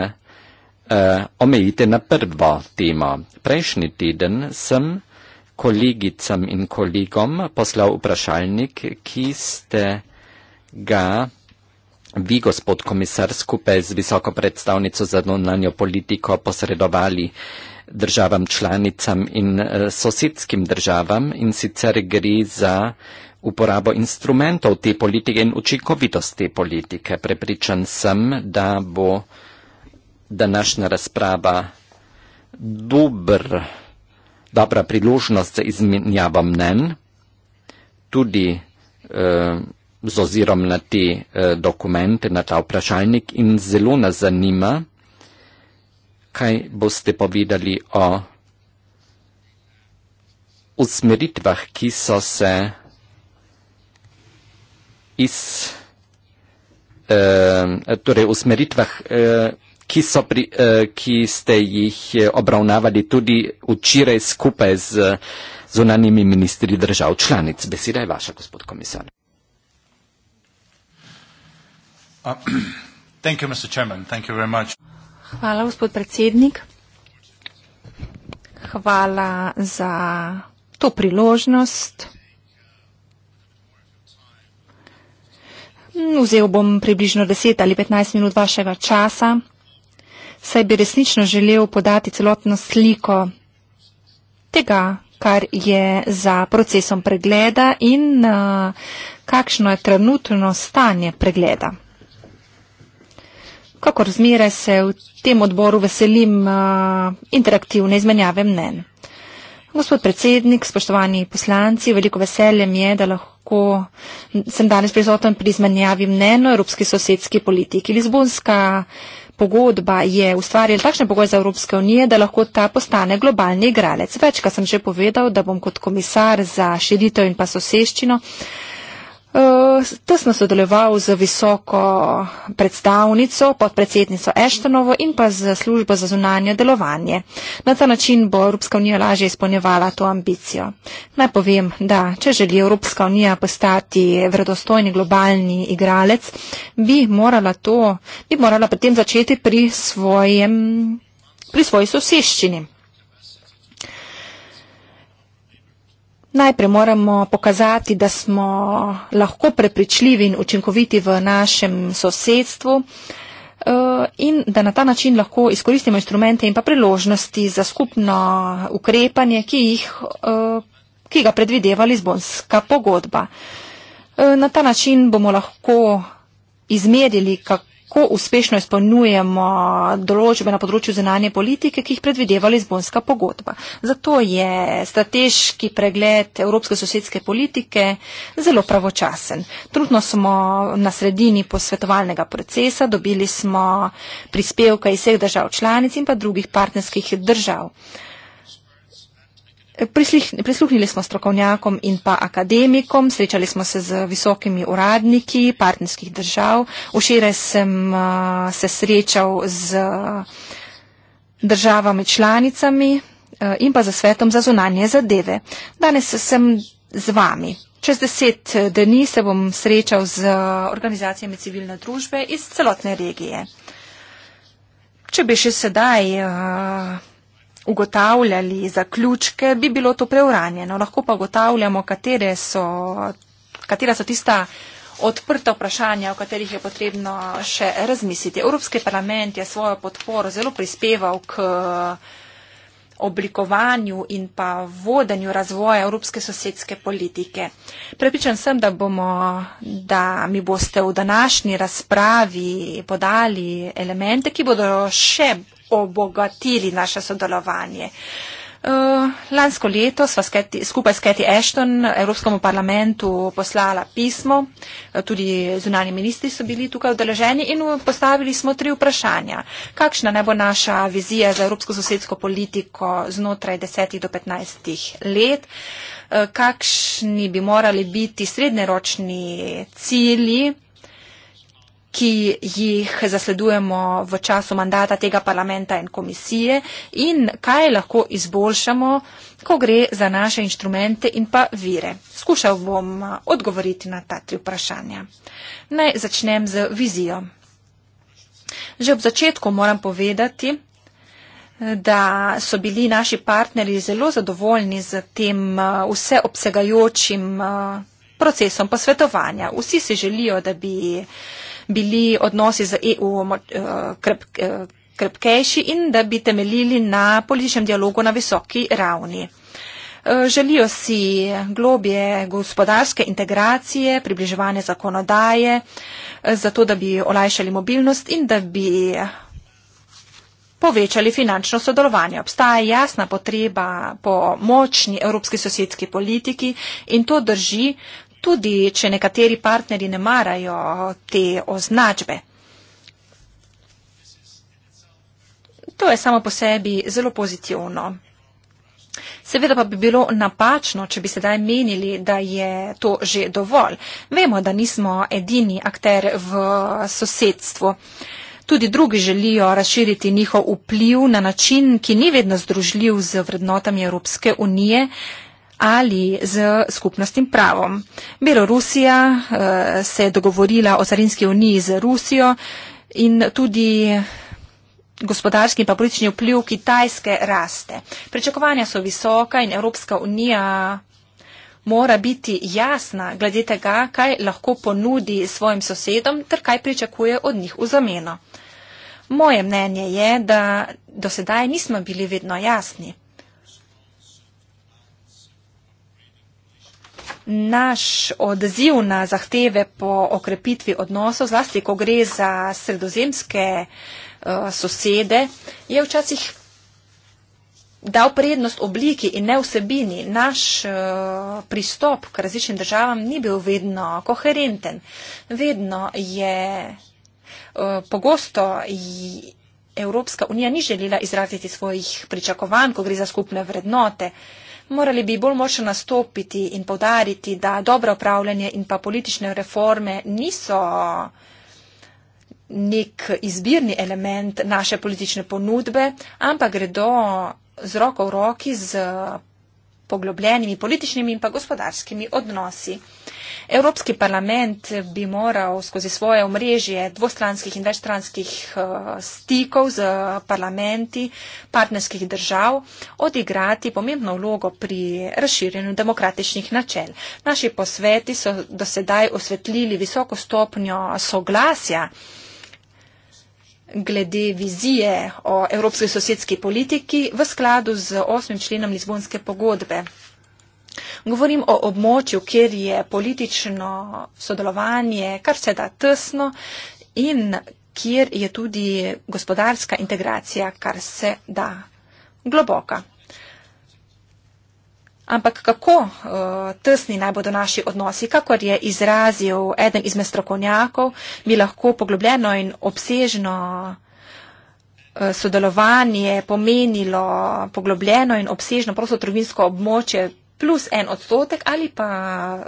Eh, omejite na prva tema. Prejšnji teden sem kolegicam in kolegom poslal vprašalnik, ki ste ga vi, gospod komisar, skupaj z visoko predstavnico za donanjo politiko posredovali državam članicam in eh, sosedskim državam in sicer gre za uporabo instrumentov te politike in učinkovitost te politike. Prepričan sem, da bo uh, današnja razprava dober, dobra priložnost za izmenjavo mnen, tudi eh, z ozirom na te eh, dokumente, na ta vprašalnik in zelo nas zanima, kaj boste povedali o usmeritvah, ki so se iz, eh, torej usmeritvah, eh, ki, so pri, eh, ki ste jih eh, obravnavali tudi včeraj skupaj z zunanimi ministri držav članic. Beseda je vaša, gospod komisar. Uh, Hvala, gospod predsednik. Hvala za to priložnost. Vzel bom približno 10 ali 15 minut vašega časa saj bi resnično želel podati celotno sliko tega, kar je za procesom pregleda in uh, kakšno je trenutno stanje pregleda. Kakor zmeraj se v tem odboru veselim uh, interaktivne izmenjave mnen. Gospod predsednik, spoštovani poslanci, veliko veselje mi je, da lahko sem danes prizoten pri izmenjavi mnen o evropski sosedski politiki. Lizbonska pogodba je ustvarjala takšne pogoje za Evropske unije, da lahko ta postane globalni igralec. Večka sem že povedal, da bom kot komisar za širitev in pa soseščino Eh, tesno sodeloval z visoko predstavnico, podpredsednico Eštonovo in pa z službo za zunanje delovanje. Na ta način bo Evropska unija lažje izpolnjevala to ambicijo. Naj povem, da če želi Evropska unija postati vredostojni globalni igralec, bi morala, to, bi morala potem začeti pri, svojem, pri svoji soseščini. Najprej moramo pokazati, da smo lahko prepričljivi in učinkoviti v našem sosedstvu eh, in da na ta način lahko izkoristimo instrumente in pa priložnosti za skupno ukrepanje, ki, jih, eh, ki ga predvideva Lizbonska pogodba. Eh, na ta način bomo lahko izmerili, kako kako uspešno izpolnjujemo določbe na področju zunanje politike, ki jih predvideva Lizbonska pogodba. Zato je strateški pregled evropske sosedske politike zelo pravočasen. Trudno smo na sredini posvetovalnega procesa, dobili smo prispevke iz vseh držav članic in pa drugih partnerskih držav. Prisluhnili smo strokovnjakom in pa akademikom, srečali smo se z visokimi uradniki partnerskih držav. Včeraj sem uh, se srečal z državami članicami uh, in pa z svetom za zunanje zadeve. Danes sem z vami. Čez deset uh, dni se bom srečal z organizacijami civilne družbe iz celotne regije. Če bi še sedaj. Uh, ugotavljali zaključke, bi bilo to preuranjeno. Lahko pa ugotavljamo, so, katera so tista odprta vprašanja, o katerih je potrebno še razmisliti. Evropski parlament je svojo podporo zelo prispeval k oblikovanju in pa vodenju razvoja evropske sosedske politike. Prepričan sem, da, bomo, da mi boste v današnji razpravi podali elemente, ki bodo še obogatili naše sodelovanje. Eh, lansko leto sva skupaj s Cathy Ashton Evropskemu parlamentu poslala pismo, eh, tudi zunani ministri so bili tukaj odeleženi in postavili smo tri vprašanja. Kakšna ne bo naša vizija za evropsko sosedsko politiko znotraj 10 do 15 let? Eh, kakšni bi morali biti srednjeročni cilji ki jih zasledujemo v času mandata tega parlamenta in komisije in kaj lahko izboljšamo, ko gre za naše inštrumente in pa vire. Skušal bom odgovoriti na ta tri vprašanja. Naj začnem z vizijo. Že ob začetku moram povedati, da so bili naši partnerji zelo zadovoljni z tem vseobsegajočim procesom posvetovanja. Vsi si želijo, da bi bili odnosi z EU eh, eh, krepkejši in da bi temeljili na političnem dialogu na visoki ravni. Eh, želijo si globje gospodarske integracije, približevanje zakonodaje, zato da bi olajšali mobilnost in da bi povečali finančno sodelovanje. Obstaja jasna potreba po močni evropski sosedski politiki in to drži tudi če nekateri partneri ne marajo te označbe. To je samo po sebi zelo pozitivno. Seveda pa bi bilo napačno, če bi sedaj menili, da je to že dovolj. Vemo, da nismo edini akter v sosedstvu. Tudi drugi želijo razširiti njihov vpliv na način, ki ni vedno združljiv z vrednotami Evropske unije, ali z skupnostnim pravom. Belorusija uh, se je dogovorila o carinski uniji z Rusijo in tudi gospodarski in pa politični vpliv Kitajske raste. Pričakovanja so visoka in Evropska unija mora biti jasna glede tega, kaj lahko ponudi svojim sosedom ter kaj pričakuje od njih v zameno. Moje mnenje je, da do sedaj nismo bili vedno jasni. naš odziv na zahteve po okrepitvi odnosov, zlasti ko gre za sredozemske eh, sosede, je včasih dal prednost obliki in ne vsebini. Naš uh, pristop k različnim državam ni bil vedno koherenten. Vedno je, uh, pogosto Evropska unija ni želela izraziti svojih pričakovanj, ko gre za skupne vrednote. Uh, Morali bi bolj močno nastopiti in povdariti, da dobro upravljanje in pa politične reforme niso nek izbirni element naše politične ponudbe, ampak gredo z roko v roki z poglobljenimi političnimi in pa gospodarskimi odnosi. Evropski parlament bi moral skozi svoje omrežje dvostranskih in večstranskih eh, stikov z parlamenti partnerskih držav odigrati pomembno vlogo pri razširjenju demokratičnih načel. Naši posveti so do sedaj osvetlili visoko stopnjo soglasja glede vizije o evropski sosedski politiki v skladu z osmim členom Lizbonske pogodbe. Govorim o območju, kjer je politično sodelovanje kar se da tesno in kjer je tudi gospodarska integracija kar se da globoka. Ampak kako uh, tesni naj bodo naši odnosi, kakor je izrazil eden izmed strokovnjakov, bi lahko poglobljeno in obsežno uh, sodelovanje pomenilo poglobljeno in obsežno prostotrovinsko območje plus en odstotek ali pa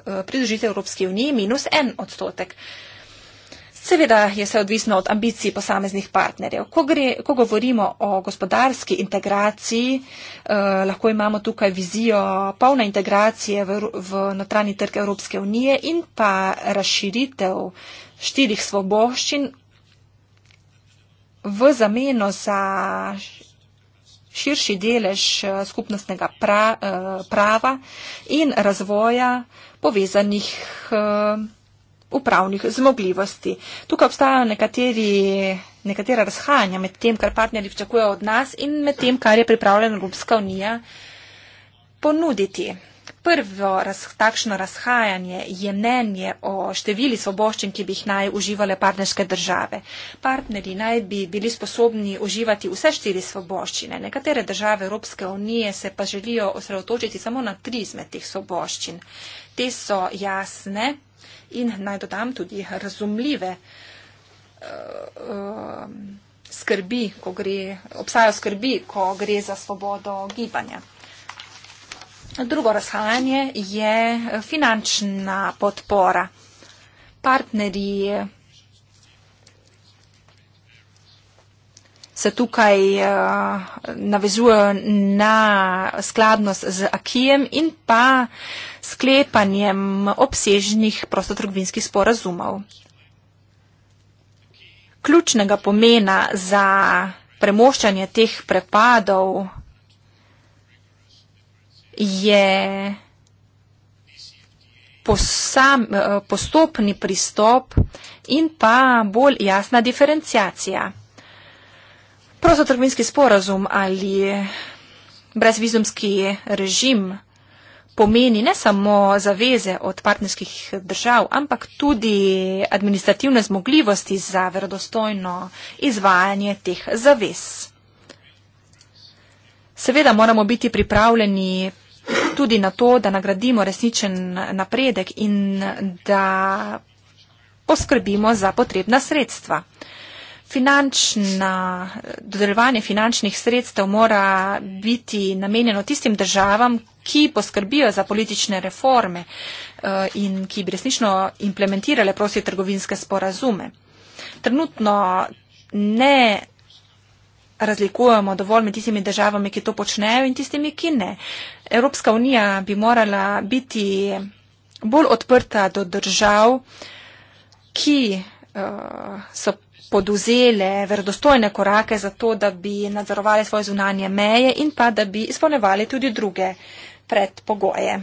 eh, pridružitev Evropske unije minus en odstotek. Seveda je vse odvisno od ambicij posameznih partnerjev. Ko, gre, ko govorimo o gospodarski integraciji, eh, lahko imamo tukaj vizijo polne integracije v, v notranji trg Evropske unije in pa razširitev štirih svoboščin v zameno za širši delež eh, skupnostnega pra, eh, prava in razvoja povezanih eh, upravnih zmogljivosti. Tukaj obstajajo nekateri, nekatera razhajanja med tem, kar partnerji pričakujejo od nas in med tem, kar je pripravljena Evropska unija ponuditi prvo raz, takšno razhajanje je mnenje o števili svoboščin, ki bi jih naj uživale partnerske države. Partneri naj bi bili sposobni uživati vse štiri svoboščine. Nekatere države Evropske unije se pa želijo osredotočiti samo na tri izmed teh svoboščin. Te so jasne in naj dodam tudi razumljive. Eh, eh, skrbi, ko gre, obstajajo skrbi, ko gre za svobodo gibanja. Drugo razhajanje je finančna podpora. Partnerji se tukaj eh, navezujejo na skladnost z akijem in pa sklepanjem obsežnih prostotrgovinskih sporazumov. Ključnega pomena za premoščanje teh prepadov je posam, eh, postopni pristop in pa bolj jasna diferencijacija. Prostotrgovinski sporazum ali brezvizumski režim pomeni ne samo zaveze od partnerskih držav, ampak tudi administrativne zmogljivosti za verodostojno izvajanje teh zavez. Seveda moramo biti pripravljeni tudi na to, da nagradimo resničen napredek in da poskrbimo za potrebna sredstva. Finančna, dodeljevanje finančnih sredstev mora biti namenjeno tistim državam, ki poskrbijo za politične reforme eh, in ki bi resnično implementirale prosje trgovinske sporazume. Trenutno ne razlikujemo dovolj med tistimi državami, ki to počnejo in tistimi, ki ne. Evropska unija bi morala biti bolj odprta do držav, ki eh, so poduzele verodostojne korake za to, da bi nadzorovali svoje zunanje meje in pa da bi izpolnevali tudi druge predpogoje.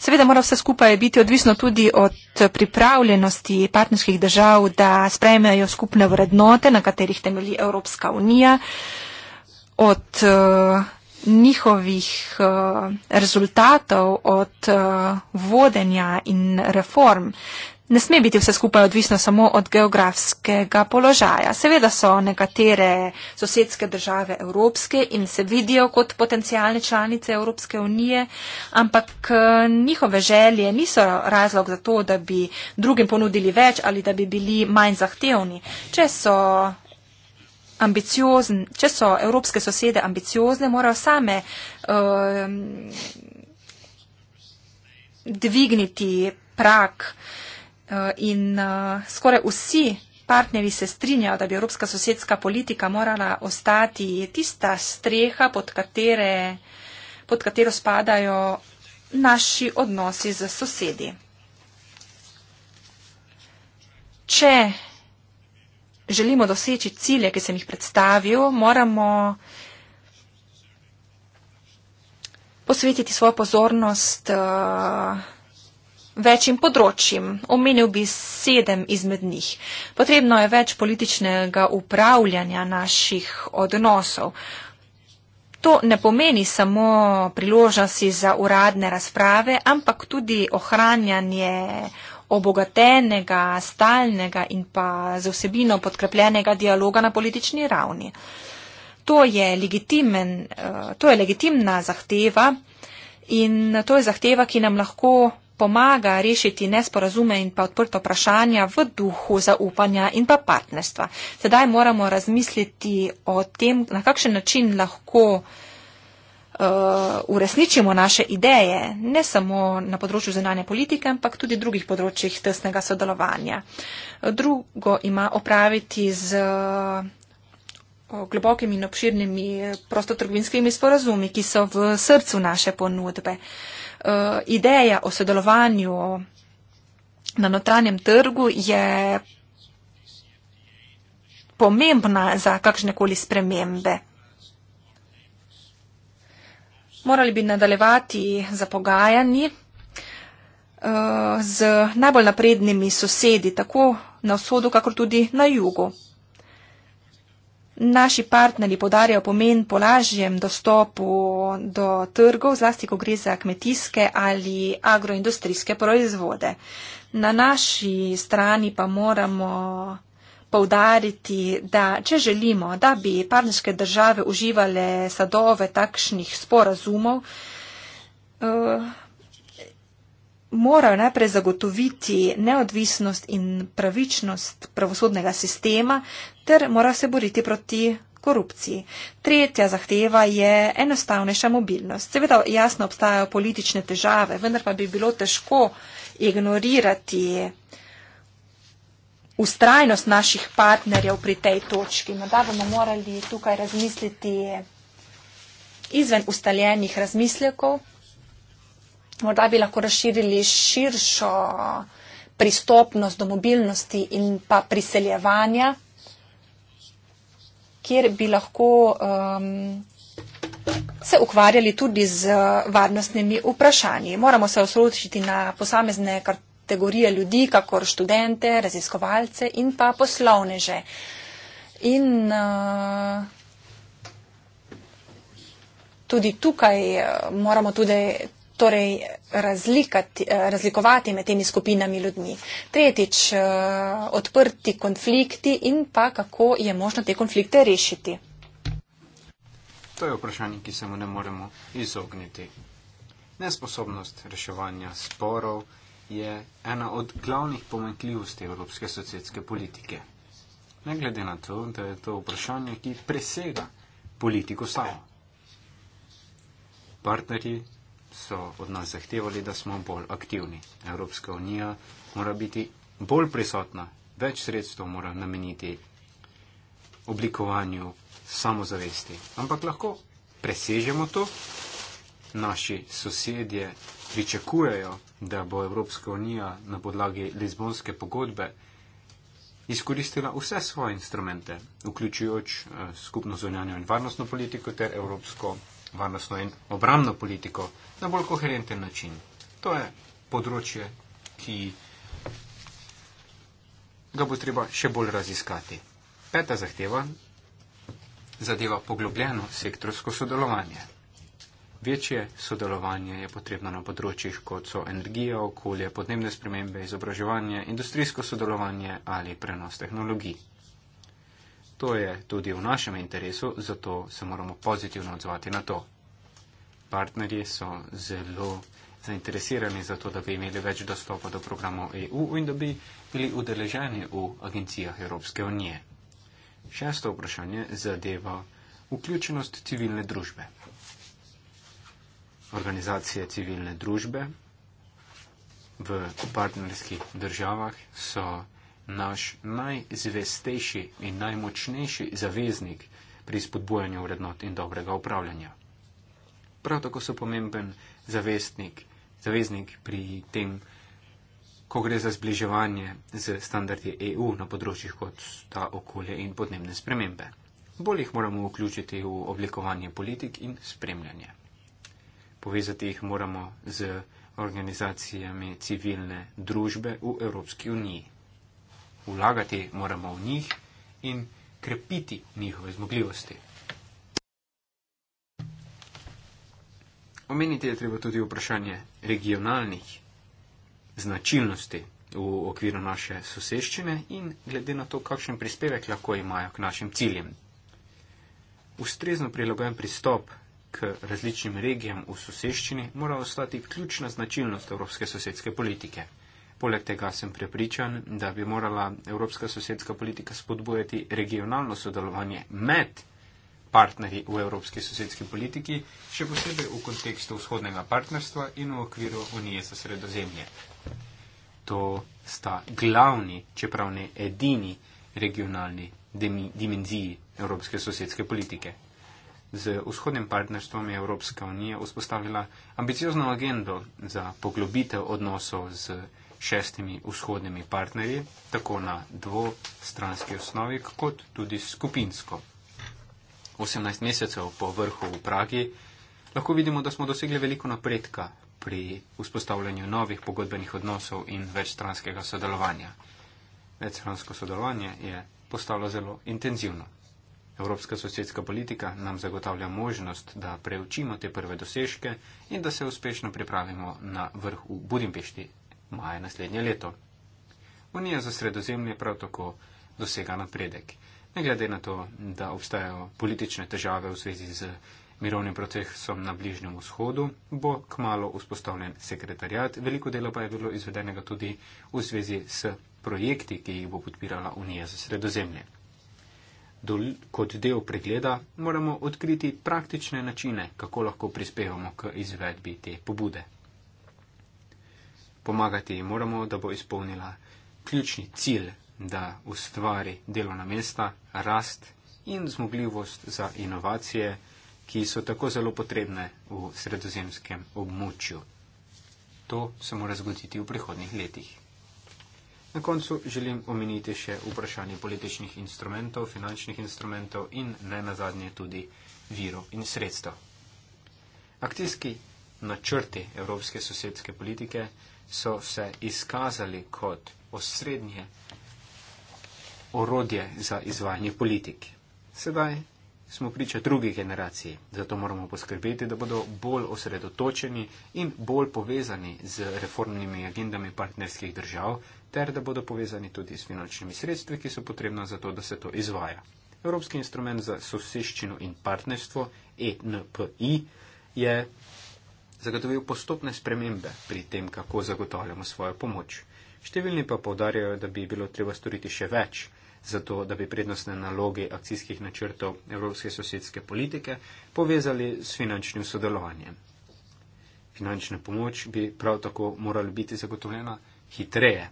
Seveda mora vse skupaj biti odvisno tudi od pripravljenosti partnerskih držav, da sprejmejo skupne vrednote, na katerih temelji Evropska unija. Uh, od uh, njihovih uh, rezultatov, od uh, vodenja in reform. Ne sme biti vse skupaj odvisno samo od geografskega položaja. Seveda so nekatere sosedske države evropske in se vidijo kot potencijalne članice Evropske unije, ampak njihove želje niso razlog za to, da bi drugim ponudili več ali da bi bili manj zahtevni. Če so ambiciozen, če so evropske sosede ambiciozne, morajo same uh, dvigniti prak uh, in uh, skoraj vsi partnerji se strinjajo, da bi evropska sosedska politika morala ostati tista streha, pod, katere, pod katero spadajo naši odnosi z sosedi. Če želimo doseči cilje, ki sem jih predstavil, moramo posvetiti svojo pozornost uh, večjim področjim. Omenil bi sedem izmed njih. Potrebno je več političnega upravljanja naših odnosov. To ne pomeni samo priložnosti za uradne razprave, ampak tudi ohranjanje obogatenega, stalnega in pa z vsebino podkrepljenega dialoga na politični ravni. To je, eh, to je legitimna zahteva in to je zahteva, ki nam lahko pomaga rešiti nesporazume in pa odprto vprašanja v duhu zaupanja in pa partnerstva. Sedaj moramo razmisliti o tem, na kakšen način lahko uh, Uh, uresničimo naše ideje, ne samo na področju zunanje politike, ampak tudi drugih področjih tesnega sodelovanja. Drugo ima opraviti z uh, globokimi in obširnimi prostotrgovinskimi sporazumi, ki so v srcu naše ponudbe. Uh, ideja o sodelovanju na notranjem trgu je pomembna za kakšnekoli spremembe morali bi nadaljevati za pogajanji eh, z najbolj naprednimi sosedi, tako na vzhodu, kakor tudi na jugu. Naši partnerji podarjajo pomen po lažjem dostopu do trgov, zlasti ko gre za kmetijske ali agroindustrijske proizvode. Na naši strani pa moramo poudariti, da če želimo, da bi partnerske države uživale sadove takšnih sporazumov, eh, morajo najprej zagotoviti neodvisnost in pravičnost pravosodnega sistema ter morajo se boriti proti korupciji. Tretja zahteva je enostavnejša mobilnost. Seveda jasno obstajajo politične težave, vendar pa bi bilo težko ignorirati ustrajnost naših partnerjev pri tej točki. No, da bomo morali tukaj razmisliti izven ustaljenih razmislekov. Morda bi lahko razširili širšo pristopnost do mobilnosti in pa priseljevanja, kjer bi lahko um, se ukvarjali tudi z uh, varnostnimi vprašanji. Moramo se osredotočiti na posamezne kartone kategorije ljudi, kakor študente, raziskovalce in pa poslovneže. In uh, tudi tukaj uh, moramo tudi. Torej, uh, razlikovati med temi skupinami ljudmi. Tretjič, odprti konflikti in pa kako je možno te konflikte rešiti. To je vprašanje, ki se mu ne moremo izogniti. Nesposobnost reševanja sporov je ena od glavnih pomenkljivosti evropske socijalske politike. Ne glede na to, da je to vprašanje, ki presega politiko samo. Partnerji so od nas zahtevali, da smo bolj aktivni. Evropska unija mora biti bolj prisotna, več sredstev mora nameniti oblikovanju samozavesti. Ampak lahko presežemo to, naši sosedje pričakujejo da bo Evropska unija na podlagi Lizbonske pogodbe izkoristila vse svoje instrumente, vključujoč eh, skupno zunanjo in varnostno politiko ter evropsko varnostno in obramno politiko na bolj koherenten način. To je področje, ki ga bo treba še bolj raziskati. Peta zahteva zadeva poglobljeno sektorsko sodelovanje. Večje sodelovanje je potrebno na področjih, kot so energija, okolje, podnebne spremembe, izobraževanje, industrijsko sodelovanje ali prenos tehnologij. To je tudi v našem interesu, zato se moramo pozitivno odzvati na to. Partnerji so zelo zainteresirani za to, da bi imeli več dostopa do programov EU in da bi bili udeleženi v agencijah Evropske unije. Šesto vprašanje zadeva vključenost civilne družbe organizacije civilne družbe v partnerskih državah so naš najzvestejši in najmočnejši zaveznik pri spodbujanju vrednot in dobrega upravljanja. Prav tako so pomemben zavestnik, zaveznik pri tem, ko gre za zbliževanje z standardi EU na področjih kot ta okolje in podnebne spremembe. Bolj jih moramo vključiti v oblikovanje politik in spremljanje povezati jih moramo z organizacijami civilne družbe v Evropski uniji. Vlagati moramo v njih in krepiti njihove zmogljivosti. Omeniti je treba tudi vprašanje regionalnih značilnosti v okviru naše soseščine in glede na to, kakšen prispevek lahko imajo k našim ciljem. Ustrezno prilagojen pristop k različnim regijam v soseščini mora ostati ključna značilnost evropske sosedske politike. Poleg tega sem prepričan, da bi morala evropska sosedska politika spodbujati regionalno sodelovanje med partnerji v evropski sosedski politiki, še posebej v kontekstu vzhodnega partnerstva in v okviru Unije za sredozemlje. To sta glavni, čeprav ne edini regionalni dimenziji evropske sosedske politike z vzhodnim partnerstvom je Evropska unija vzpostavila ambiciozno agendo za poglobitev odnosov z šestimi vzhodnimi partnerji, tako na dvostranski osnovi, kot tudi skupinsko. 18 mesecev po vrhu v Pragi lahko vidimo, da smo dosegli veliko napredka pri vzpostavljanju novih pogodbenih odnosov in večstranskega sodelovanja. Večstransko sodelovanje je postalo zelo intenzivno. Evropska sosedska politika nam zagotavlja možnost, da preučimo te prve dosežke in da se uspešno pripravimo na vrh v Budimpešti maja naslednje leto. Unija za sredozemlje prav tako dosega napredek. Ne glede na to, da obstajajo politične težave v svezi z mirovnim procesom na Bližnjem vzhodu, bo kmalo vzpostavljen sekretarjat, veliko dela pa je bilo izvedenega tudi v svezi s projekti, ki jih bo podpirala Unija za sredozemlje kot del pregleda, moramo odkriti praktične načine, kako lahko prispevamo k izvedbi te pobude. Pomagati ji moramo, da bo izpolnila ključni cilj, da ustvari delovna mesta, rast in zmogljivost za inovacije, ki so tako zelo potrebne v sredozemskem območju. To se mora zgoditi v prihodnih letih. Na koncu želim omeniti še vprašanje političnih instrumentov, finančnih instrumentov in ne nazadnje tudi virov in sredstev. Akcijski načrti evropske sosedske politike so se izkazali kot osrednje orodje za izvajanje politik. Sedaj smo priča drugi generaciji, zato moramo poskrbeti, da bodo bolj osredotočeni in bolj povezani z reformnimi agendami partnerskih držav, ter da bodo povezani tudi s finančnimi sredstvi, ki so potrebna za to, da se to izvaja. Evropski instrument za soseščino in partnerstvo ENPI je zagotovil postopne spremembe pri tem, kako zagotavljamo svojo pomoč. Številni pa povdarjajo, da bi bilo treba storiti še več, zato da bi prednostne naloge akcijskih načrtov Evropske sosedske politike povezali s finančnim sodelovanjem. Finančna pomoč bi prav tako morala biti zagotovljena hitreje.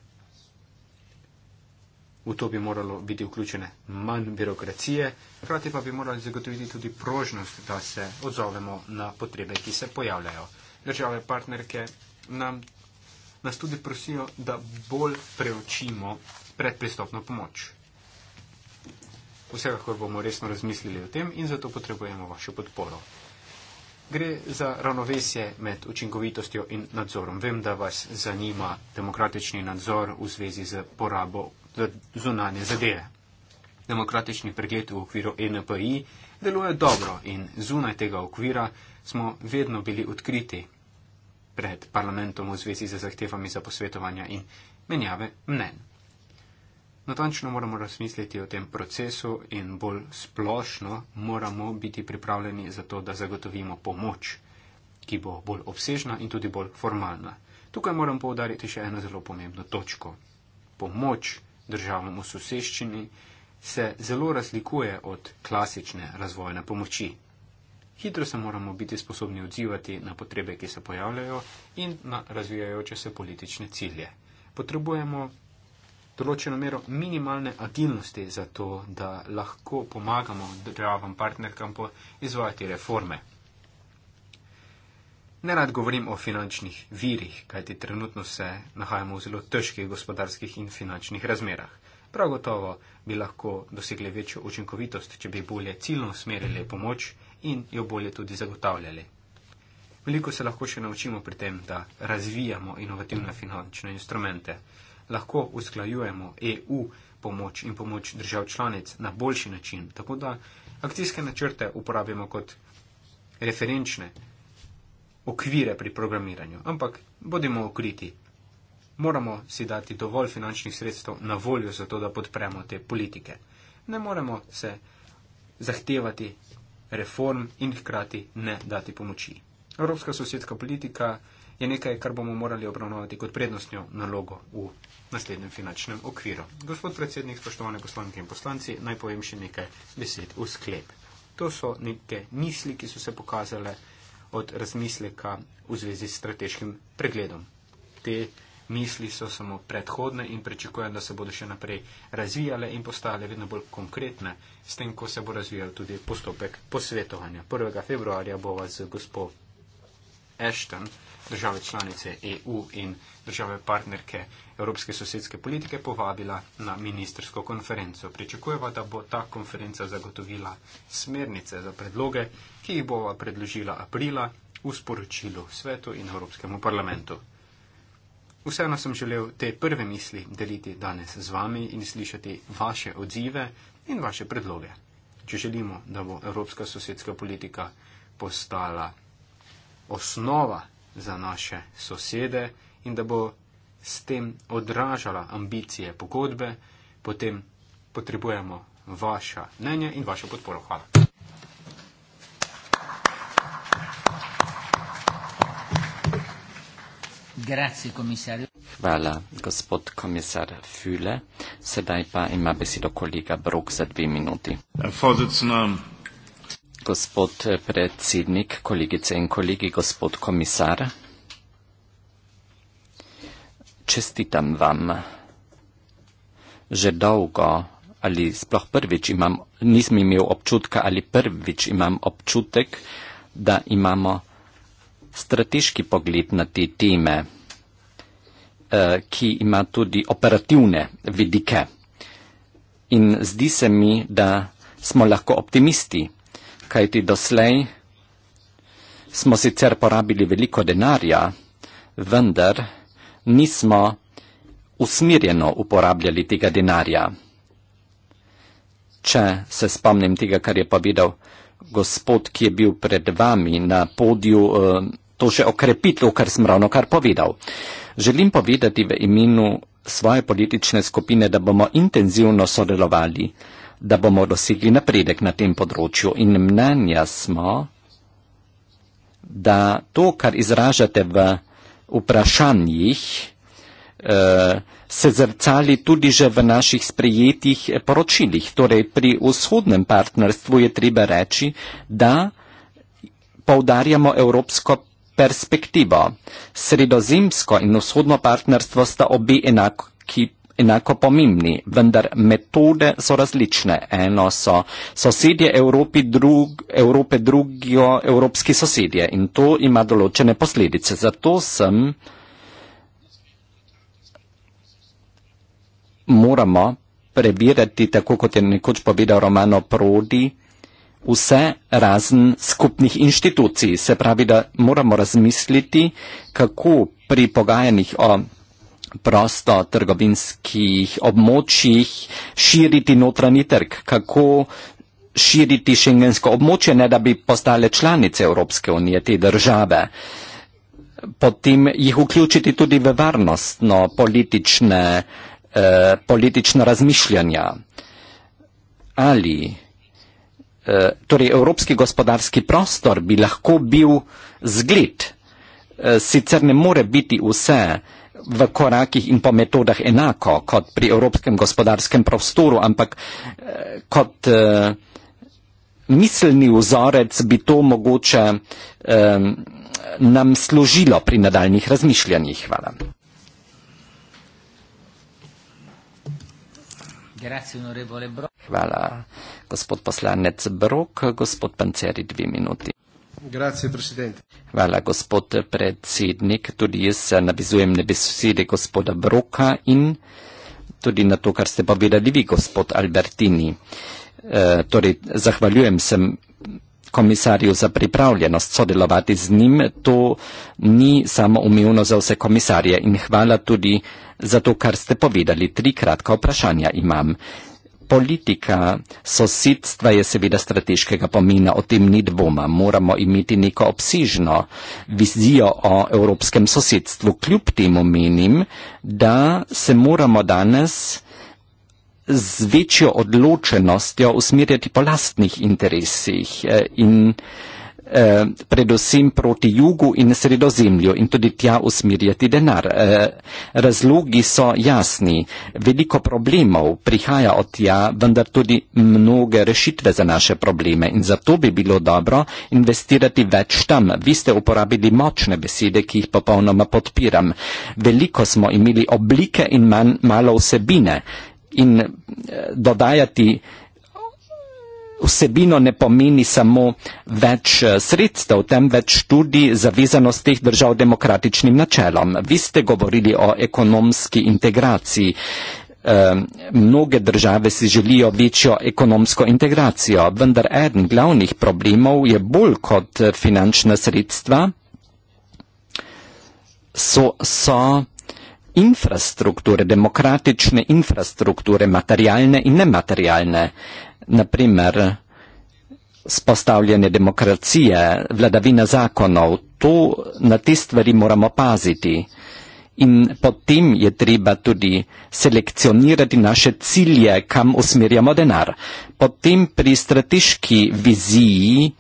V to bi moralo biti vključene manj birokracije, hkrati pa bi morali zagotoviti tudi prožnost, da se odzovemo na potrebe, ki se pojavljajo. Države partnerke nam, nas tudi prosijo, da bolj preučimo predpristopno pomoč. Vsekakor bomo resno razmislili o tem in zato potrebujemo vašo podporo. Gre za ravnovesje med učinkovitostjo in nadzorom. Vem, da vas zanima demokratični nadzor v zvezi z porabo za zunanje zadeve. Demokratični pregled v okviru NPI deluje dobro in zunaj tega okvira smo vedno bili odkriti pred parlamentom v zvezi z zahtevami za posvetovanja in menjave mnen. Natančno moramo razmisliti o tem procesu in bolj splošno moramo biti pripravljeni za to, da zagotovimo pomoč, ki bo bolj obsežna in tudi bolj formalna. Tukaj moram povdariti še eno zelo pomembno točko. Pomoč državam v soseščini, se zelo razlikuje od klasične razvojne pomoči. Hitro se moramo biti sposobni odzivati na potrebe, ki se pojavljajo in na razvijajoče se politične cilje. Potrebujemo določeno mero minimalne agilnosti za to, da lahko pomagamo državam partnerkam po izvajati reforme. Ne rad govorim o finančnih virih, kajti trenutno se nahajamo v zelo težkih gospodarskih in finančnih razmerah. Prav gotovo bi lahko dosegli večjo učinkovitost, če bi bolje ciljno usmerili pomoč in jo bolje tudi zagotavljali. Veliko se lahko še naučimo pri tem, da razvijamo inovativne finančne instrumente. Lahko usklajujemo EU pomoč in pomoč držav članic na boljši način, tako da akcijske načrte uporabimo kot referenčne okvire pri programiranju. Ampak bodimo okriti. Moramo si dati dovolj finančnih sredstev na voljo za to, da podpremo te politike. Ne moremo se zahtevati reform in hkrati ne dati pomoči. Evropska sosedska politika je nekaj, kar bomo morali obravnavati kot prednostno nalogo v naslednjem finančnem okviru. Gospod predsednik, spoštovane poslanke in poslanci, naj povem še nekaj besed v sklep. To so neke misli, ki so se pokazale od razmisleka v zvezi s strateškim pregledom. Te misli so samo predhodne in pričakujem, da se bodo še naprej razvijale in postale vedno bolj konkretne, s tem, ko se bo razvijal tudi postopek posvetovanja. 1. februarja bova z gospod Ashton, države članice EU in države partnerke Evropske sosedske politike, povabila na ministersko konferenco. Pričakujeva, da bo ta konferenca zagotovila smernice za predloge, ki jih bova predložila aprila v sporočilu svetu in Evropskemu parlamentu. Vseeno sem želel te prve misli deliti danes z vami in slišati vaše odzive in vaše predloge. Če želimo, da bo evropska sosedska politika postala osnova za naše sosede in da bo s tem odražala ambicije pogodbe, potem potrebujemo vaša mnenja in vašo podporo. Hvala. Grazie, komisar. Hvala, gospod komisar Füle. Sedaj pa ima besedo kolega Brok za dve minuti. Vodecna, gospod eh, predsednik, kolegice in kolegi, gospod komisar. Čestitam vam. Že dolgo ali sploh prvič imam, nisem imel občutka ali prvič imam občutek, da imamo strateški pogled na te teme, eh, ki ima tudi operativne vidike. In zdi se mi, da smo lahko optimisti kajti doslej smo sicer porabili veliko denarja, vendar nismo usmirjeno uporabljali tega denarja. Če se spomnim tega, kar je povedal gospod, ki je bil pred vami na podiju, eh, to še okrepi to, kar sem ravno kar povedal. Želim povedati v imenu svoje politične skupine, da bomo intenzivno sodelovali da bomo dosegli napredek na tem področju. In mnenja smo, da to, kar izražate v vprašanjih, eh, se zrcali tudi že v naših sprejetih poročilih. Torej, pri vzhodnem partnerstvu je treba reči, da povdarjamo evropsko perspektivo. Sredozemsko in vzhodno partnerstvo sta obe enaki enako pomembni, vendar metode so različne. Eno so sosedje Evropi drug, Evrope drugijo evropski sosedje in to ima določene posledice. Zato sem moramo prebirati, tako kot je nekoč povedal Romano Prodi, vse razen skupnih inštitucij. Se pravi, da moramo razmisliti, kako pri pogajanjih o prostotrgovinskih območjih širiti notranji trg, kako širiti šengensko območje, ne da bi postale članice Evropske unije te države, potem jih vključiti tudi v varnostno politične, eh, politično razmišljanje. Ali eh, torej evropski gospodarski prostor bi lahko bil zgled, eh, sicer ne more biti vse eh, v korakih in po metodah enako kot pri evropskem gospodarskem prostoru, ampak eh, kot eh, miselni vzorec bi to mogoče eh, nam služilo pri nadaljnih razmišljanjih. Hvala. Hvala, gospod poslanec Brok, gospod Panceri, dve minuti. Hvala, gospod predsednik. Tudi jaz se navizujem na besede gospoda Broka in tudi na to, kar ste povedali vi, gospod Albertini. E, torej, zahvaljujem se komisarju za pripravljenost sodelovati z njim. To ni samo umevno za vse komisarje in hvala tudi za to, kar ste povedali. Tri kratka vprašanja imam politika sosedstva je seveda strateškega pomena, o tem ni dvoma. Moramo imeti neko obsežno vizijo o evropskem sosedstvu. Kljub temu menim, da se moramo danes z večjo odločenostjo usmerjati po lastnih interesih. Eh, in eh, predvsem proti jugu in sredozemlju in tudi tja usmirjati denar. Eh, razlogi so jasni, veliko problemov prihaja od tja, vendar tudi mnoge rešitve za naše probleme in zato bi bilo dobro investirati več tam. Vi ste uporabili močne besede, ki jih popolnoma podpiram. Veliko smo imeli oblike in manj, malo vsebine in eh, dodajati vsebino ne pomeni samo več eh, sredstev, temveč tudi zavezanost teh držav demokratičnim načelom. Vi ste govorili o ekonomski integraciji. Mnoge države si želijo večjo ekonomsko integracijo, vendar eden glavnih problemov je bolj kot eh, finančna sredstva, so, so infrastrukture, demokratične infrastrukture, materialne in nematerialne naprimer, spostavljanje demokracije, vladavina zakonov, tu na te stvari moramo paziti. In potem je treba tudi selekcionirati naše cilje, kam usmerjamo denar. Potem pri strateški viziji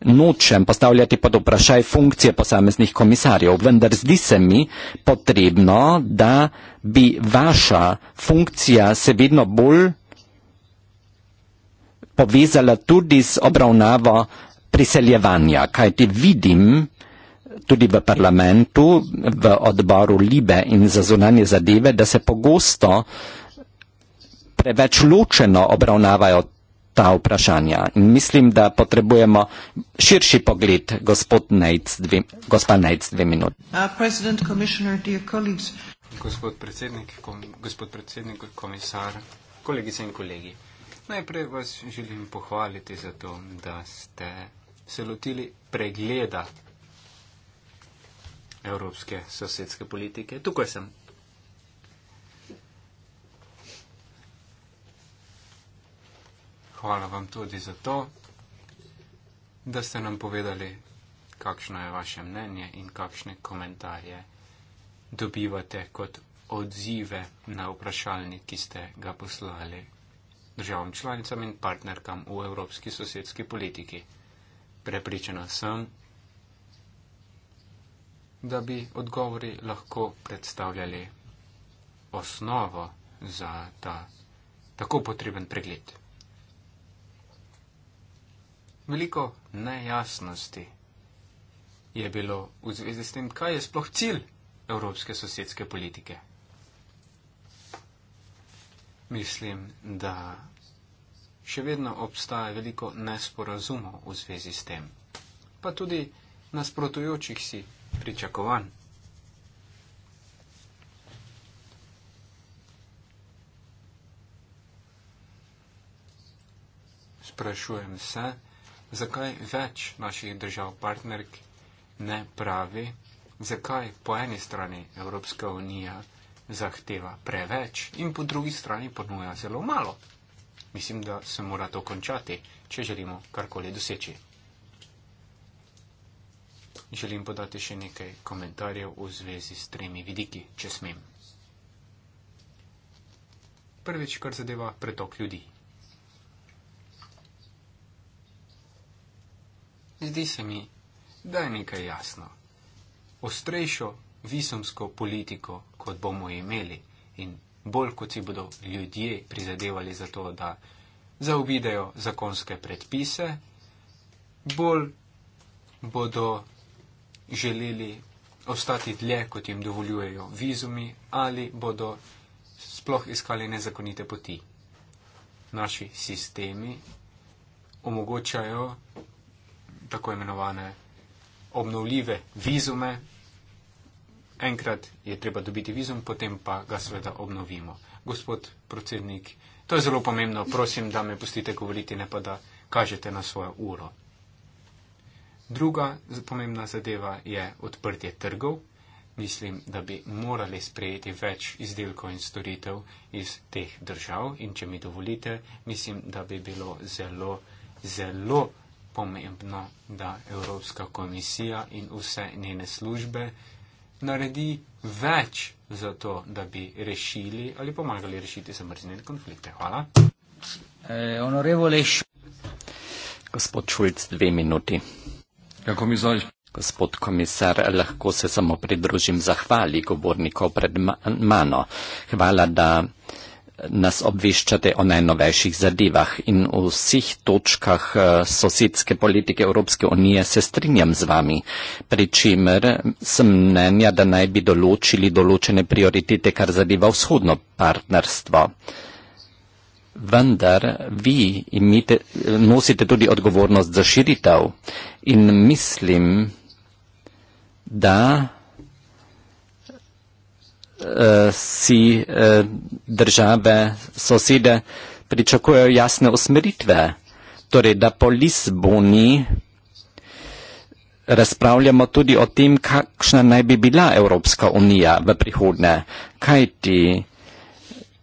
nočem postavljati pod vprašaj funkcije posameznih komisarjev, vendar zdi se mi potrebno, da bi vaša funkcija se vedno bolj povezala tudi z obravnavo priseljevanja, kajti vidim tudi v parlamentu, v odboru Libe in za zunanje zadeve, da se pogosto preveč ločeno obravnavajo ta vprašanja. In mislim, da potrebujemo širši pogled, gospod Nejc, dve, gospa Nejc, dve minute. Uh, gospod predsednik, kom, gospod predsednik, komisar, kolegice in kolegi. Najprej vas želim pohvaliti za to, da ste se lotili pregleda evropske sosedske politike. Tukaj sem. Hvala vam tudi za to, da ste nam povedali, kakšno je vaše mnenje in kakšne komentarje dobivate kot odzive na vprašalnik, ki ste ga poslali državam članicam in partnerkam v evropski sosedski politiki. Prepričana sem, da bi odgovori lahko predstavljali osnovo za ta tako potreben pregled. Veliko nejasnosti je bilo v zvezi s tem, kaj je sploh cilj evropske sosedske politike. Mislim, da še vedno obstaja veliko nesporazumov v zvezi s tem, pa tudi nasprotujočih si pričakovanj. Sprašujem se, zakaj več naših držav partnerk ne pravi, zakaj po eni strani Evropska unija zahteva preveč in po drugi strani ponuja zelo malo. Mislim, da se mora to končati, če želimo karkoli doseči. Želim podati še nekaj komentarjev v zvezi s tremi vidiki, če smem. Prvič, kar zadeva pretok ljudi. Zdi se mi, da je nekaj jasno. Ostrejšo visomsko politiko, kot bomo imeli in bolj kot si bodo ljudje prizadevali za to, da zaobidejo zakonske predpise, bolj bodo želeli ostati dlje, kot jim dovoljujejo vizumi ali bodo sploh iskali nezakonite poti. Naši sistemi omogočajo tako imenovane obnovljive vizume, enkrat je treba dobiti vizum, potem pa ga seveda obnovimo. Gospod predsednik, to je zelo pomembno, prosim, da me pustite govoriti, ne pa da kažete na svojo uro. Druga pomembna zadeva je odprtje trgov. Mislim, da bi morali sprejeti več izdelkov in storitev iz teh držav in če mi dovolite, mislim, da bi bilo zelo, zelo pomembno, da Evropska komisija in vse njene službe naredi več za to, da bi rešili ali pomagali rešiti zamrznjene konflikte. Hvala. Eh, Gospod Šulc, dve minuti. Ja, komisar. Gospod komisar, lahko se samo pridružim zahvali govornikov pred mano. Hvala, da nas obveščate o najnovejših zadevah in v vseh točkah eh, sosedske politike Evropske unije se strinjam z vami, pri čemer sem mnenja, da naj bi določili določene prioritete, kar zadeva vzhodno partnerstvo. Vendar vi imite, nosite tudi odgovornost za širitev in mislim, da Eh, si eh, države, sosede pričakujejo jasne usmeritve. Torej, da po Lisboni razpravljamo tudi o tem, kakšna naj bi bila Evropska unija v prihodne. Kajti,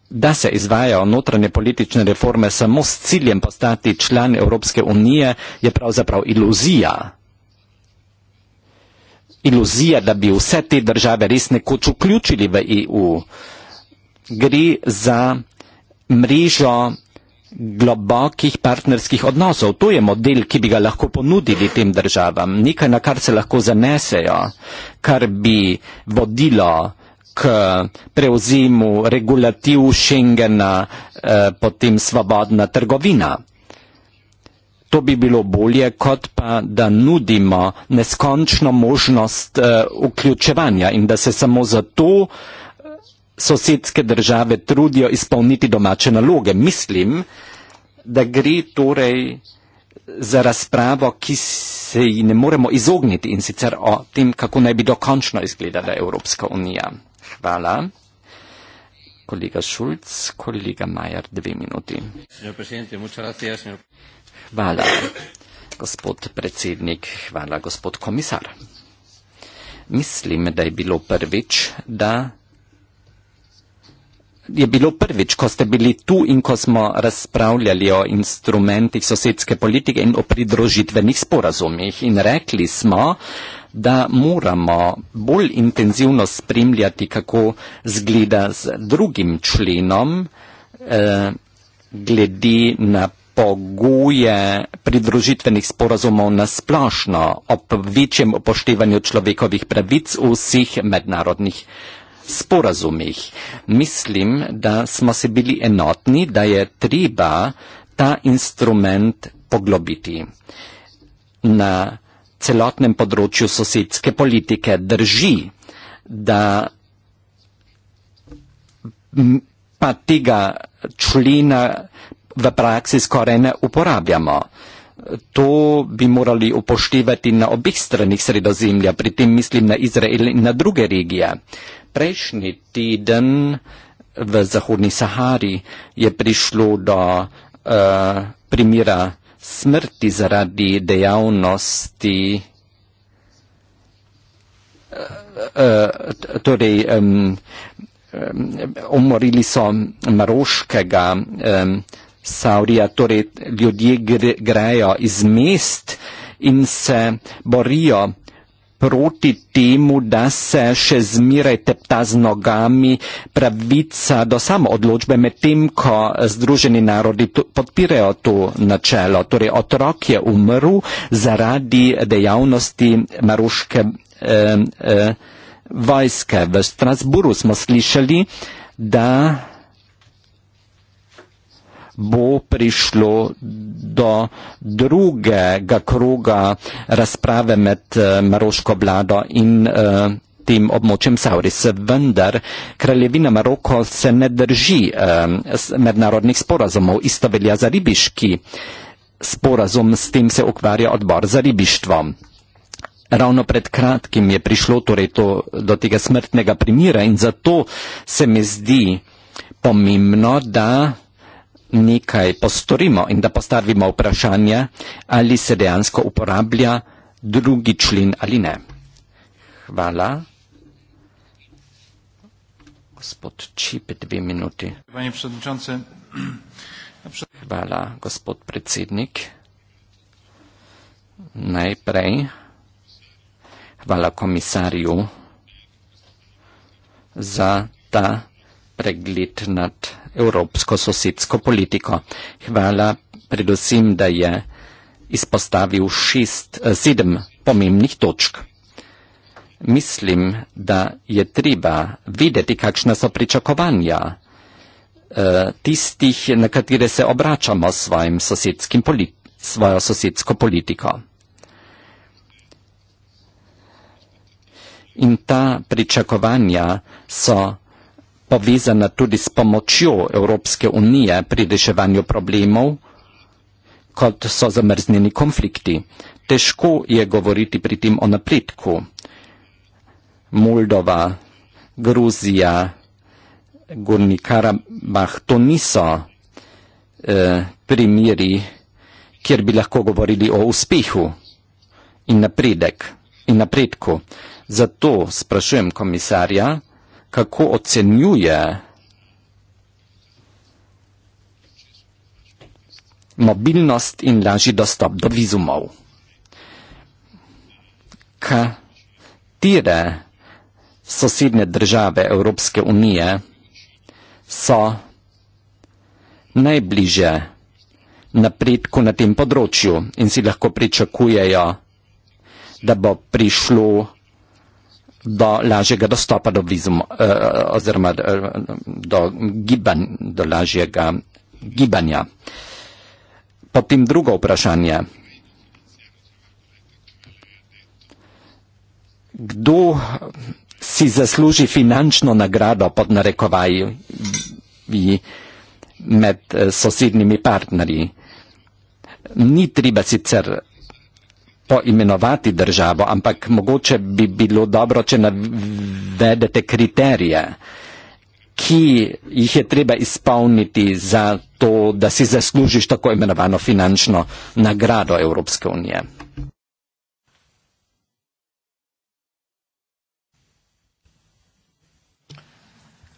da se izvajajo notranje politične reforme samo s ciljem postati član Evropske unije, je pravzaprav iluzija iluzija, da bi vse te države res nekoč vključili v EU. Gre za mrežo globokih partnerskih odnosov. To je model, ki bi ga lahko ponudili tem državam. Nekaj, na kar se lahko zanesejo, kar bi vodilo k preuzimu regulativ Schengena, eh, potem svobodna trgovina to bi bilo bolje, kot pa da nudimo neskončno možnost uh, vključevanja in da se samo zato eh, sosedske države trudijo izpolniti domače naloge. Mislim, da gre torej eh, za razpravo, ki se ji ne moremo izogniti in sicer o tem, kako naj bi dokončno izgledala Evropska unija. Hvala. Kolega Šulc, kolega Majer, dve minuti. Hvala, gospod predsednik, hvala, gospod komisar. Mislim, da je bilo prvič, da je bilo prvič, ko ste bili tu in ko smo razpravljali o instrumentih sosedske politike in o pridružitvenih sporazumih in rekli smo, da moramo bolj intenzivno spremljati, kako zgleda z drugim členom eh, glede na pogoje pridružitvenih sporazumov na splošno ob večjem upoštevanju človekovih pravic v vseh mednarodnih sporazumih. Mislim, da smo se bili enotni, da je treba ta instrument poglobiti. Na celotnem področju sosedske politike drži, da pa tega člena v praksi skoraj ne uporabljamo. To bi morali upoštevati na obih stranih sredozemlja, pri tem mislim na Izrael in na druge regije. Prejšnji teden v Zahodni Sahari je prišlo do uh, eh, primira smrti zaradi dejavnosti, uh, uh, torej um, um, umorili so maroškega um, Saurija, torej ljudje grejo iz mest in se borijo proti temu, da se še zmeraj tepta z nogami pravica do samoodločbe, medtem ko Združeni narodi podpirajo to načelo. Torej otrok je umrl zaradi dejavnosti maruške eh, eh, vojske. V Strasburu smo slišali, da bo prišlo do drugega kroga razprave med eh, maroško vlado in eh, tem območjem Sauris. Vendar kraljevina Maroko se ne drži eh, mednarodnih sporazumov. Isto velja za ribiški sporazum, s tem se ukvarja odbor za ribištvo. Ravno pred kratkim je prišlo torej to, do tega smrtnega primira in zato se mi zdi pomembno, da nekaj postorimo in da postavimo vprašanje, ali se dejansko uporablja drugi člen ali ne. Hvala. Gospod Čip, dve minuti. Hvala, gospod predsednik. Najprej. Hvala komisarju za ta pregled nad evropsko sosedsko politiko. Hvala predvsem, da je izpostavil šest, eh, sedem pomembnih točk. Mislim, da je treba videti, kakšna so pričakovanja eh, tistih, na katere se obračamo s svojo sosedsko politiko. In ta pričakovanja so povezana tudi s pomočjo Evropske unije pri reševanju problemov, kot so zamrznjeni konflikti. Težko je govoriti pri tem o napredku. Moldova, Gruzija, Gorni Karabah, to niso eh, primeri, kjer bi lahko govorili o uspehu in, napredek, in napredku. Zato sprašujem komisarja, kako ocenjuje mobilnost in lažji dostop do vizumov. Katere sosednje države Evropske unije so najbliže napredku na tem področju in si lahko pričakujejo, da bo prišlo do lažjega dostopa do vizum, uh, oziroma uh, do, giban, do lažjega gibanja. Potem drugo vprašanje. Kdo si zasluži finančno nagrado pod narekovaji med eh, sosednjimi partnerji? Ni treba sicer poimenovati državo, ampak mogoče bi bilo dobro, če navedete kriterije, ki jih je treba izpolniti za to, da si zaslužiš tako imenovano finančno nagrado Evropske unije.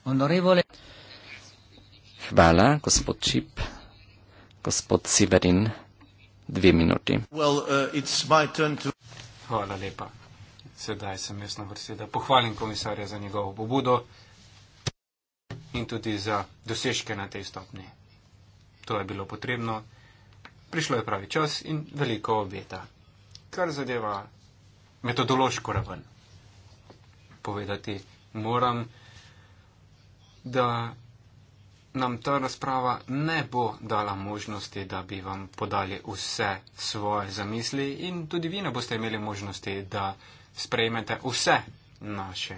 Onorevole. Hvala, gospod Čip, gospod Siverin dve minuti. Well, uh, to... Hvala lepa. Sedaj sem jaz na vrsti, da pohvalim komisarja za njegovo pobudo in tudi za dosežke na tej stopni. To je bilo potrebno. Prišlo je pravi čas in veliko obeta, kar zadeva metodološko raven. Povedati moram, da nam ta razprava ne bo dala možnosti, da bi vam podali vse svoje zamisli in tudi vi ne boste imeli možnosti, da sprejmete vse naše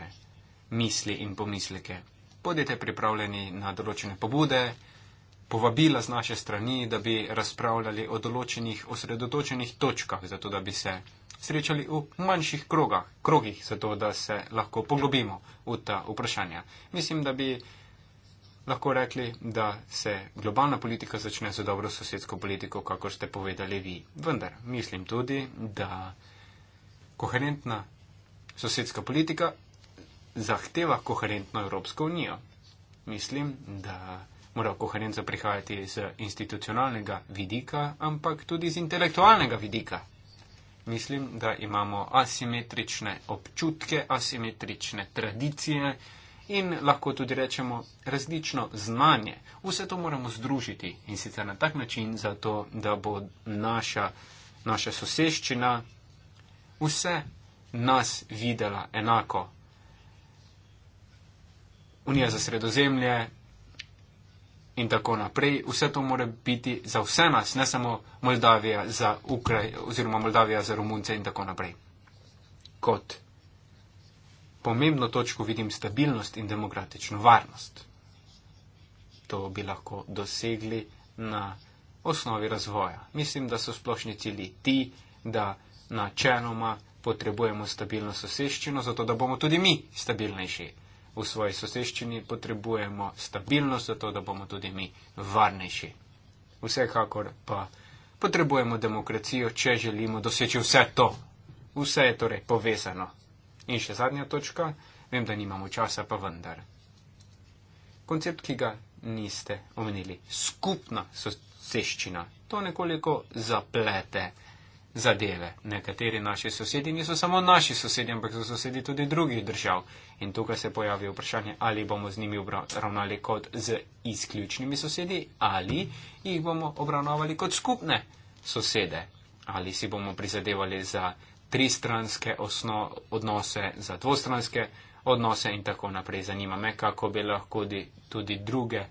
misli in pomisleke. Bodite pripravljeni na določene pobude, povabila z naše strani, da bi razpravljali o določenih osredotočenih točkah, zato da bi se srečali v manjših krogah, krogih, zato da se lahko poglobimo v ta vprašanja. Mislim, da bi lahko rekli, da se globalna politika začne z dobro sosedsko politiko, kako ste povedali vi. Vendar mislim tudi, da koherentna sosedska politika zahteva koherentno Evropsko unijo. Mislim, da mora koherenca prihajati iz institucionalnega vidika, ampak tudi iz intelektualnega vidika. Mislim, da imamo asimetrične občutke, asimetrične tradicije, in lahko tudi rečemo različno znanje. Vse to moramo združiti in sicer na tak način, zato da bo naša, naša soseščina vse nas videla enako. Unija za sredozemlje in tako naprej. Vse to mora biti za vse nas, ne samo Moldavija za, Ukraj, Moldavija za Romunce in tako naprej. Kot pomembno točko vidim stabilnost in demokratično varnost. To bi lahko dosegli na osnovi razvoja. Mislim, da so splošni cilji ti, da načeloma potrebujemo stabilno soseščino, zato da bomo tudi mi stabilnejši. V svoji soseščini potrebujemo stabilnost, zato da bomo tudi mi varnejši. Vsekakor pa potrebujemo demokracijo, če želimo doseči vse to. Vse je torej povezano. In še zadnja točka, vem, da nimamo časa, pa vendar. Koncept, ki ga niste omenili, skupna soseščina, to nekoliko zaplete zadeve. Nekateri naši sosedi niso samo naši sosedi, ampak so sosedi tudi drugih držav. In tukaj se pojavi vprašanje, ali bomo z njimi obravnavali kot z izključnimi sosedi ali jih bomo obravnavali kot skupne sosede. Ali si bomo prizadevali za tristranske osno, odnose za dvostranske odnose in tako naprej. Zanima me, kako bi lahko tudi druge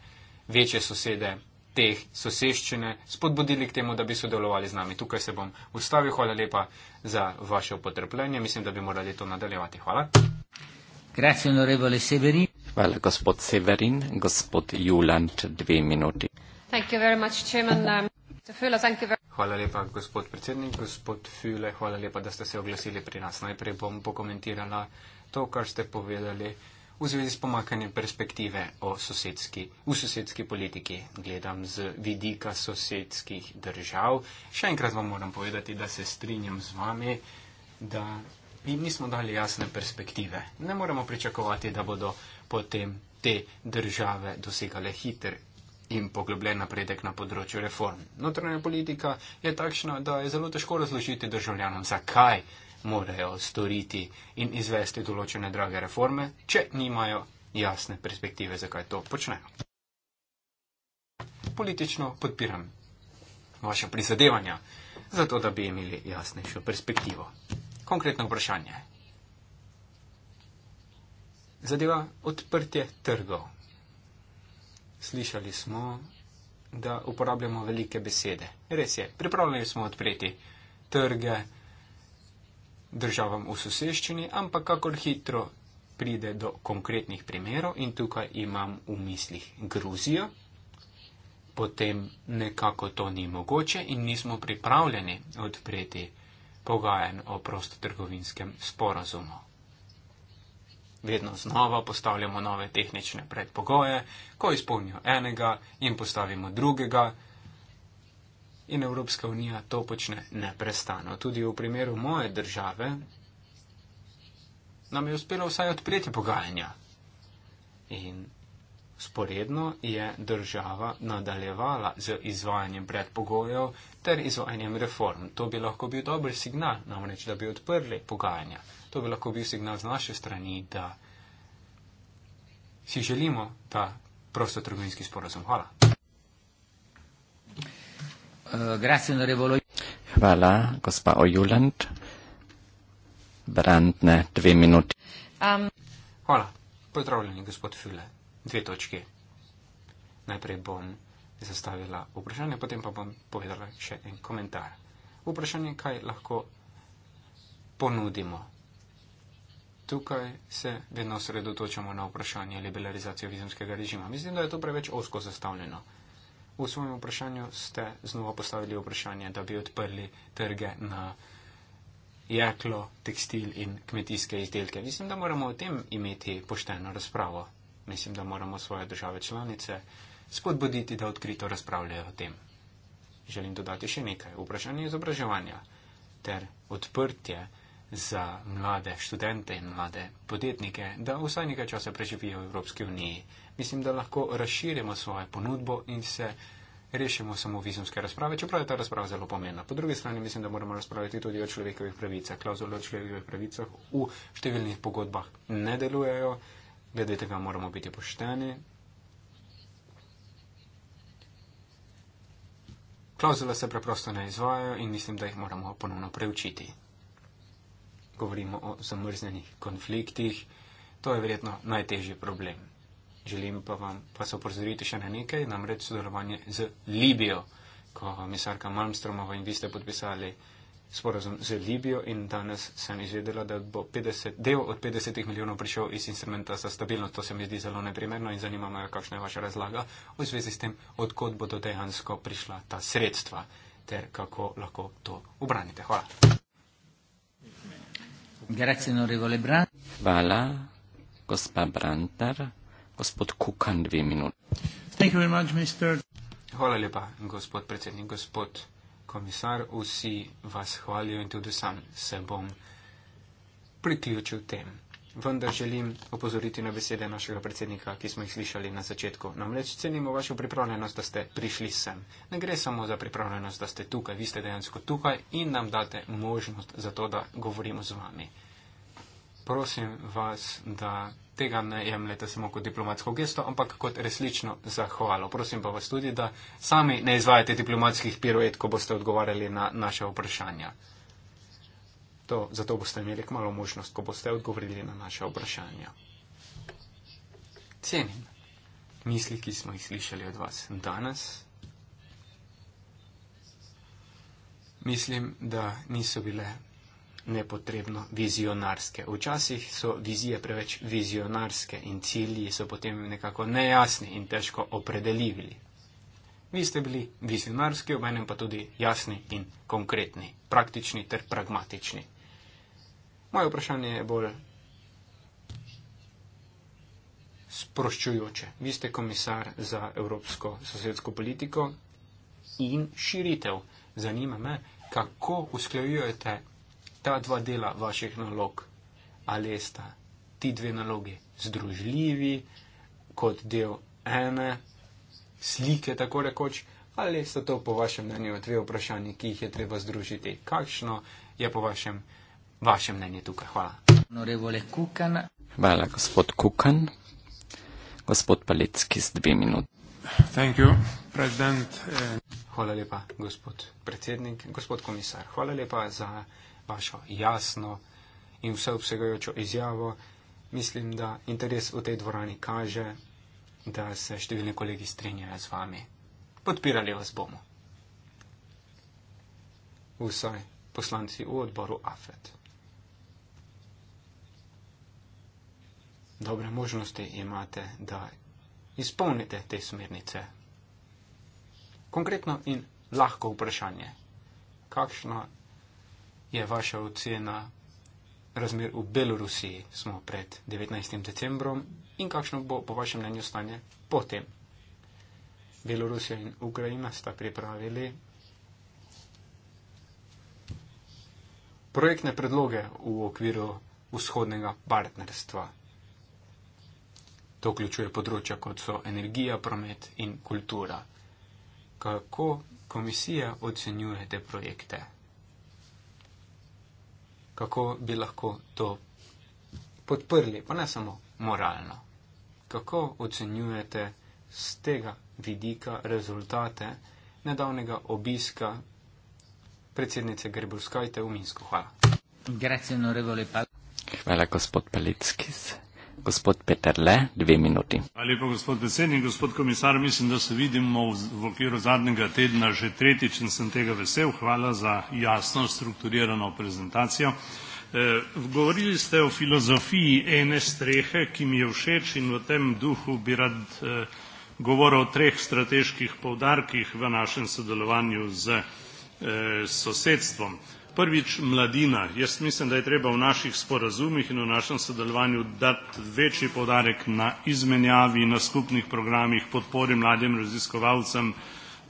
večje sosede teh soseščine spodbudili k temu, da bi sodelovali z nami. Tukaj se bom ustavil. Hvala lepa za vaše upotrpljenje. Mislim, da bi morali to nadaljevati. Hvala. Grazie, onorevole Severin. Hvala, gospod Severin. Gospod Julanč, dve minuti. Thank you very much, Chairman. Um, Hvala lepa, gospod predsednik. Gospod Füle, hvala lepa, da ste se oglasili pri nas. Najprej bom pokomentirala to, kar ste povedali v zvezi s pomakanjem perspektive sosedski, v sosedski politiki. Gledam z vidika sosedskih držav. Še enkrat vam moram povedati, da se strinjam z vami, da jim nismo dali jasne perspektive. Ne moremo pričakovati, da bodo potem te države dosegale hiter in poglobljen napredek na področju reform. Notranja politika je takšna, da je zelo težko razložiti državljanom, zakaj morajo storiti in izvesti določene drage reforme, če nimajo jasne perspektive, zakaj to počnejo. Politično podpiram vaše prizadevanja, zato da bi imeli jasnejšo perspektivo. Konkretno vprašanje. Zadeva odprtje trgov slišali smo, da uporabljamo velike besede. Res je, pripravljeni smo odpreti trge državam v soseščini, ampak kakor hitro pride do konkretnih primerov in tukaj imam v mislih Gruzijo, potem nekako to ni mogoče in nismo pripravljeni odpreti pogajanj o prostotrgovinskem sporazumu. Vedno znova postavljamo nove tehnične predpogoje, ko izpolnijo enega in postavimo drugega. In Evropska unija to počne neprestano. Tudi v primeru moje države nam je uspelo vsaj odpreti pogajanja. In sporedno je država nadaljevala z izvajanjem predpogojev ter izvajanjem reform. To bi lahko bil dober signal, namreč da bi odprli pogajanja. To bi lahko bil signal z naše strani, da si želimo ta prostotrgovinski sporozum. Hvala. Eh, Hvala, gospa Ojuland. Brandne, dve minuti. Um. Hvala. Pozdravljeni, gospod File. Dve točke. Najprej bom zastavila vprašanje, potem pa bom povedala še en komentar. Vprašanje, kaj lahko ponudimo tukaj se vedno osredotočamo na vprašanje liberalizacije vizumskega režima. Mislim, da je to preveč osko zastavljeno. V svojem vprašanju ste znova postavili vprašanje, da bi odprli trge na jeklo, tekstil in kmetijske izdelke. Mislim, da moramo o tem imeti pošteno razpravo. Mislim, da moramo svoje države članice spodbuditi, da odkrito razpravljajo o tem. Želim dodati še nekaj. Vprašanje izobraževanja ter odprtje za mlade študente in mlade podjetnike, da vsaj nekaj časa preživijo v Evropski uniji. Mislim, da lahko razširimo svojo ponudbo in se rešimo samo vizumske razprave, čeprav je ta razprava zelo pomembna. Po drugi strani mislim, da moramo razpravljati tudi o človekovih pravicah. Klauzule o človekovih pravicah v številnih pogodbah ne delujejo, glede tega moramo biti pošteni. Klauzule se preprosto ne izvajo in mislim, da jih moramo ponovno preučiti govorimo o zamrznjenih konfliktih, to je verjetno najtežji problem. Želim pa vam pa se opozoriti še na nekaj, namreč sodelovanje z Libijo, ko misarka Malmstromova in vi ste podpisali sporozum z Libijo in danes sem izvedela, da bo 50, del od 50 milijonov prišel iz instrumenta za stabilnost. To se mi zdi zelo neprimerno in zanima me, kakšna je vaša razlaga v zvezi s tem, odkot bodo dejansko prišla ta sredstva ter kako lahko to obranite. Hvala. Grazie, onorevole Brandt. Hvala, gospa Brantar. Gospod Kukan, dve minuti. Thank you very much, Mr. Hvala lepa, gospod predsednik, gospod komisar. Vsi vas hvalijo in tudi sam se bom priključil tem vendar želim opozoriti na besede našega predsednika, ki smo jih slišali na začetku. Namreč cenimo vašo pripravljenost, da ste prišli sem. Ne gre samo za pripravljenost, da ste tukaj, vi ste dejansko tukaj in nam date možnost za to, da govorimo z vami. Prosim vas, da tega ne jemljete samo kot diplomatsko gesto, ampak kot resnično zahvalo. Prosim pa vas tudi, da sami ne izvajate diplomatskih piruet, ko boste odgovarjali na naše vprašanja to, zato boste imeli kmalo možnost, ko boste odgovorili na naše vprašanja. Cenim misli, ki smo jih slišali od vas danes. Mislim, da niso bile nepotrebno vizionarske. Včasih so vizije preveč vizionarske in cilji so potem nekako nejasni in težko opredeljivi. Vi ste bili vizionarski, obenem pa tudi jasni in konkretni, praktični ter pragmatični. Moje vprašanje je bolj sproščujoče. Vi ste komisar za evropsko sosedsko politiko in širitev. Zanima me, kako usklajujete ta dva dela vaših nalog, ali sta ti dve nalogi združljivi kot del ene slike, tako rekoč. Ali so to po vašem mnenju dve vprašanji, ki jih je treba združiti? Kakšno je po vašem mnenju? vaše mnenje tukaj. Hvala. Hvala, gospod Kukan. Gospod Palecki z dve minuti. Hvala lepa, gospod predsednik, gospod komisar. Hvala lepa za vašo jasno in vseobsegajočo izjavo. Mislim, da interes v tej dvorani kaže, da se številni kolegi strinjajo z vami. Podpirali vas bomo. Vsaj poslanci v odboru AFET. dobre možnosti imate, da izpolnite te smernice. Konkretno in lahko vprašanje, kakšna je vaša ocena razmer v Belorusiji, smo pred 19. decembrom in kakšno bo po vašem mnenju stanje potem. Belorusija in Ukrajina sta pripravili projektne predloge v okviru vzhodnega partnerstva. To vključuje področja, kot so energija, promet in kultura. Kako komisija ocenjuje te projekte? Kako bi lahko to podprli, pa ne samo moralno? Kako ocenjujete z tega vidika rezultate nedavnega obiska predsednice Grebulskajte v Minsku? Hvala. Hvala, gospod Palickis gospod Peterle, dve minuti. Hvala lepa, gospod predsednik, gospod komisar, mislim, da se vidimo v, v okviru zadnjega tedna že tretjič in sem tega vesel. Hvala za jasno, strukturirano prezentacijo. E, govorili ste o filozofiji ene strehe, ki mi je všeč in v tem duhu bi rad e, govoril o treh strateških povdarkih v našem sodelovanju z e, sosedstvom. Prvič, mladina. Jaz mislim, da je treba v naših sporazumih in v našem sodelovanju dati večji podarek na izmenjavi, na skupnih programih, podpori mladim raziskovalcem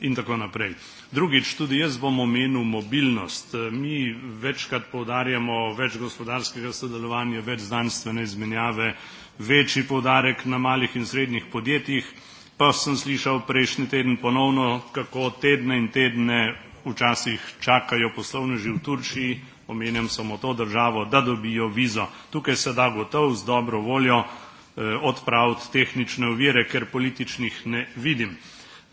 in tako naprej. Drugič, tudi jaz bom omenil mobilnost. Mi večkrat poudarjamo več gospodarskega sodelovanja, več znanstvene izmenjave, večji podarek na malih in srednjih podjetjih, pa sem slišal prejšnji teden ponovno, kako tedne in tedne včasih čakajo poslovneži v Turčiji, omenjam samo to državo, da dobijo vizo. Tukaj se da gotov z dobro voljo eh, odpraviti tehnične ovire, ker političnih ne vidim.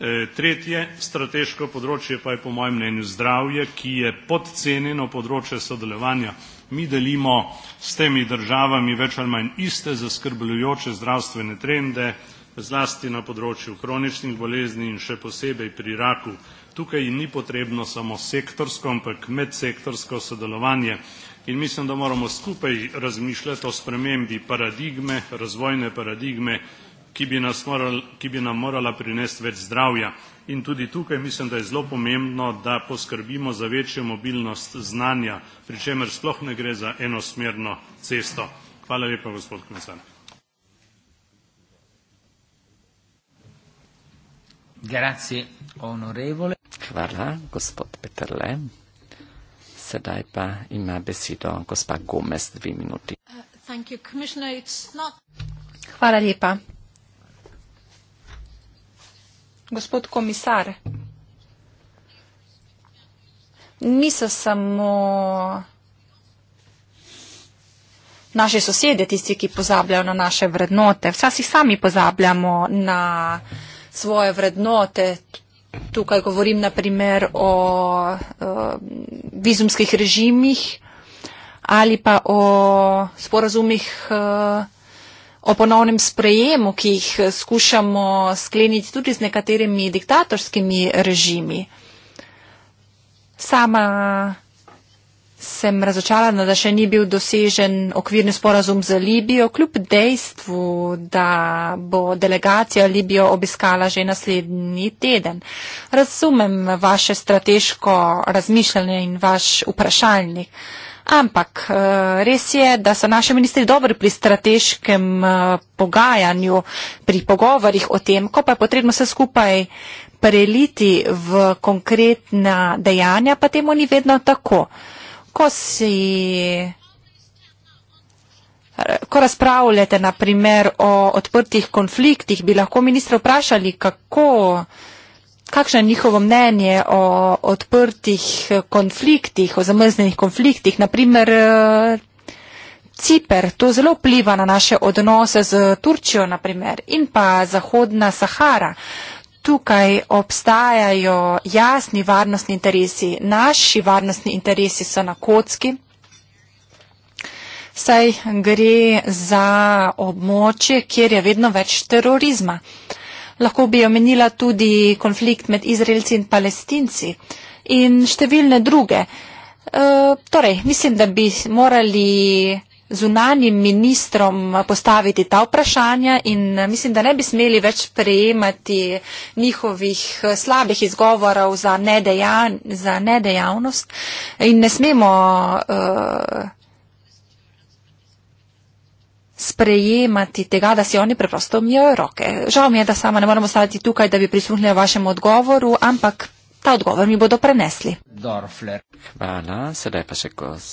Eh, tretje strateško področje pa je po mojem mnenju zdravje, ki je podcenjeno področje sodelovanja. Mi delimo s temi državami več ali manj iste zaskrbljujoče zdravstvene trende, zlasti na področju kroničnih bolezni in še posebej pri raku tukaj ni potrebno samo sektorsko, ampak medsektorsko sodelovanje. In mislim, da moramo skupaj razmišljati o spremembi paradigme, razvojne paradigme, ki bi, nas moral, ki bi nam morala prinesti več zdravja. In tudi tukaj mislim, da je zelo pomembno, da poskrbimo za večjo mobilnost znanja, pri čemer sploh ne gre za enosmerno cesto. Hvala lepa, gospod komisar. Grazie, onorevole. Hvala, gospod Peterle. Sedaj pa ima besedo gospa Gomez dve minuti. Uh, Hvala lepa. Gospod komisar, ni se samo naše sosede, tisti, ki pozabljajo na naše vrednote. Včasih sami pozabljamo na svoje vrednote, Tukaj govorim na primer o uh, vizumskih režimih ali pa o sporazumih uh, o ponovnem sprejemu, ki jih eh, skušamo skleniti tudi z nekaterimi diktatorskimi režimi. Sama sem razočarana, da še ni bil dosežen okvirni sporazum za Libijo, kljub dejstvu, da bo delegacija Libijo obiskala že naslednji teden. Razumem vaše strateško razmišljanje in vaš vprašalnik. Ampak eh, res je, da so naši ministri dobri pri strateškem eh, pogajanju, pri pogovorih o tem, ko pa je potrebno vse skupaj preliti v konkretna dejanja, pa temu ni vedno tako ko si, ko razpravljate na primer o odprtih konfliktih, bi lahko ministra vprašali, kako, kakšno je njihovo mnenje o odprtih konfliktih, o zamrznenih konfliktih, na primer Ciper, to zelo vpliva na naše odnose z Turčijo, na primer, in pa Zahodna Sahara. Uh, tukaj obstajajo jasni varnostni interesi. Naši varnostni interesi so na kocki, saj gre za območje, kjer je vedno več terorizma. Lahko bi omenila tudi konflikt med Izraelci in Palestinci in številne druge. E, torej, mislim, da bi morali zunanjim ministrom postaviti ta vprašanja in eh, mislim, da ne bi smeli več prejemati njihovih eh, slabih izgovorov za, nedejan, za nedejavnost in ne smemo uh, sprejemati tega, da si oni preprosto umijajo roke. Žal mi je, da sama ne moramo stati tukaj, da bi prisluhnili vašemu odgovoru, ampak ta odgovor mi bodo prenesli. Dorfler. Hvala, sedaj pa še kos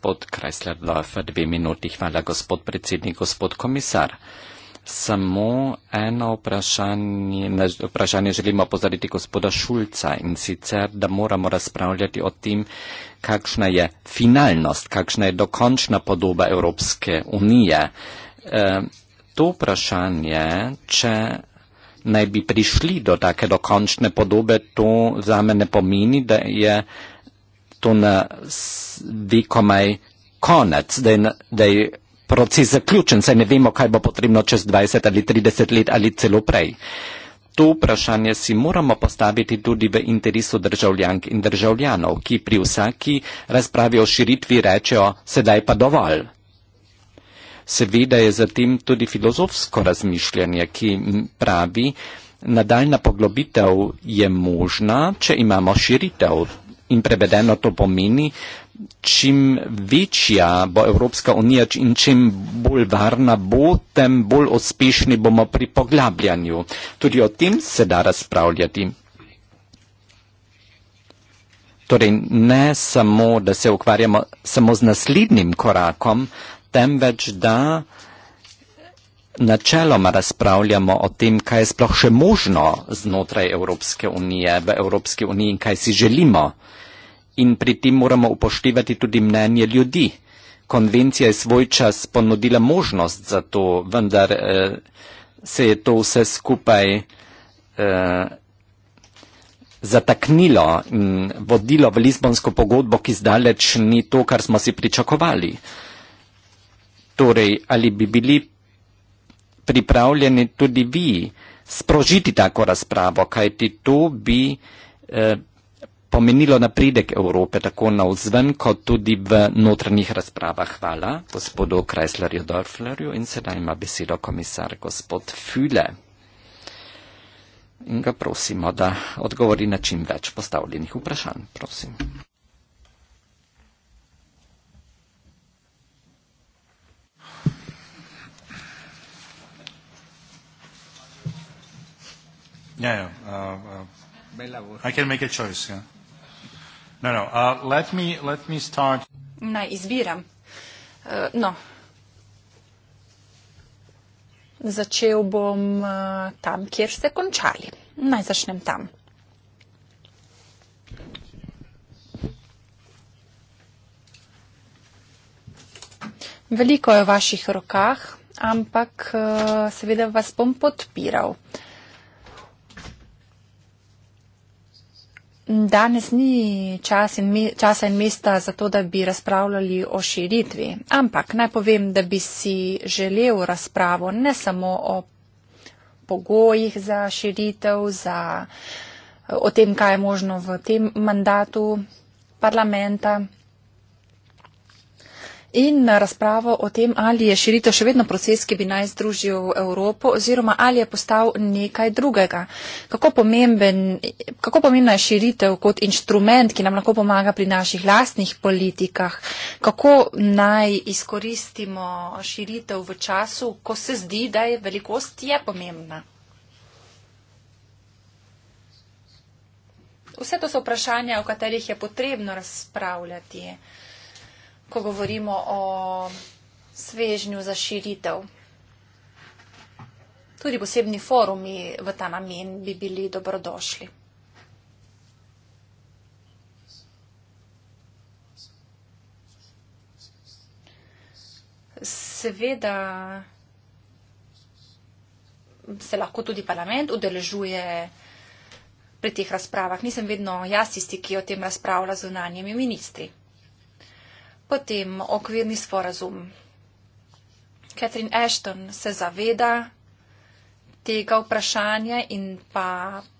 gospod Kreisler Dorfer, dve minuti. Hvala, gospod predsednik, gospod komisar. Samo eno vprašanje, vprašanje želimo pozoriti gospoda Šulca in sicer, da moramo razpravljati o tem, kakšna je finalnost, kakšna je dokončna podoba Evropske unije. E, to vprašanje, če naj bi prišli do take dokončne podobe, to zame ne pomeni, da je tona vikom aj konec, da je proces zaključen, saj ne vemo, kaj bo potrebno čez 20 ali 30 let ali celo prej. To vprašanje si moramo postaviti tudi v interesu državljank in državljanov, ki pri vsaki razpravi o širitvi rečejo, sedaj pa dovolj. Seveda je zatem tudi filozofsko razmišljanje, ki pravi, nadaljna poglobitev je možna, če imamo širitev in prevedeno to pomeni, čim večja bo Evropska unija in čim bolj varna bo, tem bolj uspešni bomo pri poglabljanju. Tudi o tem se da razpravljati. Torej ne samo, da se ukvarjamo samo z naslednjim korakom, temveč da načeloma razpravljamo o tem, kaj je sploh še možno znotraj Evropske unije, v Evropski uniji in kaj si želimo in pri tem moramo upoštevati tudi mnenje ljudi. Konvencija je svoj čas ponudila možnost za to, vendar eh, se je to vse skupaj eh, zataknilo in vodilo v Lizbonsko pogodbo, ki zdaleč ni to, kar smo si pričakovali. Torej, ali bi bili pripravljeni tudi vi sprožiti tako razpravo, kajti to bi. Eh, pomenilo napredek Evrope tako na vzven, kot tudi v notranjih razpravah. Hvala gospodu Kreslerju Dorflerju in sedaj ima besedo komisar gospod Füle. In ga prosimo, da odgovori na čim več postavljenih vprašanj. Prosim. Ja, ja. Uh, uh, I can make a choice, yeah. Ja. No, no. Uh, let me let me start. Naj izbiram. Uh, no. Začel bom uh, tam, kjer ste končali. Naj začnem tam. Veliko je v vaših rokah, ampak uh, seveda vas bom podpiral. Uh, Danes ni čas in me, časa in mesta za to, da bi razpravljali o širitvi, ampak naj povem, da bi si želel razpravo ne samo o pogojih za širitev, za, o tem, kaj je možno v tem mandatu parlamenta, in razpravo o tem, ali je širitev še vedno proces, ki bi naj združil Evropo oziroma ali je postal nekaj drugega. Kako, pomemben, kako pomembna je širitev kot inštrument, ki nam lahko pomaga pri naših lastnih politikah? Kako naj izkoristimo širitev v času, ko se zdi, da je velikost je pomembna? Vse to so vprašanja, o katerih je potrebno razpravljati ko govorimo o svežnju za širitev. Tudi posebni forumi v ta namen bi bili dobrodošli. Seveda se lahko tudi parlament udeležuje pri teh razpravah. Nisem vedno jaz tisti, ki o tem razpravlja z unanjimi ministri. Potem okvirni sporazum. Catherine Ashton se zaveda tega vprašanja in pa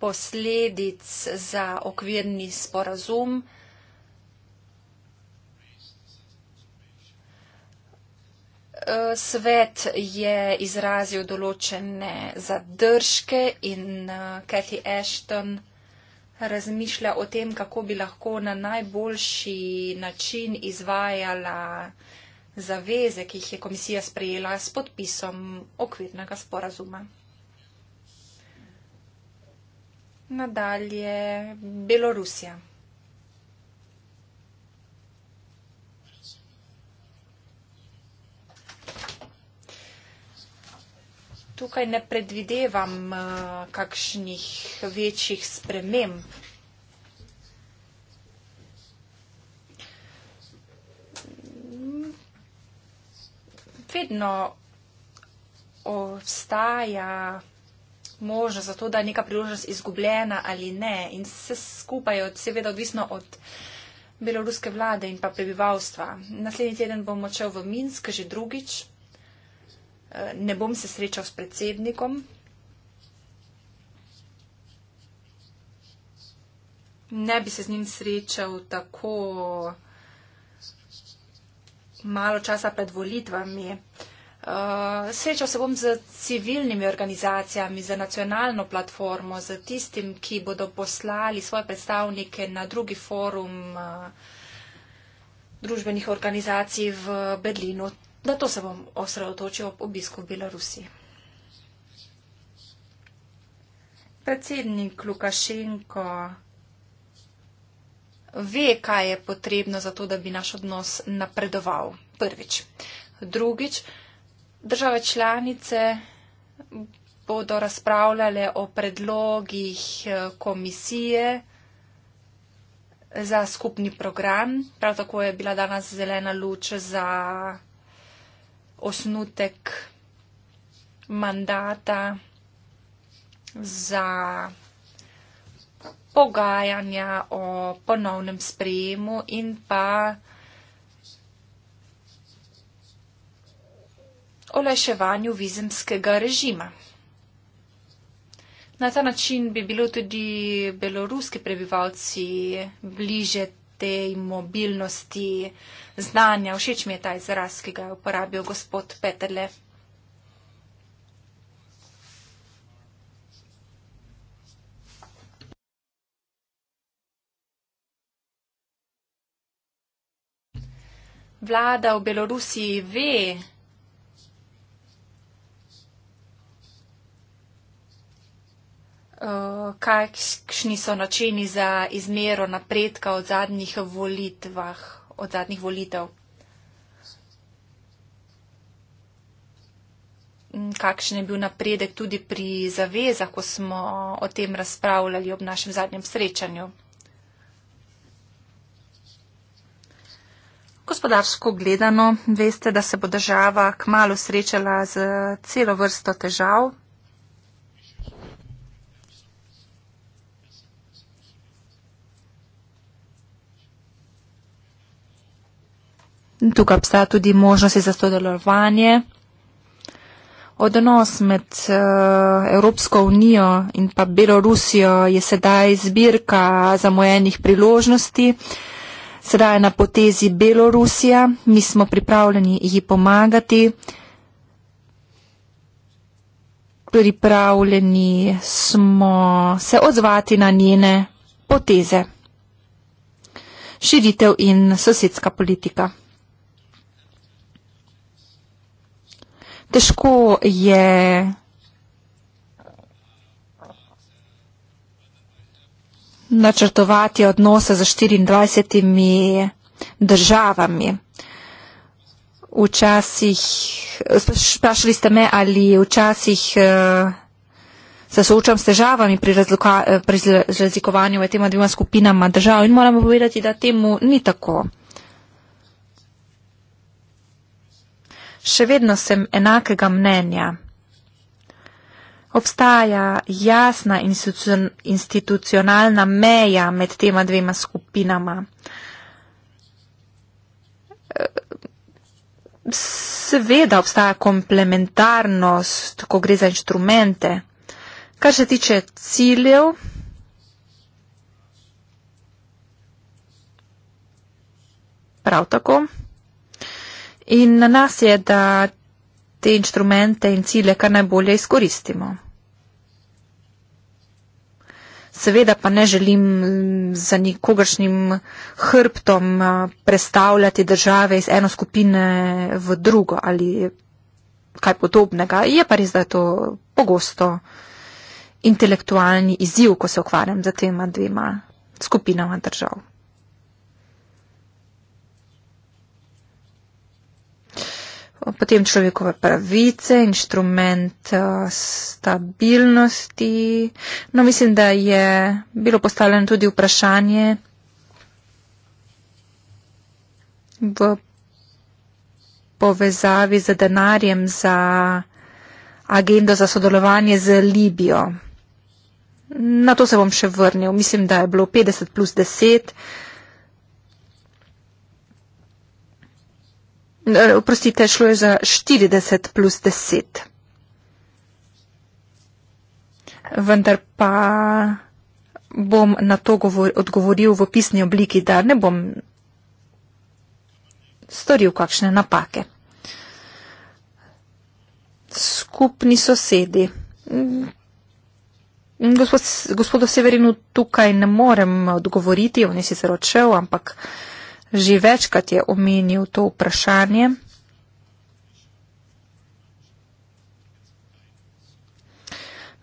posledic za okvirni sporazum. Svet je izrazil določene zadržke in eh, Cathy Ashton razmišlja o tem, kako bi lahko na najboljši način izvajala zaveze, ki jih je komisija sprejela s podpisom okvirnega sporazuma. Nadalje Belorusija. tukaj ne predvidevam uh, kakšnih večjih sprememb. Vedno obstaja možnost za to, da je neka priložnost izgubljena ali ne in vse skupaj je od, seveda odvisno od beloruske vlade in pa prebivalstva. Naslednji teden bom odšel v Minsk že drugič, Eh, ne bom se srečal s predsednikom. Ne bi se z njim srečal tako malo časa pred volitvami. Eh, srečal se bom z civilnimi organizacijami, z nacionalno platformo, z tistim, ki bodo poslali svoje predstavnike na drugi forum eh, družbenih organizacij v Berlinu. Na to se bom osredotočil ob obisku v Belorusiji. Predsednik Lukašenko ve, kaj je potrebno za to, da bi naš odnos napredoval. Prvič. Drugič. Države članice bodo razpravljale o predlogih eh, komisije za skupni program. Prav tako je bila danes zelena luč za osnutek mandata za pogajanja o ponovnem sprejemu in pa olajševanju vizemskega režima. Na ta način bi bilo tudi beloruski prebivalci bliže tej mobilnosti znanja. Všeč mi je ta izraz, ki ga je uporabil gospod Peterle. Vlada v Belorusiji ve, Eh, kakšni so načini za izmero napredka od zadnjih volitvah, od zadnjih volitev. Mm, kakšen je bil napredek tudi pri zavezah, ko smo o tem razpravljali ob našem zadnjem srečanju? Gospodarsko gledano, veste, da se bo država kmalo srečala z celo vrsto težav, Tukaj obstaja tudi možnosti za sodelovanje. Odnos med eh, Evropsko unijo in pa Belorusijo je sedaj zbirka zamojenih priložnosti. Sedaj je na potezi Belorusija, mi smo pripravljeni ji pomagati. Pripravljeni smo se odzvati na njene poteze. Širitev in sosedska politika. težko je načrtovati odnose za 24 državami. Včasih, sprašali ste me, ali včasih eh, se soočam s težavami pri, razloka, eh, pri razlikovanju med tema dvima skupinama držav in moramo povedati, da temu ni tako. še vedno sem enakega mnenja. Obstaja jasna institucionalna meja med tema dvema skupinama. Seveda obstaja komplementarnost, ko gre za inštrumente. Kar se tiče ciljev, prav tako. In na nas je, da te inštrumente in cilje kar najbolje izkoristimo. Seveda pa ne želim za nikogaršnim hrbtom predstavljati države iz eno skupine v drugo ali kaj podobnega. Je pa res, da je to pogosto intelektualni izziv, ko se ukvarjam z tema dvema skupinama držav. potem človekove pravice, inštrument eh, stabilnosti. No, mislim, da je bilo postavljeno tudi vprašanje v povezavi z denarjem za agendo za sodelovanje z Libijo. Na to se bom še vrnil. Mislim, da je bilo 50 plus 10. Eh, oprostite, šlo je za 40 plus 10. Vendar pa bom na to odgovoril v pisni obliki, da ne bom storil kakšne napake. Skupni sosedi. Mm, gospod, gospodo Severinu tukaj ne morem odgovoriti, on je sicer odšel, ampak uh, že večkrat je omenil to vprašanje.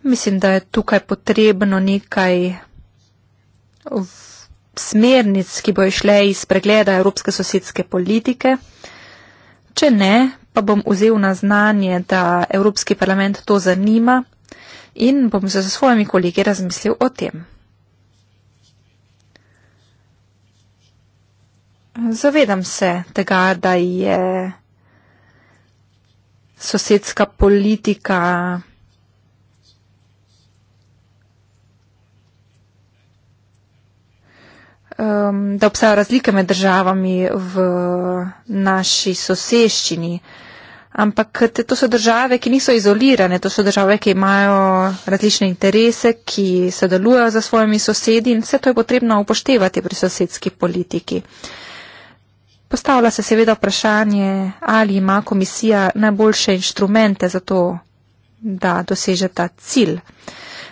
Mislim, da je tukaj potrebno nekaj smernic, ki bo išle iz pregleda Evropske sosedske politike. Če ne, pa bom vzel na znanje, da Evropski parlament to zanima in bom se s svojimi kolegi razmislil o tem. Zavedam se tega, da je sosedska politika Um, da obstajajo razlike med državami v naši soseščini. Ampak te, to so države, ki niso izolirane, to so države, ki imajo različne interese, ki sodelujejo za svojimi sosedi in vse to je potrebno upoštevati pri sosedski politiki. Uh, Postavlja se seveda vprašanje, ali ima komisija najboljše inštrumente za to, da doseže ta cilj.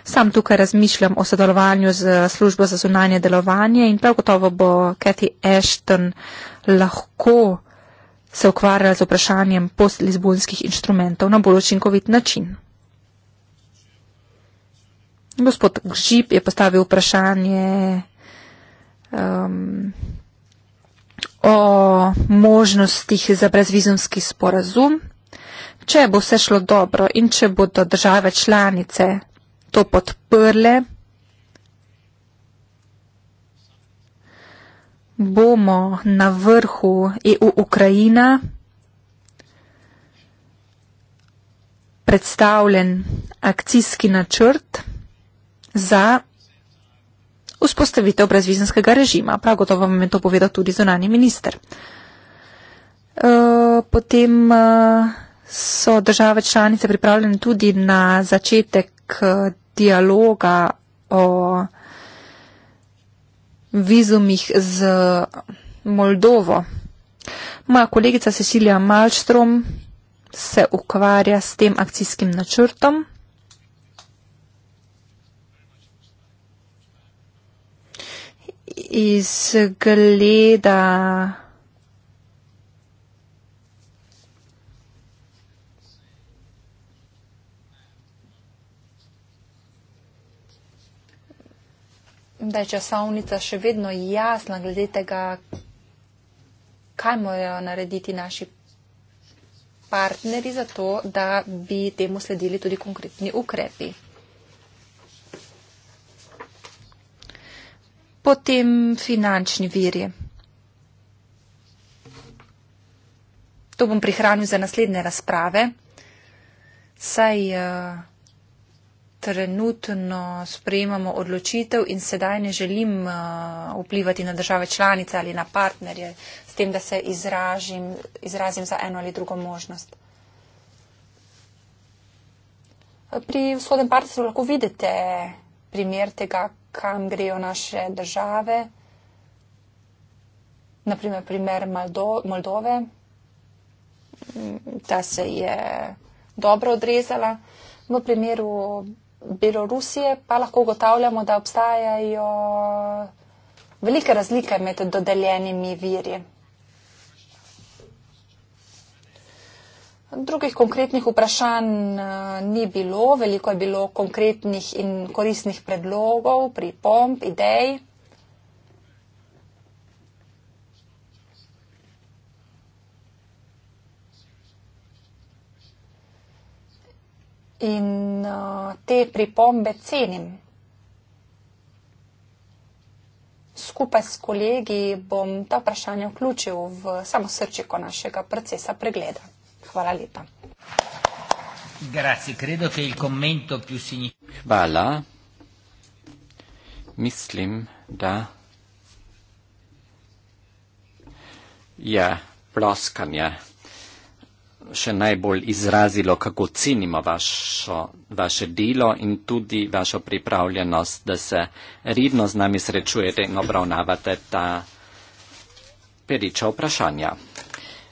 Sam tukaj razmišljam o sodelovanju z službo za zunanje delovanje in prav gotovo bo Kathy Ashton lahko se ukvarjala z vprašanjem post-lizbonskih inštrumentov na bolj učinkovit način. Gospod Gžip je postavil vprašanje um, o možnostih za brezvizumski sporazum. Če bo vse šlo dobro in če bodo države članice to podprle, bomo na vrhu EU Ukrajina predstavljen akcijski načrt za vzpostavitev brezvizenskega režima. Prav gotovo vam je to povedal tudi zunani minister. E, potem e, so države članice pripravljene tudi na začetek e, dialoga o vizumih z Moldovo. Moja kolegica Cecilija Malstrom se ukvarja s tem akcijskim načrtom. izgleda. Da je časovnica še vedno jasna glede tega, kaj morajo narediti naši partneri za to, da bi temu sledili tudi konkretni ukrepi. Potem finančni viri. To bom prihranil za naslednje razprave, saj uh, trenutno sprejemamo odločitev in sedaj ne želim uh, vplivati na države članice ali na partnerje s tem, da se izražim, izrazim za eno ali drugo možnost. Pri vzhodnem partnerstvu lahko vidite primer tega, kam grejo naše države, naprimer primer Maldo, Moldove, mm, ta se je dobro odrezala. V primeru Belorusije pa lahko ugotavljamo, da obstajajo velike razlike med dodeljenimi viri. Drugih konkretnih vprašanj eh, ni bilo, veliko je bilo konkretnih in koristnih predlogov, pripomb, idej. In eh, te pripombe cenim. Skupaj s kolegi bom ta vprašanja vključil v samo srčiko našega procesa pregleda. Hvala lepa. Grazie, credo che il commento più significativo. Hvala. Mislim, da. Ja, ploskanje še najbolj izrazilo, kako cenimo vašo, vaše delo in tudi vašo pripravljenost, da se redno z nami srečujete in obravnavate ta periča vprašanja.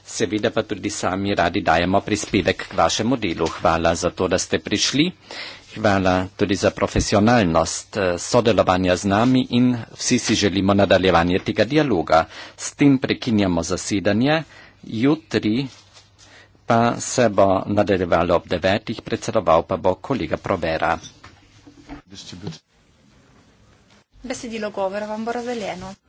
Seveda pa tudi sami radi dajemo prispevek k vašemu delu. Hvala za to, da ste prišli. Hvala tudi za profesionalnost eh, sodelovanja z nami in vsi si želimo nadaljevanje tega dialoga. S tem prekinjamo zasedanje. Jutri pa se bo nadaljevalo ob devetih, predsedoval pa bo kolega Provera. Besedilo govora vam bo razdeljeno.